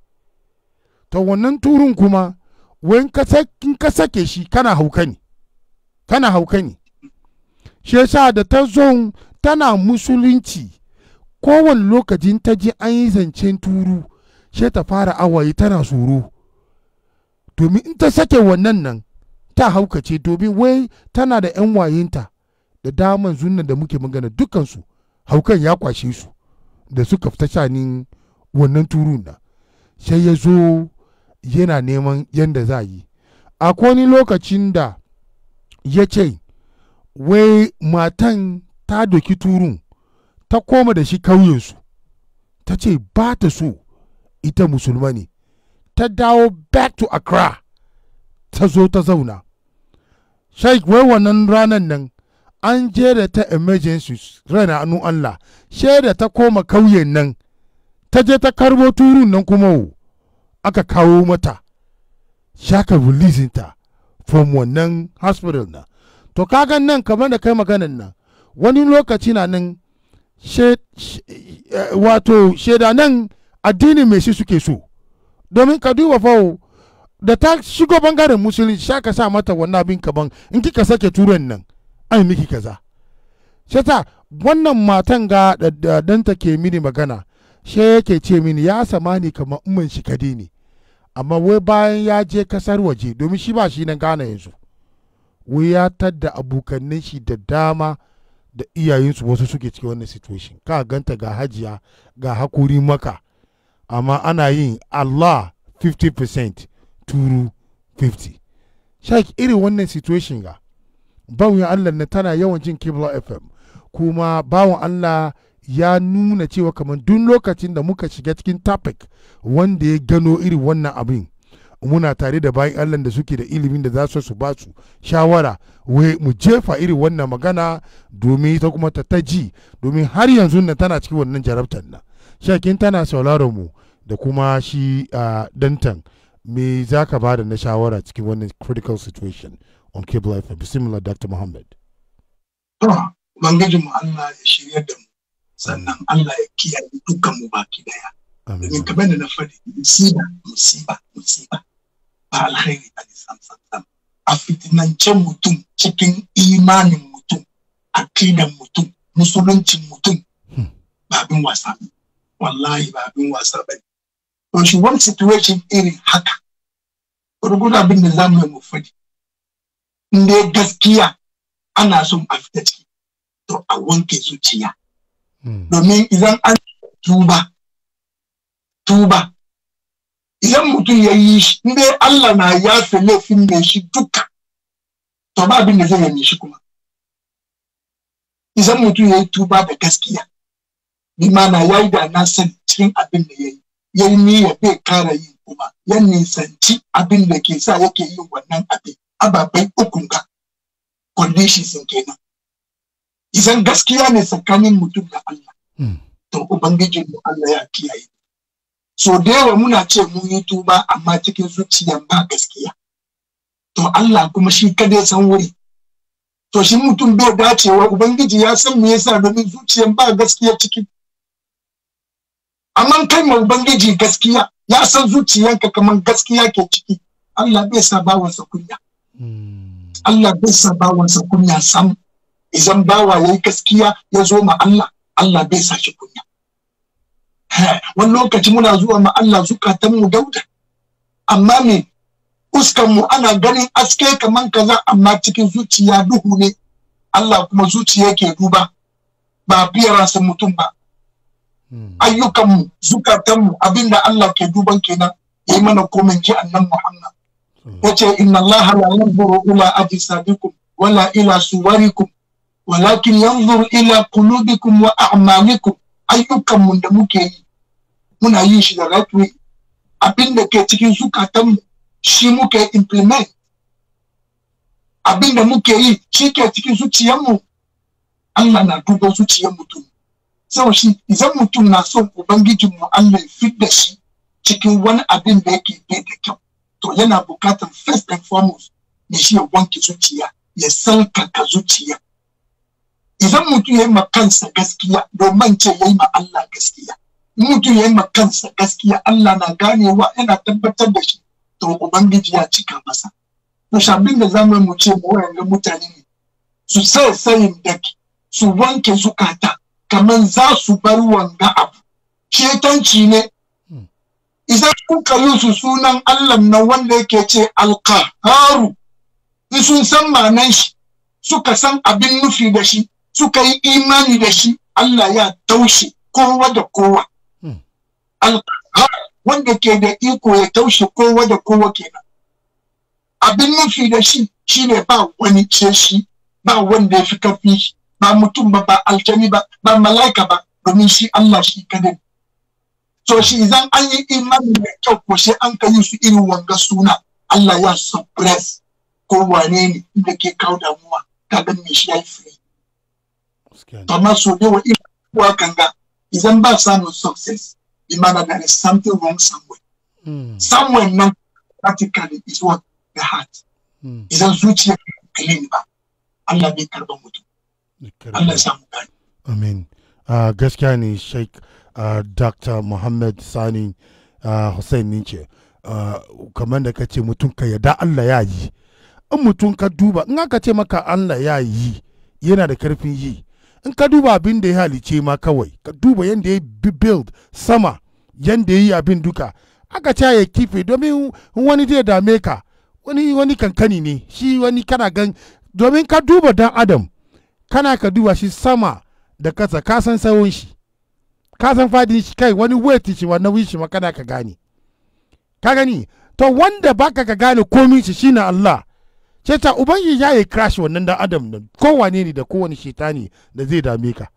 ta wannan turun kuma wai in ka sake shi kana hauka ne kana hauka ne shi yasa da ta zo tana musulunci kowane lokacin ta ji an yi zancen turu sai ta fara awaye tana tsoro domin in ta sake wannan nan ta haukace domin wai tana da 'yan wayinta da daman zunna da muke magana dukansu haukan ya kwashe su da suka fita shanin wannan turun na sai ya zo yana neman yadda za yi a wani lokacin da ya ce wai matan ta doki turun ta koma da shi kauyensu ta ce ba ta so ita musulma ta dawo back to accra ta zo ta zauna sheik wai wannan ranar nan an je da ta emergency rana anu allah da ta koma kauyen nan ta je ta karbo turun nan kuma aka kawo mata shaka releasing ta from wannan hospital na to kagan nan kamar da kai maganan nan wani lokaci na nan eh, wato nan addini mai shi suke so domin ka duba fawo da ta shigo bangaren musulunci sha ka sa mata wannan abin kaban in kika sake turan nan ai miki kaza shi ta wannan matan ga danta ke mini magana she yake ce mini ya sama ni kamar umman shi kadi ne amma wai bayan ya je kasar waje domin shi ba shi nan gane yanzu wai ya tadda abokannin shi da dama da iyayensu wasu suke cikin wannan situation ka ganta ga hajiya ga hakuri maka amma ana yin allah 50% turu 50 shaki irin wannan situation ga bawon allah na tana yawan jin kibla fm kuma bawon allah ya nuna cewa kamar duk lokacin da muka shiga cikin topic wanda ya gano irin wannan abin muna tare da bayan allah da suke da ilimin da za su su ba su shawara wai mu jefa irin wannan magana domin ta kuma ta ta domin har yanzu nan tana cikin wannan jarabtar nan shakin tana sauraron mu da kuma shi a dantan me za ka ba da na shawara cikin wannan critical situation on cable life bismillah dr muhammad bangajin mu allah ya shirya da mu sannan allah ya kiyaye dukkanmu baki daya Amin. kamar da na faɗi musiba musiba musiba ba alkhairi a ne sam a fitinancen mutum cikin imanin mutum akidan mutum musuluncin mutum hmm. ba abin wasa wallahi ba abin wasa ba ne to shi wani situation irin haka gurgudu abin da za mu yi mu faɗi in dai gaskiya ana son a fita ciki to a wanke zuciya hmm. domin idan an duba. tuba idan mutum ya yi shi in Allah na yafe laifin mai shi duka to ba abin da zai yi shi kuma idan mutum ya yi tuba da gaskiya bi na ya yi da na sani cikin abin da ya yi ya yi niyya bai kara yi kuma ya nisanci abin da ke sa yake yin wannan abin ababai ukun sun conditions kenan idan gaskiya ne tsakanin mutum da Allah hmm. to ubangijin mu Allah ya kiyaye so da muna ce mun yi tuba amma cikin zuciyan ba gaskiya to Allah kuma shi kada san wuri to shi mutum bai dacewa ubangiji ya san me yasa domin zuciyan ba gaskiya ciki amma kai ma ubangiji gaskiya ya san zuciyanka kaman gaskiya ke ciki Allah bai sa bawansa kunya hmm. Allah bai sa bawansa kunya sam idan bawa yayi gaskiya ya zo ma Allah Allah bai sa shi kunya wani lokaci muna zuwa ma Allah zukatan dauda amma me uskan mu ana ganin aske kaman kaza amma cikin zuciya duhu ne Allah kuma zuciya ke duba ba fiyaransa mutum ba hmm. ayyukan mu abinda Allah ke duban kenan yayi mana komai ki annan Muhammad yace inna Allah la yanzuru ila ajsadikum wala ila suwarikum walakin yanzuru ila qulubikum wa a'malikum ayyukan mu da muke yi muna yin shi da right way abin ke cikin zukatanmu shi muke implement abin muke yi shi ke cikin zuciyarmu Allah na duba zuciyar mutum sau shi idan mutum na son ubangijinmu Allah ya fit da shi cikin wani abin da yake bai da kyau to yana bukatar first and foremost ne shi ya wanke zuciya ya sarkaka zuciya idan mutum ya yi ma kansa gaskiya domin ce ya yi ma Allah gaskiya mutum ya yi kansa gaskiya Allah na ganewa yana tabbatar da shi to ubangiji ya cika masa to shabin da zamu mu ce mu wayan mutane ne su sai sayin daki su wanke zukata kamar za su bar wanga abu shetanci ne hmm. idan kuka yi su sunan Allah na wanda yake ce alqaharu in sun san manan shi suka san abin nufi da shi suka yi imani da shi Allah ya taushe kowa da kowa wanda ke da iko ya taushe kowa da kowa kenan abin nufi da shi shine ba wani ce shi ba wanda ya fi kafi shi ba mutum ba ba aljani ba ba mala'ika ba domin shi Allah shi kadai so shi zan an yi imani da kyau ko sai an kai su irin wanga suna Allah ya suppress ko wane ne inda ke kawo damuwa ga me shi ya free ma so da wa kan ga idan ba samun success it means that there is something wrong somewhere. Mm. Somewhere not practically is what the heart. Mm. It's a zuciya kalin ba. Allah bai karban mutum. Allah ya samu gani. Amin. Uh, gaskiya ne Sheikh uh, Dr. Muhammad Sani uh, Hussein Nince. Uh, kamar da ka ce mutum ka yarda Allah ya yi. In mutum ka duba, in aka ce maka Allah ya yi, yana da karfin yi. in ka duba abin da ya halice ma kawai ka duba yadda ya build sama yadda ya yi abin duka aka ca ya kife domin wani zai dame ka wani wani kankani ne shi wani kana gan domin ka duba dan adam kana ka duba shi sama da kasa ka san tsawon shi ka san fadin shi kai wani weight shi wani nauyin shi ma kana ka gane ka gani to wanda baka ka gane komin shi shine Allah ce ta ubangiji ya yi crash wannan dan adam nan kowane ne da kowane shetani da zai dame ka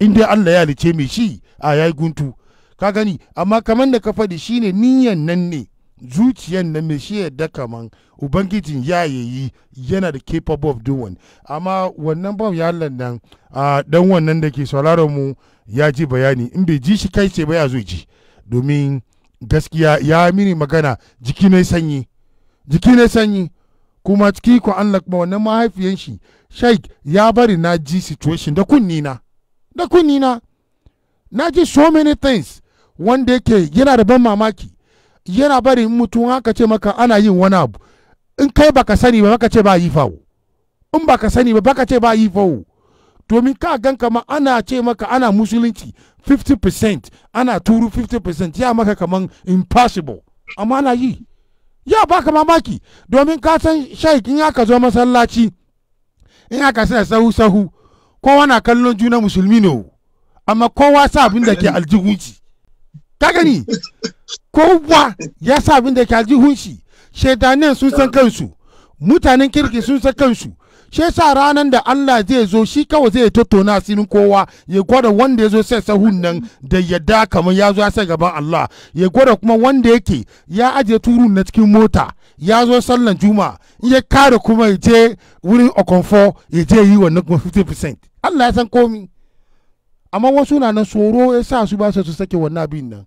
in dai Allah ya lice mai shi a yi guntu ka gani amma kamar da ka faɗi shine niyan nan ne zuciyan nan mai shi yadda kaman ubangijin ya yi yana da capable of doing amma wannan bob ya Allah nan a dan wannan da ke sauraron mu ya ji bayani in bai ji shi kai ce ba ya zo ji domin gaskiya ya mini magana jiki ne sanyi jiki ne sanyi kuma ciki ko an lakma wannan mahaifiyan shi sheik ya bari na ji situation da kunni na da kunni na na ji so many things wanda yake yana da ban mamaki yana bari mutum haka ce maka ana yin wani abu in kai baka sani ba baka ce ba yi fawo in baka sani ba baka ce ba yi fawo domin ka gan kama ana ce maka ana musulunci 50% ana turu 50% ya maka kaman impossible amma ana yi ya baka mamaki domin ka san shaikin in aka zo masallaci in aka sa sahu sahu kowa na kallon juna musulmi ne amma kowa sa abin da ke aljihunci ka gani kowa ya sa abin da ke aljihunci shaidanin sun san kansu mutanen kirki sun san kansu shi yasa ranar da Allah zai zo shi kawai zai tattauna asirin kowa ya gwada wanda ya zo sai sahun nan da yadda kamar ya zo ya sai gaban Allah ya gwada kuma wanda yake ya ajiye turu na cikin mota ya zo sallan juma ya kare kuma ya je wurin okonfo ya je yi wannan kuma 50% Allah ya san komi amma wasu na nan tsoro ya sa su ba su sake wannan abin nan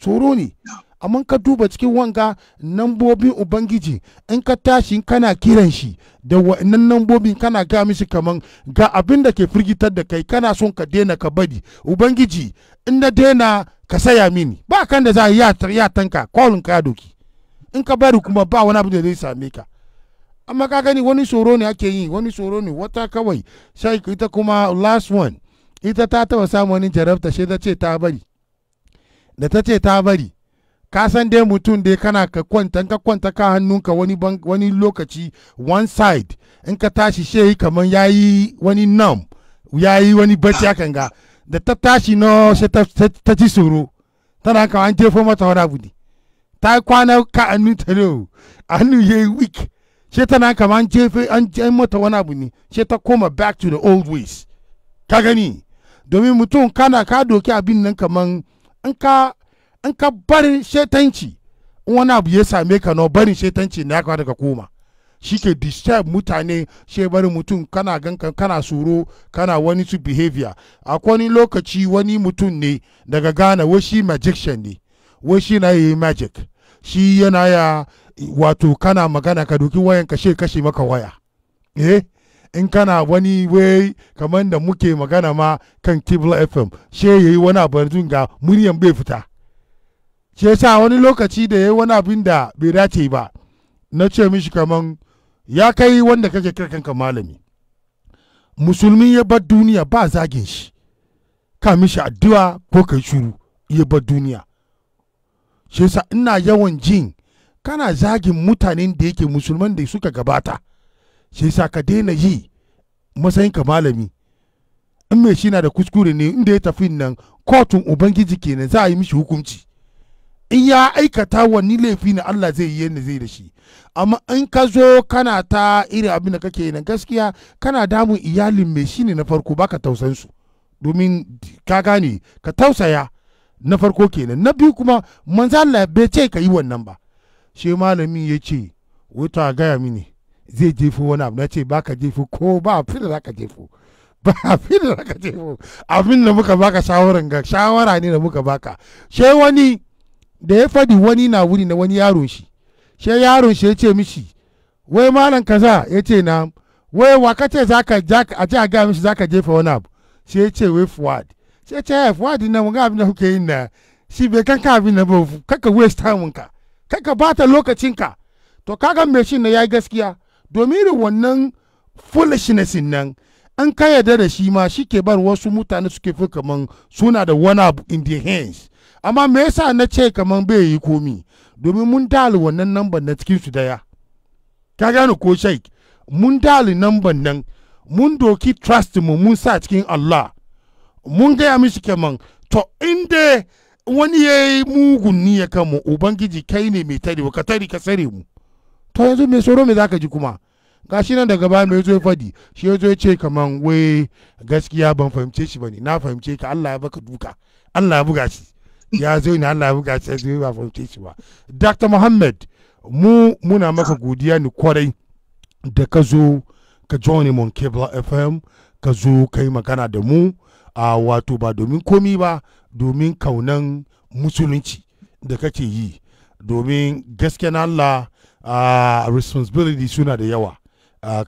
tsoro ne amma ka duba cikin wanga nambobin ubangiji in ka tashi kana kiran shi da wa'annan nambobin kana ga mishi kaman ga abin da ke firgitar da kai kana son ka daina ka bari ubangiji in na daina ka saya mini ba kan da za a ya tanka kwalin ka doki in ka bari kuma ba wani abin da zai same ka amma ka gani wani tsoro ne ake yi wani tsoro ne wata kawai sai ita kuma last one ita ta taba samu wani jarabta shi ta ce ta bari da ta ce ta bari ka san dai mutum dai kana ka kwanta ka kwanta ka hannunka wani wani lokaci one side in ka tashi shehi kaman yayi wani nam yayi wani bacci kan ga da ta tashi no sai ta ji tsoro tana ka an jefo mata wani abu ne ta kwana ka annu ta ne annu ye weak sai tana kama an jefe an mata wani abu ne sai ta koma back to the old ways ka gani domin mutum kana ka doki abin nan kaman in ka in ka barin shetanci in wani abu ya same ka na barin shetanci na ya kamata daga koma shi ke disturb mutane shi barin mutum kana gankan kana suro kana wani su behavior akwai wani lokaci wani mutum ne daga ghana washi magician ne washi na yi magic shi yana ya wato kana magana ka doki wayan kashe kashe maka waya eh in kana wani wai kamar da muke magana ma kan kibla fm she yayi wani abu ga muryan bai fita shi yasa wani lokaci da ya yi wani abin da bai dace ba na ce mishi kaman ya kai wanda kake kira kanka malami musulmi ya bar duniya ba zagin shi ka mishi addu'a ko kai shuru ya bar duniya shi yasa ina yawan jin kana zagin mutanen da yake musulman da suka gabata shi yasa ka daina yi matsayin ka malami in mai shi na da kuskure ne inda ya tafi nan kotun ubangiji kenan za a yi mishi hukunci in ya aikata wani laifi ne Allah zai yi yadda zai da shi amma in ka zo kana ta irin abin da kake nan gaskiya kana damun iyalin mai shine na farko baka tausan su domin ka gane ka tausaya na farko kenan na biyu kuma manzo Allah bai ce ka yi wannan ba she malami ya ce wata gaya mini zai jefo wani abu na ce baka jefo ko ba fi da zaka jefo ba fi da zaka jefo abin da muka baka shawaran ga shawara ne da muka baka sai wani da ya faɗi wani na wuri na wani yaron shi she yaron shi ya ce mishi wai malam kaza ya ce na wai wa ka ce za ka a ce a ga mishi za ka jefa wani abu she ya ce wai fuwad she ya ce ya eh, fuwad na wani abin da kuke yin na shi bai kan ka abin na ba kaka waste time ka kaka bata lokacin ka to kaga mai shi na yayi gaskiya domin irin wannan foolishness nan an ka yarda da shi ma shi ke bar wasu mutane suke fi kaman suna da wani abu in the hands amma me yasa na ce kaman bai yi komi domin mun tali wannan namban na cikin su daya ka gane ko sheik mun tali namban nan mun doki trust mu mun sa cikin Allah mun gaya mishi kaman to inda wani ya yi mugun niyya kan mu ubangiji kai ne mai tare ka tare ka tsare mu to yanzu mai tsoro me zaka ji kuma gashi nan daga baya mai zo ya fadi shi ya zo ya ce kaman wai gaskiya ban fahimce shi bane na fahimce ka Allah ya baka duka Allah ya buga shi ya zo ina Allah ya buga shi zai ba fahimce shi ba Dr. Muhammad mu muna maka godiya ni kwarai da ka zo ka join mu Cable FM ka zo kai magana da mu a wato ba domin komi ba domin kaunan musulunci da kake yi domin gaske na Allah responsibility suna da yawa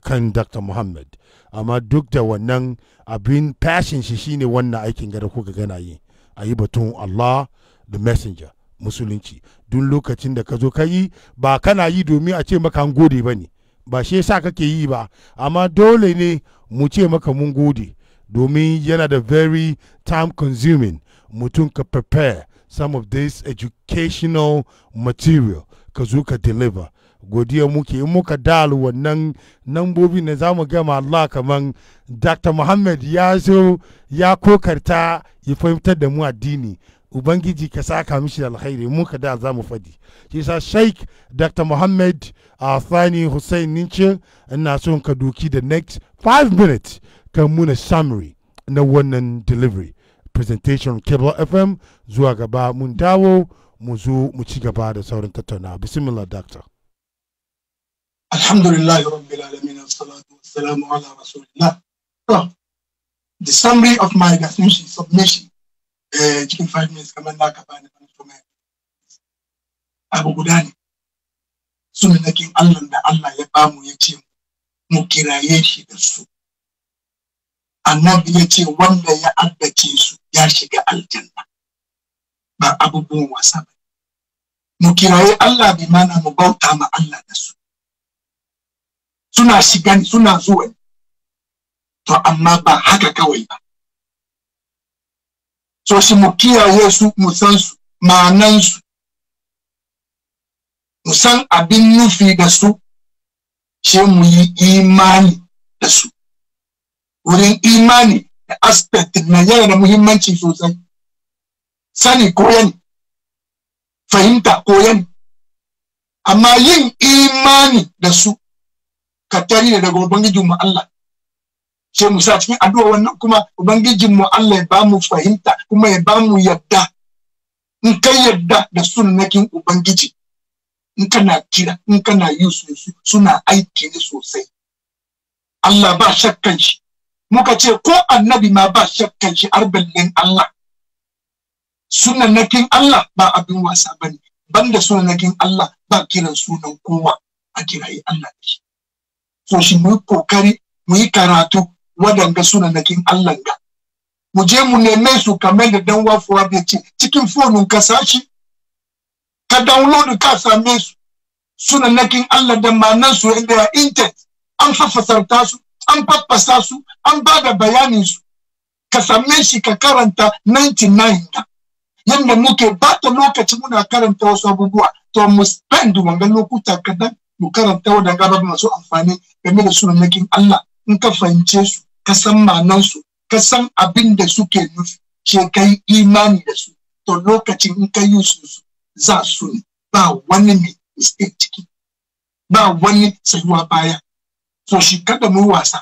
kan Dr. Muhammad amma duk da wannan abin fashin shi shine wannan aikin gada kuka gana yi a yi batun Allah the messenger musulunci duk lokacin da ka zo ka yi ba kana yi domin a ce maka an gode ba ne ba shi yasa kake yi ba amma dole ne mu ce maka mun gode domin yana da very time consuming mutum ka prepare some of this educational material ka zo ka deliver godiya muke in muka dal wannan nambobi na zamu gama Allah kaman Dr. Muhammad ya zo ya kokarta ya fahimtar da mu addini ubangiji ka saka mishi alkhairi muka da za mu fadi shi sa sheikh dr muhammad athani hussein nince ina so ka doki the next five minutes ka muna summary na wannan delivery presentation cable fm zuwa gaba mun dawo mu zo mu ci gaba da sauran tattauna bismillah doctor Alhamdulillah, Rabbil Alameen, Salamu ala Rasulullah. So, the summary of my definition, submission, eh, cikin five minutes kamar na ka bani bani to mai abu guda ne. Sunanakin Allah da Allah ya bamu ya ce mu kiraye shi da su. ya ce wanda ya addace su ya shiga aljanna. Ba abubuwan wasa ba. Mu kiraye Allah bi mana mu bauta ma Allah da su. suna shigan suna zuwa to amma ba haka kawai ba so shi mu kiyaye su mu san su ma'anan su mu san abin nufi da su shi mu yi imani da su wurin imani da aspect na yana da muhimmanci sosai sani koyan fahimta koyan amma yin imani da su kattari ne daga ubangijin mu Allah sai mu sa cikin addu'a wannan kuma ubangijin mu Allah ya ba mu fahimta kuma ya ba mu yadda in ka yadda da sunnakin ubangiji in kana kira in kana yi su suna aiki ne sosai Allah ba shakkan shi muka ce ko annabi ma ba shakkan shi arbalin Allah sunanakin Allah ba abin wasa bane banda sunanakin Allah ba kiran sunan kowa a kirayi Allah da to shi mu kokari mu yi karatu wadanga sunanakin Allah ga mu je mu neme su kamar da dan wafuwa bai ce cikin fonin ka sashi ka download ka same su sunanakin Allah da manan su inda ya intent an fafasarta su an fafasa su an ba da bayanin su ka same shi ka karanta 99 da yadda muke ba ta lokaci muna karanta wasu abubuwa to mu spend wangan lokuta kadan mu karanta wa gabar masu amfani game da sunannakin Allah in ka fahimce su ka san kasan su ka san abin da suke nufi ke kai imani da su to lokacin in ka yi su za su ne ba wani mai mistake ciki ba wani tsayuwa baya to shi kada mu wasa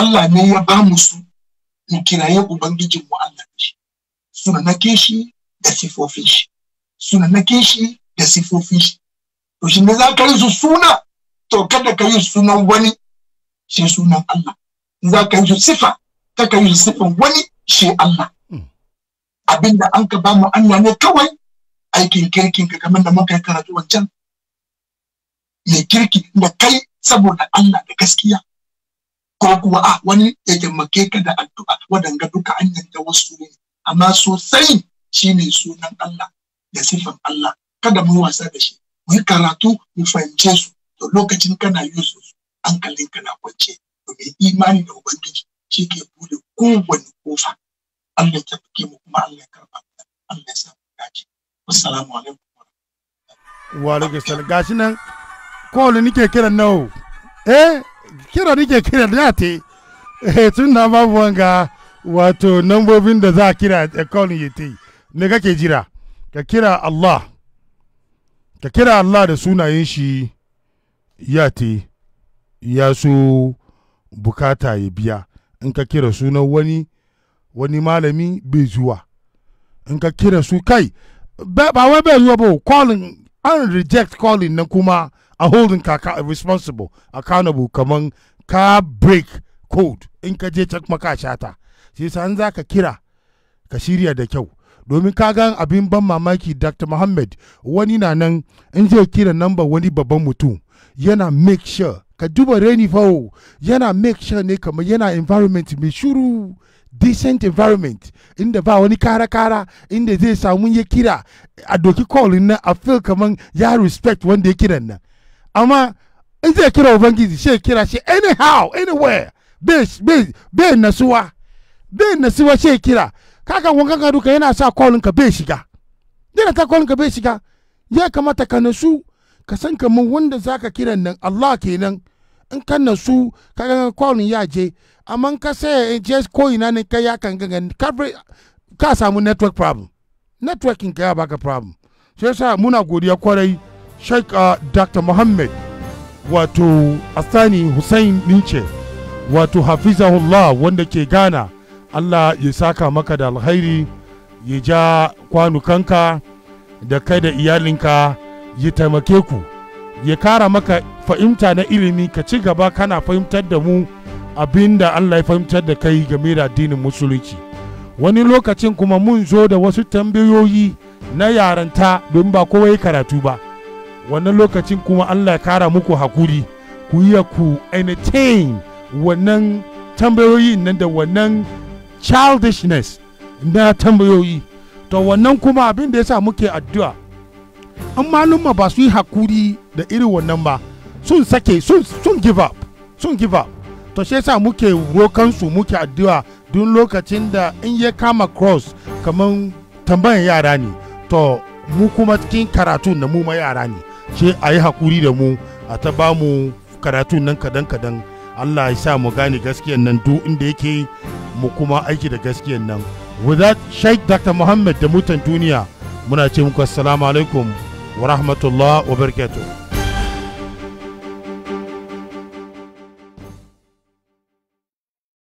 Allah ne ya ba mu su mu kiraye ubangijin mu Allah shi sunannakin shi da sifofin shi shi da sifofin shi to shi ne za ka yi su suna to kada ka yi sunan wani shi sunan Allah za ka yi su sifa ta ka yi su sifan wani shi Allah hmm. abinda an ka ba mu Allah ne kawai aikin kirkin ka kamar da muka yi karatu wancan mai kirki da kai saboda Allah da gaskiya ko kuwa a wani ya taimake ka da addu'a wadanga duka an yarda wasu ne amma sosai shine sunan Allah da sifan Allah kada mu wasa da shi yi karatu mu fahimce su da lokacin kana yin su hankalin kana kwance domin imani da ubangiji shi ke bude kowane kofa Allah ya tafi mu kuma Allah ya karba Allah ya samu dace assalamu alaikum wa alaikum salam gashi nan kowane nike kiran nawo eh kira nike kira ya te eh tun da babu wanga wato nambobin da za a kira eh, a kawai ya ne kake jira ka kira Allah ka kira Allah da sunayen shi ya te ya so bukata ya biya in ka kira sunan wani wani malami bai zuwa in ka kira su kai ba wai bai zuwa ba calling an reject calling na kuma a holding kaka responsible accountable kaman ka break code in ka je can kuma ka shata sai san za ka kira ka shirya da kyau domin kagan abin ban mamaki dr muhammad wani na nan in zai kira namba wani babban mutum yana make sure ka duba rainy fowl yana make sure ne kamar yana environment mai shuru decent environment inda ba wani kara-kara inda zai samu ya kira a doki callin nan a feel kamar ya respect wanda ya kiran nan amma in zai kira ubangiji shi kira shi anyhow anywhere bai nasuwa bai nasuwa shi kira kakan wankan ka duka yana sa kolin ka bai shiga yana ta kolin ka bai shiga ya kamata ka nasu ka san kamar wanda za ka kira nan Allah kenan in ka nasu ka ga kolin ya je amma ka saya in je ko ina ne ka ya kan gangan ka samu network problem networking ka ya baka problem sai sa muna godiya kwarai Sheikh ah, Dr. Muhammad wato Asani Hussein Ninche wato Hafizahullah wanda ke Ghana Allah ya saka maka da alkhairi ya ja kwanukanka da kai da iyalinka ya taimake ku ya kara maka fahimta na ilimi ka ci gaba kana fahimtar da mu abin da Allah ya fahimtar da kai game da addinin musulunci wani lokacin kuma mun zo da wasu tambayoyi na yaranta don ba kowa ya karatu ba wannan lokacin kuma Allah ya kara muku hakuri ku yi ku entertain wannan tambayoyin nan da wannan childishness na tambayoyi to wannan kuma abin da ya sa muke addu'a an malumma ba su yi hakuri da irin wannan ba sun sake sun give up sun give up to shi yasa muke rokansu muke addu'a duk lokacin da in ya kama cross kamar tambayan yara ne to mu kuma cikin karatu na mu ma yara ne shi a yi hakuri da mu a ta ba mu karatu nan kadan-kadan Allah ya sa mu gane gaskiyan nan duk inda yake mu kuma aiki da gaskiyan nan without Sheikh Dr. Muhammad da mutan duniya muna ce muku assalamu alaikum wa rahmatullah wa barakatuh